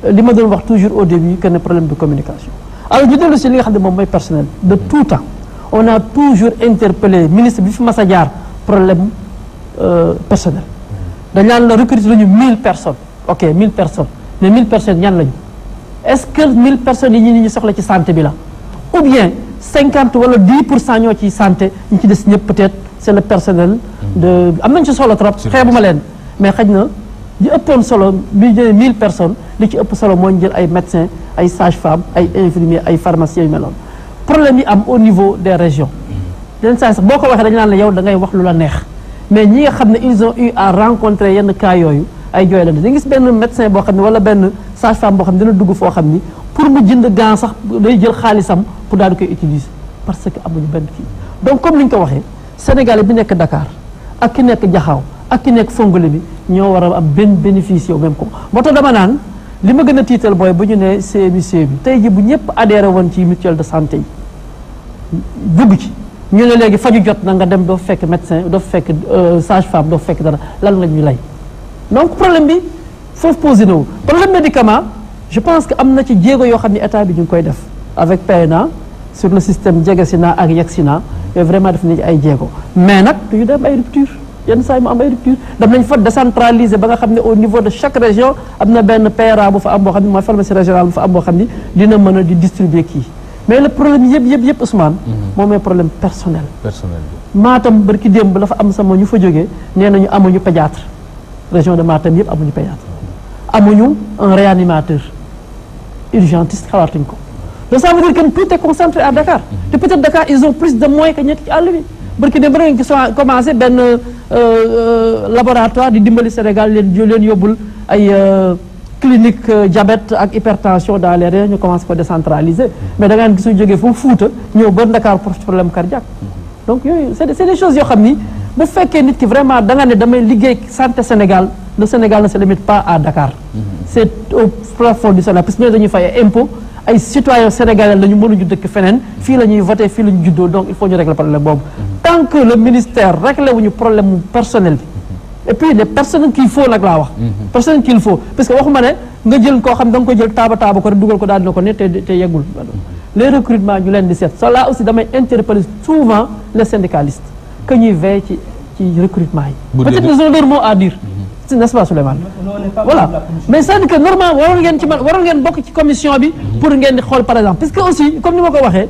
euh, li ma doon wax toujours au début que ne problème de communication alors ñu dellu si li nga xam ne moom mooy personnel de tout temps on a toujours interpellé ministre bi fi ma a jaar problème euh, personnel dañ naan la recruter nañu 1000 personnes ok 1000 personnes mais personnes ñan lañu est-ce que 1000 personnes yi ñu ñu soxla ci santé bi la ou bien 50 wala 10 pour cent ñoo ci santé ñu ci des ñëpp peut-être c'est le personnel de am nañ ci solo trop xeebuma leen mais xaj na li solo bi jëlee mille personnes li ci ëpp solo moo ñu jël ay médecins ay sages-femmes ay infirmiers ay pharmaciens yu meloon problème yi am au niveau des régions mm. yenn saa sax boo ko waxee dañu naan la yow da ngay wax lu la neex mais ñi nga xam ne ils ont eu à rencontrer yenn cas yooyu ay jooy la dañu gis benn médecin boo xam ne wala benn sage-femme boo xam ne dana dugg foo xam ni pour mu jënd gant sax day jël xaalisam pour daal di koy utiliser parce que amuñu benn kii donc comme ni ñu ko waxee sénégalais bi nekk Dakar ak ki nekk jaxaw ak ki nekk Fongoli bi ñoo war a am benn bénéfice yow même ko moo tax dama naan li ma gën a tiital booy bu ñu nee CMIC bi tey ji bu ñëpp adhéré woon ci mutuel de santé yi dugg ci ñu ne léegi faju jot na nga dem doo fekk médecin doo fekk euh, sage femme doo fekk dara lan la ñuy lay donc problème bi foofu posé na wu problème médicament je pense que am na ci jéego yoo xam ne état bi ñu ngi koy def avec na sur le système jege si naa ak yegg si naa yooyu vraiment def nañu ay jéego mais nag duñu dem ay rupture yenn saa yi mu am ay rupture dem nañ fa décentraliser ba nga xam ne au niveau de chaque région am na benn PRA bu fa am boo xam ne mooy pharmacie régionale bu fa am boo xam ne dina mën a di distribuer kii mais le problème yëpp yëpp yëpp Ousmane mhm. moom mooy problème personnel personnel Matam barki démb la fa am sama ñu fa jógee nee nañu amuñu pédiatre région de Matam yëpp amuñu pédiatre amuñu un réanimateur urgentiste xalaatuñ ko donc ça veut dire que tout est concentré à Dakar te peut-être Dakar ils ont plus de moyens que ñett ci àll bi barki dem rek nga commencé benn laboratoire di dimbali Sénégal leen leen yóbbul ay euh, clinique euh, diabète ak hypertension dans les régions ñu commencé ko décentraliser mais da ngaan gisu jógee fu Fuuta ñëw ba Dakar pour problème cardiaque donc yooyu c'est c'est des choses yoo xam ni bu fekkee nit ki vraiment da nga ne damay liggéey santé Sénégal le Sénégal ne se limite pas à Dakar mm-hmm. c'est au plafond du Sénégal parce que dañuy fay impôt ay citoyens sénégalais la ñu mënuñu dëkk feneen fii la ñuy voté fii la ñu juddoo donc il faut ñu régler problème boobu tant que le ministère réglé wuñu problème personnel bi et puis les personnes qu'il faut nag laa wax personne qu'il faut parce que waxuma ne nga jël koo xam da nga ko jël taaba taaba ko rek dugal ko daal dina ko ne te te yeggul les recrutements ñu leen di seet ça aussi damay interpeller souvent les syndicalistes que ñuy ci ci yi peut n'est-ce pas Souleymane voilà mais c'est-à-dire que normalement waroon ngeen ci man waroon ngeen bokk ci commission bi pour ngeen di xool par exemple parce que aussi comme ni ma ko waxee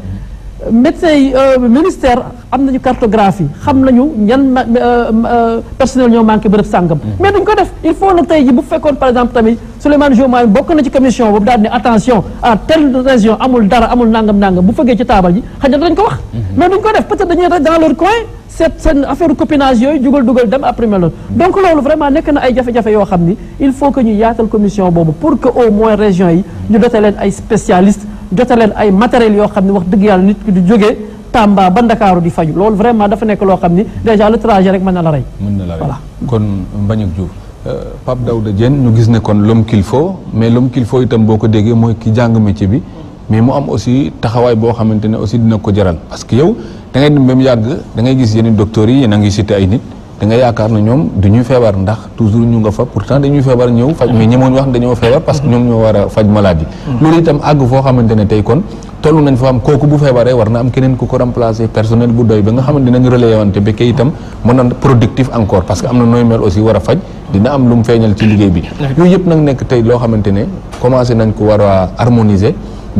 médecins yi euh, ministère am nañu cartographie xam nañu ñan euh, euh, personnel ñoo manqué bërëb sàngam. Mm-hmm. mais duñ ko def il faut na tey ji bu fekkoon par exemple tamit Souleymane Diomaye bokk na ci commission boobu daal ne attention à telle région amul dara amul nangam nangam bu fekkee ci taabal ji xaj na dañ ko wax. Mm-hmm. mais duñ ko def peut-être dañuy rek dans leur coin seet affaire copinage yooyu jugal dugal dem après mel mm-hmm. donc loolu vraiment nekk na ay jafe-jafe yoo xa ni il faut que ñu yaatal commission boobu pour que au moins région yi ñu leen ay spécialistes. jote leen ay matériels yoo xam ne wax dëgg yàlla nit ki du jógee Tamba ba Ndakaaru di faj loolu vraiment dafa nekk loo xam ni déjà le trajet rek mën na la rey. mën na la rey voilà kon Mbagnick Diouf. Euh, Pape Daouda jën ñu gis ne kon l'homme qu'il faut mais lom kilifoo itam boo ko déggee mooy ki jàng métier bi mais mu am aussi taxawaay boo xamante ne aussi dina ko jaral parce que yow da ngay dem yàgg da gis yeneen docteurs yi yéen a ngi cité ay nit. da nga yaakaar na ñoom du ñuy feebar ndax toujours ñu nga fa pourtant dañuy feebar ñëw faj mais ñemooñu wax ne dañoo feebar parce que ñoom ñoo war faj mm. na am keneen ku ko remplacer personnel bu doy ba nga xamante nañ relayer wante ba kay itam am na a faj dina am lu feeñal ci liggéey bi yooyu yëpp nag nekk tey loo xamante ne commencé nañ ko war a harmoniser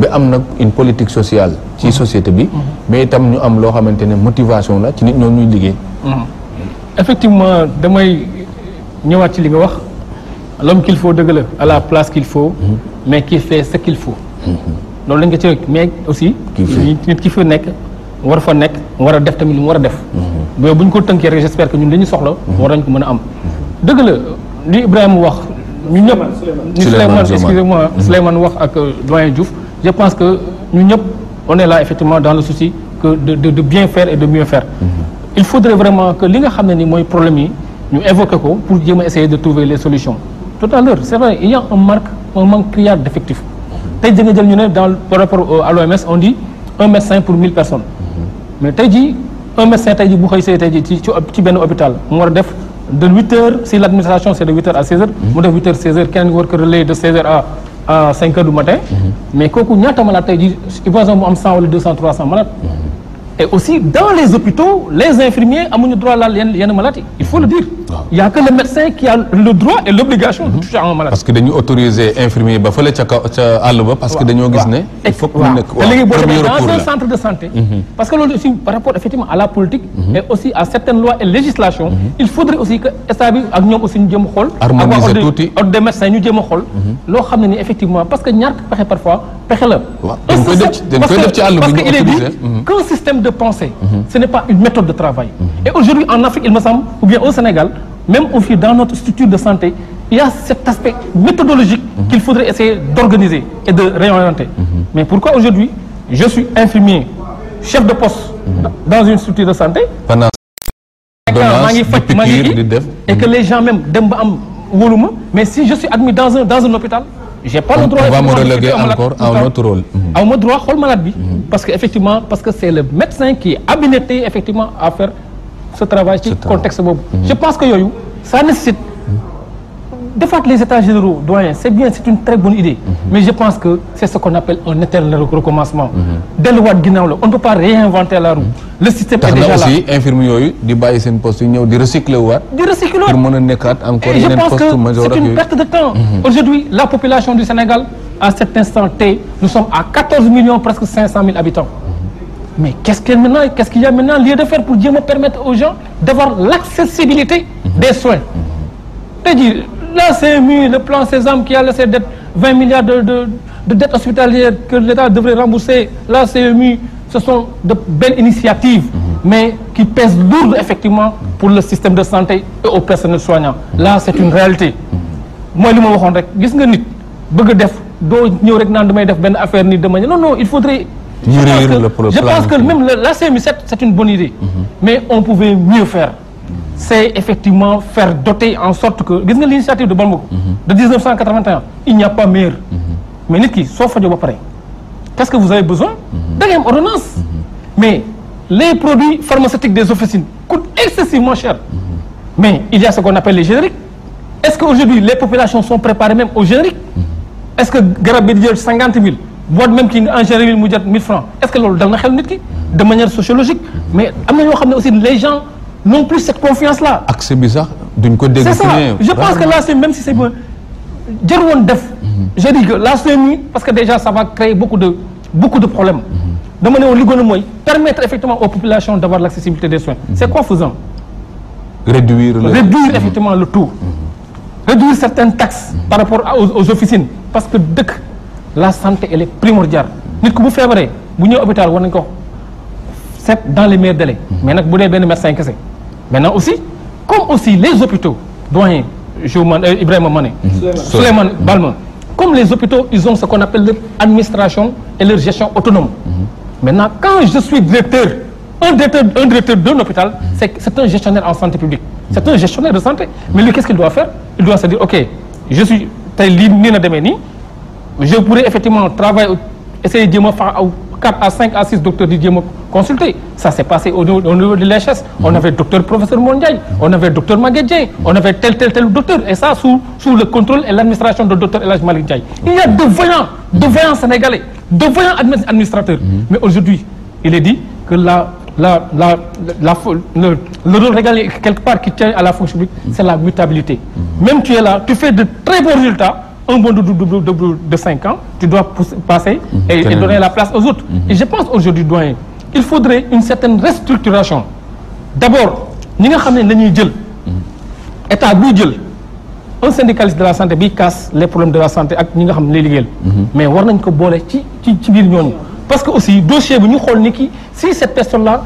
am nag une politique sociale ci mm. société bi mm. mais itam ñu am loo xamante ne motivation la ci nit ñoo ñuy liggéey effectivement damay ñëwaat ci li nga wax l'homme qu'il faut dëgg la à la place qu'il mhm. mais qui fait ce mhm. loolu lañ ko ci rek mais aussi nit ki fi nekk war fa nekk war a def tamit li mu war a def mhm. mais bu ñu ko tënkee rek j'espère que ñun lañu soxla war nañ ko mën a am dëgg la lu Ibrahima wax ñu ñëpp ni Souleymane excusez-moi Souleymane wax ak euh, doyen Diouf je pense que ñu ñëpp on est là effectivement dans le souci que de de bien fair et de mieux faire il faudrait vraiment que li nga xam ne ni mooy problème yi ñu évoquer ko pour jéem a essayer de trouver les solutions tout à l'heure c'est vrai il y a un manque un manque criard tey jii jël ñu ne dans par rapport à l'OMS on dit un médecin pour mille personnes mm-hmm. mais tey jii un médecin tey jii bu xëy see tey jii ci ci benn hôpital mu war def de huit heures si l'administration c'est de huit à seize heures mm-hmm. mu def huit heures seize heures keneen war de seize à cinq heures mm-hmm. kooku ñaata malade tey jii il faut mu am cent wala deux et aussi dans les hôpitaux les infirmiers amuñu droit laal yenn yenn il faut le dire. waaw y' a que le médecin qui a le droit et l' de mhm. toucher à un parce que dañu autoriser infirmier ba fële ca kaw ba. parce que dañoo gis ne. il faut que mu nekk waaw mhm. par rapport effectivement à la politique. Mhm. et aussi à certaines lois et législations. il faudrait aussi que état bi aussi ñu jéem a xool. harmoniser des médecins ñu jéem de pensée. Mhm. ce n'est pas une méthode de travail. Mhm. et aujourd'hui en Afrique il me semble ou bien au Sénégal même aussi dans notre structure de santé il y a cet aspect méthodologique. Mhm. qu'il faudrait essayer d'organiser et de réorienter. mais pourquoi aujourd'hui je suis infirmier chef de poste. dans une structure de santé. pendant maa ngi faj maa ngi kii et que les gens même dem ba am mais si je suis admis dans un dans j'ai pas le droit on va me reléguer encore à un autre rôle mhm. aw ma droit xool malade bi mhm. parce que effectivement parce que c'est le médecin qui est habilité effectivement à faire ce travail ci contexte boobu mhm. je pense que yooyu ça nécessite defaat les états doyen c' bien c' une très bonne idée. Mhm. mais je pense que c' est ce qu'on appelle un éternel recommencement. Mhm. delluwaat ginnaaw la on ne peut pas réinventer la roue. Mhm. le système est déjà là di bàyyi seen poste yi ñëw di recycler waat. di recycler waat pour que c' est une perte de temps. aujourd'hui la population du Sénégal à cet instant T nous sommes à millions presque habitants. mais qu'est-ce qu'il y a maintenant lieu de faire pour jéem permettre aux gens d'avoir l'accessibilité des soins. la CMU, le plan Sésame qui a laissé d'être 20 milliards de, de, de dettes hospitalières que l'État devrait rembourser, la CMU, ce sont de belles initiatives, mhm. mais qui pèsent lourd effectivement pour le système de santé et au personnel soignant. Mhm. Là, c'est une réalité. Mhm. mooy li ma waxoon rek gis nga nit bëgg def doo ñëw rek naan damay def benn affaire nii dama non non il faudrait. je pense que, même la CMU7 c'est une bonne idée. mais on pouvait mieux faire. c'est effectivement faire doter en sorte que gis nga l'initiative de Bambouk de 1981 il n'y a pas meilleur mais nit ki soo fajoo ba pare qu'est-ce que vous avez besoin da ngay am ordonnance mais les produits pharmaceutiques des officines coûtent excessivement cher mais il y a ce qu'on appelle les génériques est-ce que aujourd'hui les populations sont préparées même aux génériques est-ce que garab bi di jël cinquante mille boîte même na xel nit ki de manière sociologique mais am na yoo xam ne aussi les gens non plus cette confiance là. accès bi sax c'est ça je pense que là c'est même si c'est ba jar woon def. Mhm. je dis que la CENI parce que déjà ça va créer beaucoup de beaucoup de problèmes. Mhm. dama ne woon li gën a mooy permettre effectivement aux populations d'avoir l'accessibilité des soins. c'est mhm. confusant. réduire le réduire effectivement le tout. réduire certaines taxes. par rapport aux aux officines. parce que dëkk la santé elle est primordiale. nit ku bu feebaree bu ñëw hôpital war nañ ko seet dans les meilleurs délais. mais nag bu dee benn médecin kese. maintenant aussi comme aussi les hôpitaux doyen Joumane euh, Ibrahima Mané mhm. Souleymane Balma mhm. comme les hôpitaux ils ont ce qu'on appelle leur administration et leur gestion autonome mhm. maintenant quand je suis directeur un directeur un directeur d'un hôpital c'est c'est un gestionnaire en santé publique c'est un gestionnaire de santé mais lui qu'est-ce qu'il doit faire il doit se dire ok je suis tey lii nii na demee nii je pourrais effectivement travailler essayer jéem a fa aw 4 à 5 à 6 docteurs di jéem a consulter ça s'est passé au niveau, au niveau de l'HS on avait docteur professeur Mondiaye on avait docteur Maguette Dieng on avait tel tel tel docteur et ça sous sous le contrôle et l'administration de docteur El Hadj Malick Ndiaye il y a de voyants de voyants sénégalais de voyants administrateurs mm-hmm. mais aujourd'hui il est dit que la la la la le rôle régalien quelque part qui tient à la fonction publique c'est la mutabilité mm-hmm. même tu es là tu fais de très bons résultats un bond de, de, de, de 5 ans, tu dois pousser, passer mhm. et, et, donner la place aux autres. Mhm. Et je pense aujourd'hui, doyen, il faudrait une certaine restructuration. D'abord, ñi nga xam ne dañuy jël mhm. état buy jël un syndicaliste de la santé bi casse les problèmes de la santé ak ñi nga xam ne lay liggéeyal mais war nañ ko boole ci ci ci biir ñooñu parce que aussi dossier bi ñu xool ni ki si cette personne là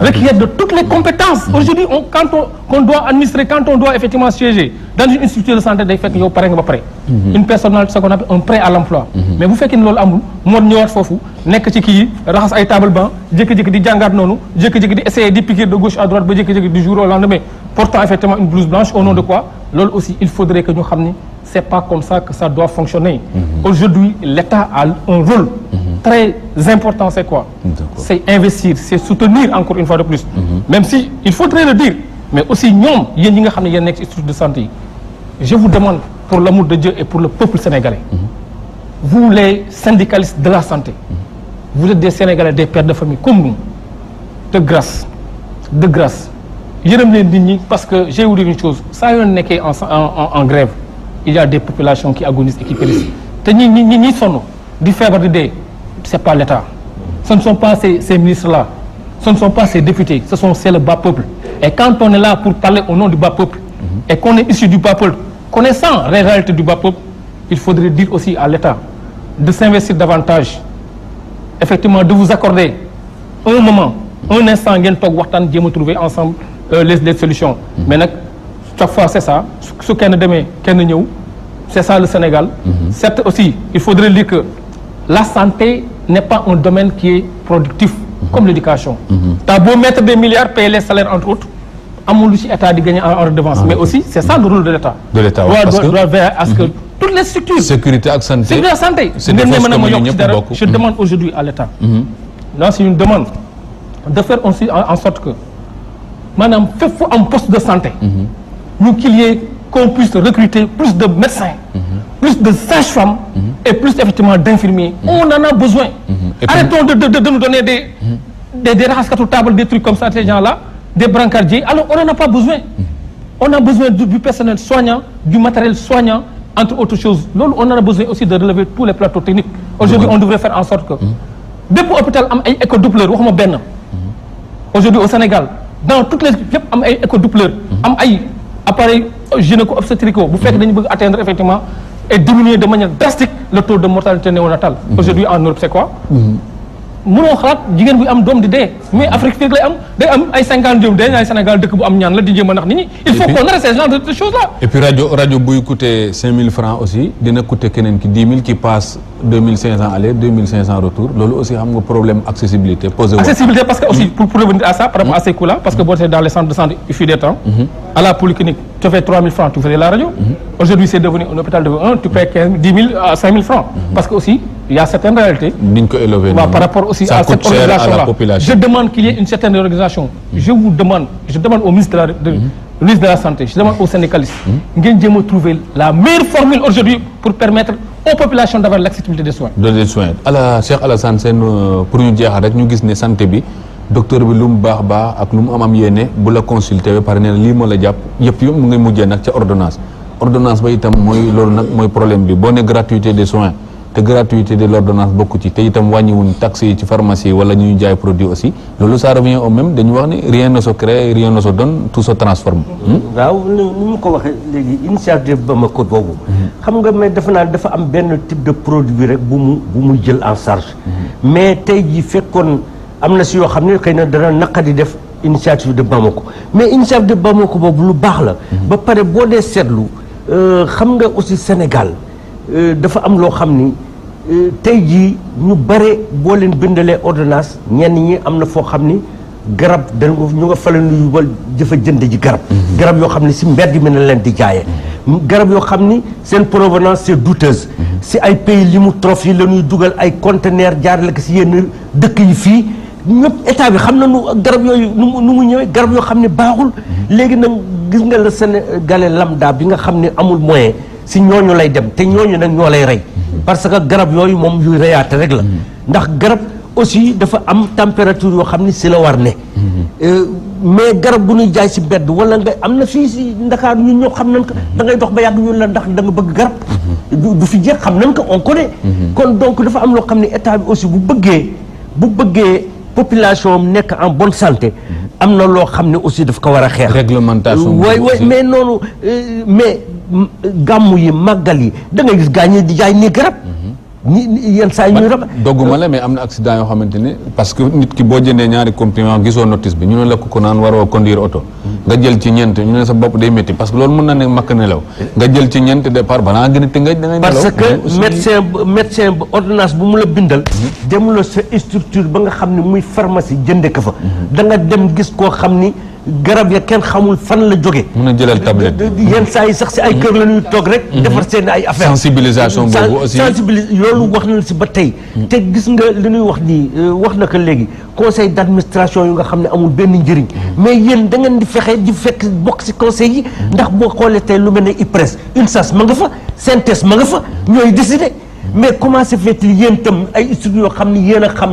requiert de toutes les compétences aujourd'hui on quand on qu'on doit administrer quand on doit effectivement siéger dans une institution de santé day fekk yow pare nga ba pare mhm. une personnalité ce qu'on un prêt à l'emploi mhm. mais bu fekkee ne loolu amul moo ñëwaat foofu nekk ci kii yi raxas ay table banc jékki-jékki di jàngaat noonu jékki-jékki di essayer di piquer de gauche à droite ba jékki-jékki du jour lendemain portant effectivement une blouse blanche au nom de quoi loolu aussi il faudrait que ñu xam ni c'est pas comme ça que ça doit fonctionner mm-hmm. aujourd'hui l'État a un rôle mm-hmm. très important c'est quoi c'est investir c'est soutenir encore une fois de plus mm-hmm. même si il faudrait le dire mais aussi ñoom yéen ñi nga xam ne yéen nekk ci structure de santé yi je vous demande pour l'amour de Dieu et pour le peuple sénégalais vous les syndicalistes de la santé vous êtes des Sénégalais des de famille comme de grâce de yërëm leen nit parce que j'ai oublié une chose saa yoon nekkee en en grève il y a des populations qui agonisent et qui périssent te ñi ñi ñi ñi sonn di feebar de dee c'est pas l'État ce ne sont pas ces ces ministres là ce ne sont pas ces députés ce sont c'est le bas peuple et quand on est là pour parler au nom du bas peuple mhm. et qu'on est issu du bas peuple connaissant les réalités du bas peuple il faudrait dire aussi à l'État de s'investir davantage effectivement de vous accorder un moment un instant toog waxtaan jéem a trouver ensemble Euh, les les solutions. Mhm. mais nag chaque fois c' est ça su kenn demee kenn ñëw c' est ça le Sénégal. Mhm. certes aussi il faudrait dire que la santé n' est pas un domaine qui est productif. Mhm. comme l' éducation. t'as mettre des milliards payer les salaires entre autres. amul lu ci état di gagner en redevance ah, mais aussi c' est ça le rôle de l' état. de l' état parce que doit veiller à ce que toutes demande aujourd'hui à l' état. là une demande de faire aussi en sorte que. maanaam fépp fu am poste de santé. ñu mm-hmm. qu'il y ait qu'on puisse recruter plus de médecins. Mm-hmm. plus de sages-femmes. Mm-hmm. et plus effectivement d'infirmiers. on en a besoin. arrêtons de de de nous donner des. des des des trucs comme ça ces gens-là des brancardiers alors on en a besoin. a besoin du, du personnel soignant du matériel soignant entre autres choses loolu on en a besoin aussi de relever tous les plateaux techniques. aujourd'hui on devrait faire en sorte que. bépp hôpital am ay éco-doubleur waxuma benn. aujourd'hui au Sénégal. dans toutes les yëpp am ay écho am ay appareil gynéco obstétrico bu fekk dañu bëgg atteindre effectivement et diminuer de manière drastique le taux de mortalité néonatale mhm. aujourd'hui en Europe c'est mënoo xalaat jigéen buy am doom di dee mais Afrique fii day am ay cinquante dee ay Sénégal dëkk bu am ñaan la di jéem nax nit ñi. il faut qu'on arrête ce de choses là. et puis buy coûter cinq mille francs aussi dina coûter keneen ki dix mille cinq cent retour loolu aussi xam nga problème accessibilité posé. accessibilité parce que aussi mm-hmm. mm-hmm. parce que boo tee dans les centres de santé il fut temps. Mm-hmm. à la polyclinique tu fais trois mille francs tu faisais il y a certaines réalités. niñ ko élever waaw par rapport aussi à cette organisation là je demande qu'il y ait une certaine organisation. Mm-hmm. je vous demande je demande au ministre de la de mm-hmm. ministre de la santé je demande aux syndicalistes. Mm-hmm. ngeen jéem a trouver la meilleure formule aujourd'hui pour permettre aux populations d'avoir l'accessibilité des soins. des soins ala Cheikh Alassane Sène euh, pour ñu jeexal rek ñu gis ne santé bi. docteur bi lu mu baax baax ak lu mu am am yéene bu la consulter ba pare nee na lii moo la jàpp yëpp yëpp mu ngi mujjee nag ca ordonnance ordonnance ba itam mooy loolu nag mooy problème bi boo ne gratuité des soins. te gratuité de l'ordonnance bokk ci te itam wàññiwuñ taxe yi ci pharmacie wala ñuy jaay produit aussi loolu ça revient au même dañu wax ne rien ne se crée rien ne se donne tout se transforme. Hmm? waaw ni mu ko waxee léegi initiative ko boobu. Hmm. xam nga mais dafa naan dafa am benn type de produit rek bu mu bu jël en charge. Hmm. mais tey jii fekkoon am na si yoo xam ne xëy na dana naqadi def initiative de ko mais initiative de ko boobu lu baax la. ba pare boo dee seetlu euh, xam nga aussi Sénégal euh, dafa am loo xam ni. tey jii ñu bare boo leen bindalee ordonnance ñenn ñi am na foo xam ni garab dañ ko ñu nga falen yubal jëfa jënd ji garab mhm. garab yoo xam ne si mbedd mi na leen di jaaye mhm. garab yoo xam ni seen provenance c'est douteuse mhm. si ay pays limitrophes yi la dugal ay conteneur jaar ko si yenn dëkk yi fii ñëpp état bi xam na nu garab yooyu nu mu ñëwee garab yoo xam ne baaxul léegi nag gis nga la Sénégalais lambda bi nga xam ne amul moyen si ñooñu lay dem te ñooñu nag ñoo lay rey parce que garab yooyu moom yuy reyaate rek la ndax garab aussi dafa am température yoo xam ni si la war ne mhm. mais garab bu ñuy jaay si bedd wala nga am na fii si Ndakaar ñun ñoo xam nañ ko mhm. dangay ngay dox ba yàgg ñun la ndax da bëgg garab mhm. du fi jeex xam nañ ko on connaît kon donc dafa am loo xam ne état bi aussi bu bëggee bu bëggee population am nekk en bonne santé am na loo xam ne aussi daf ko war a xeex réglementation waay waay mais noonu euh, mais gàmmu yi màggal yi da ngay gis gaañ di jaay ni garab mhm. ñi yenn saa yi ñuy rab dogguma la mais am na accident yoo xamante ne parce que nit ki boo jëndee ñaari comprimés gisoo notice bi ñu ne la ko naan waroo conduire oto nga jël ci ñeent ñu ne sa bopp day métti parce que loolu mën na ne makk nelaw nga jël ci ñeent départ balaa gën a tëngëj da ngay parce que médecin médecin ba ordonnance bu mu la bindal demuloo sa structure ba nga xam ne muy pharmacie jënde ko fa mhm. da nga dem gis koo xam ni garab ya kenn xamul fan la jóge mun a jëlal tablette yenn saa yi sax si ay kër la ñuy toog rek mhm. defar seen ay affaire sensibilisation boobu aussi sensibilis wax na si ba tey mhm. te gis nga li ñuy wax nii euh, wax na ko léegi conseil d' yu nga xam ne amul benn njëriñ mhm. mais yéen da ngeen di fexe di fekk bokk si conseil yi ndax boo xoolee tey lu mel ne IPRES UNSAS ma nga fa CNTS ma nga fa ñooy décider mais comment se fait-il yéen itam ay instituts yoo xam ni yéen a xam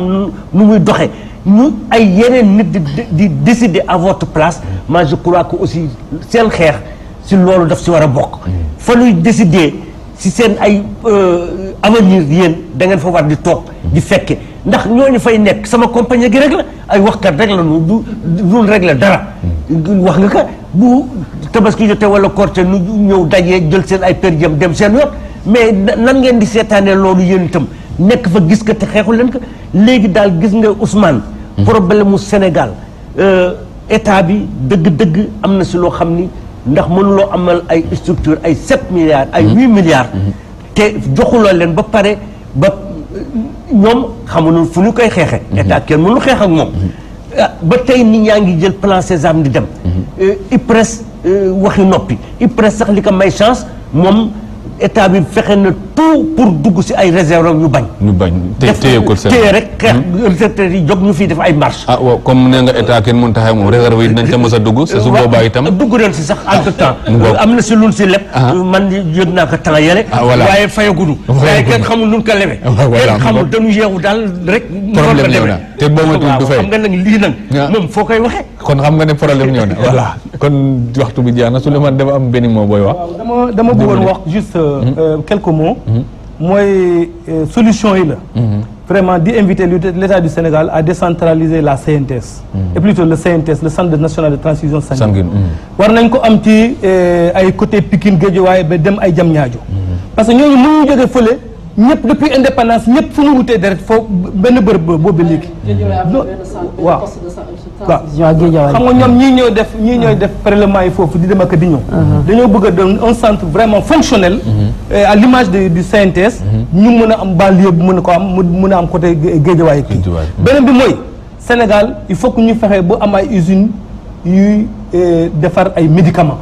nu muy doxee ñu ay yeneen nit di di décider à place mais je crois que aussi seen xeex si loolu daf si war a bokk fa ñuy décider si seen ay euh, avenir yéen da ngeen fa war di toog di fekke ndax ñooñu fay nekk sama compagnie gi rek la ay waxkat rek la nu du dul rek la dara wax nga ka bu tabaski jotee wala korte nu ñëw dajee jël seen ay per jëm dem seen yoon mais nan ngeen di seetaanee loolu yéen itam nekk fa gis ko te xeexu leen ko léegi daal gis nga Ousmane problème mu Sénégal euh, état bi dëgg-dëgg am na si loo xam ni ndax mënuloo amal ay structure ay sept milliards ay huit milliards mm-hmm. te joxuloo leen ba pare ba ñoom xamuñu fu ñu koy xeexe mm-hmm. état kenn mënu xeex ak moom mm-hmm. ah, ba tey ni ñaa ngi jël plan Sésame di dem euh, IPRES euh, waxi noppi IPRES sax li ko may chance moom état bi fexe na tout pour dugg si ay réserve ñu bañ. ñu bañ téye ko seen téye rek hmm? yi jóg ñu fii def ay marche. ah waaw comme nee nga état kenn mun taxaw moom réserve yi nañ ca mos a dugg. sa su boobaa itam dugg leen si sax am na si lun si leb. Ah. man yëg naa ko tala yële. ah voilà waaye kenn xamul nu ko lebe. Ah, kenn xamul dañu yeewu daal rek. problème ñëw na te boo ma du fay xam nga nag lii nag. Ah. moom foo koy waxee. kon xam nga ne problème ñëw na voilà kon waxtu bi jeex na Souleymane dafa am benn mot booy wax. dama dama bëggoon wax juste euh, hmm? euh, quelques mots Mm-hmm. mooy euh, solution yi la mm-hmm. vraiment di inviter l'État du Sénégal à décentraliser la CNTS mm-hmm. et plutôt le CNTS le centre national de transfusion sanguine war nañ ko am ci euh, ay côté Pikine waaye ba dem ay jam ñaajo parce que ñooñu mënuñu jógee fële ñëpp depuis indépendance ñëpp fu ñu wutee deret foofu benn bërëb boobu léegi waaw waaw xam nga ñoom ñii ñooy def ñii ñooy def prélèvement yi foofu di dem ak di ñëw uh-huh. dañoo bëgg a doon un centre vraiment fonctionnel uh-huh. à l'image du CNTS uh-huh. ñu mën a am banlieue bu mën a ko am mu mën a am côté géejawaay kii beneen bi mooy Sénégal il faut que ñu fexee bu am ay usines yuy euh, defar ay médicaments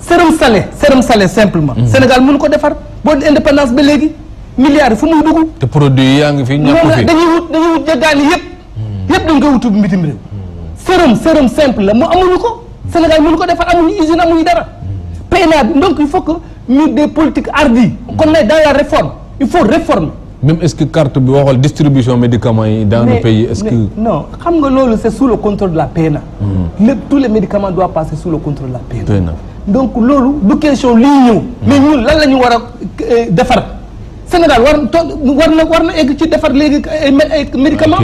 sérum salé sérum sale simplement Sénégal mënu ko defar boo indépendance ba léegi milliards fu muy dugg te produit yaa ngi fi ñàkk fi dañuy wut dañuy wut jagaani yëpp hmm. yëpp dañ koy wutu bitim réew sérum sérum simple la mu amuñu ko Sénégal mënu ko defar amuñu usine amuñu dara PNA bi donc il faut que ñu des politiques hardies kon nag dans la réforme il faut réformer. même est-ce que carte bi waxal distribution médicaments yi dans le pays est-ce que non xam nga loolu c'est sous le contrôle de la PNA hmm. lépp tous les médicaments doivent passer sous le contrôle de la PNA donc loolu du question lii ñëw hmm. mais ñun lan la ñu war a euh, defar Sénégal war to war na war na egg ci defar léegi ay médicaments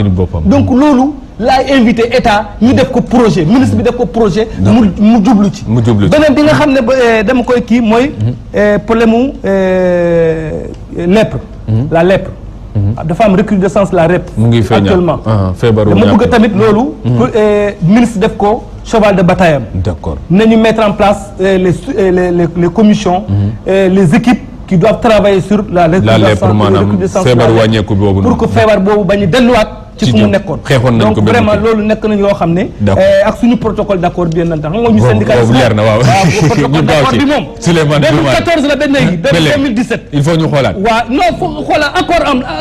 donc loolu laay invité état ñu def ko projet ministre bi def ko projet. mu mu jublu ci. mu jublu beneen bi nga mm-hmm. xam ne ba eh, dama koy kii mooy. Mm-hmm. Eh, problème mu eh, lèpre. Mm-hmm. la lèpre. dafa am recrudescence la lèpre. mu ngi feeñal actuellement. Ah, feebaru dama bëgg tamit loolu. ministre def ko cheval de bataille am. d'accord nañu mettre en place les les les commissions. les équipes. qui doivent travailler sur la reconnaissance feebar wàññeeku boobu pour que feebar boobu bañ a delluwaat ci fu mu nekkoon xeexoon nañ ko donc loolu nekk nañ yoo xam ne eh, ak suñu protocole d' accord bi yéen lan tax xam nga ñu syndicat boobu na waaw protocole d' accord xoolaat waaw non foo xoolaat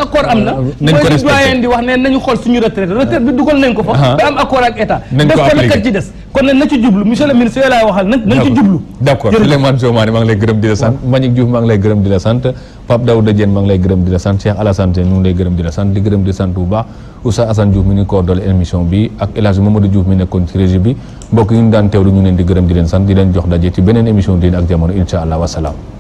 accord am na nañ ko respecté doyen di wax ne nañu xool suñu retraite ah. retraite bi dugal nañ ko fa ah. ba am accord ak état def ko lekkat ci des kon ne na ci jublu monsieur le ministre yooyu laay waxal na ci jublu d'accord Souleymane Soumané maa ngi gërëm di la sant Mbagnick maa ngi lay gërëm di la sant Pape ngi lay gërëm di la sant Cheikh Alassane Sène ñu lay gërëm di la sant di gërëm di sant bu baax Oustaz Assane Diouf mi ngi coordonné émission bi ak El Hadj Mamadou Diouf mi nekkoon ci régie bi mbokk yi ñu daan teewlu ñu leen di gërëm di leen sant di leen jox daje ci beneen émission diine ak jamono insha allah wasalaam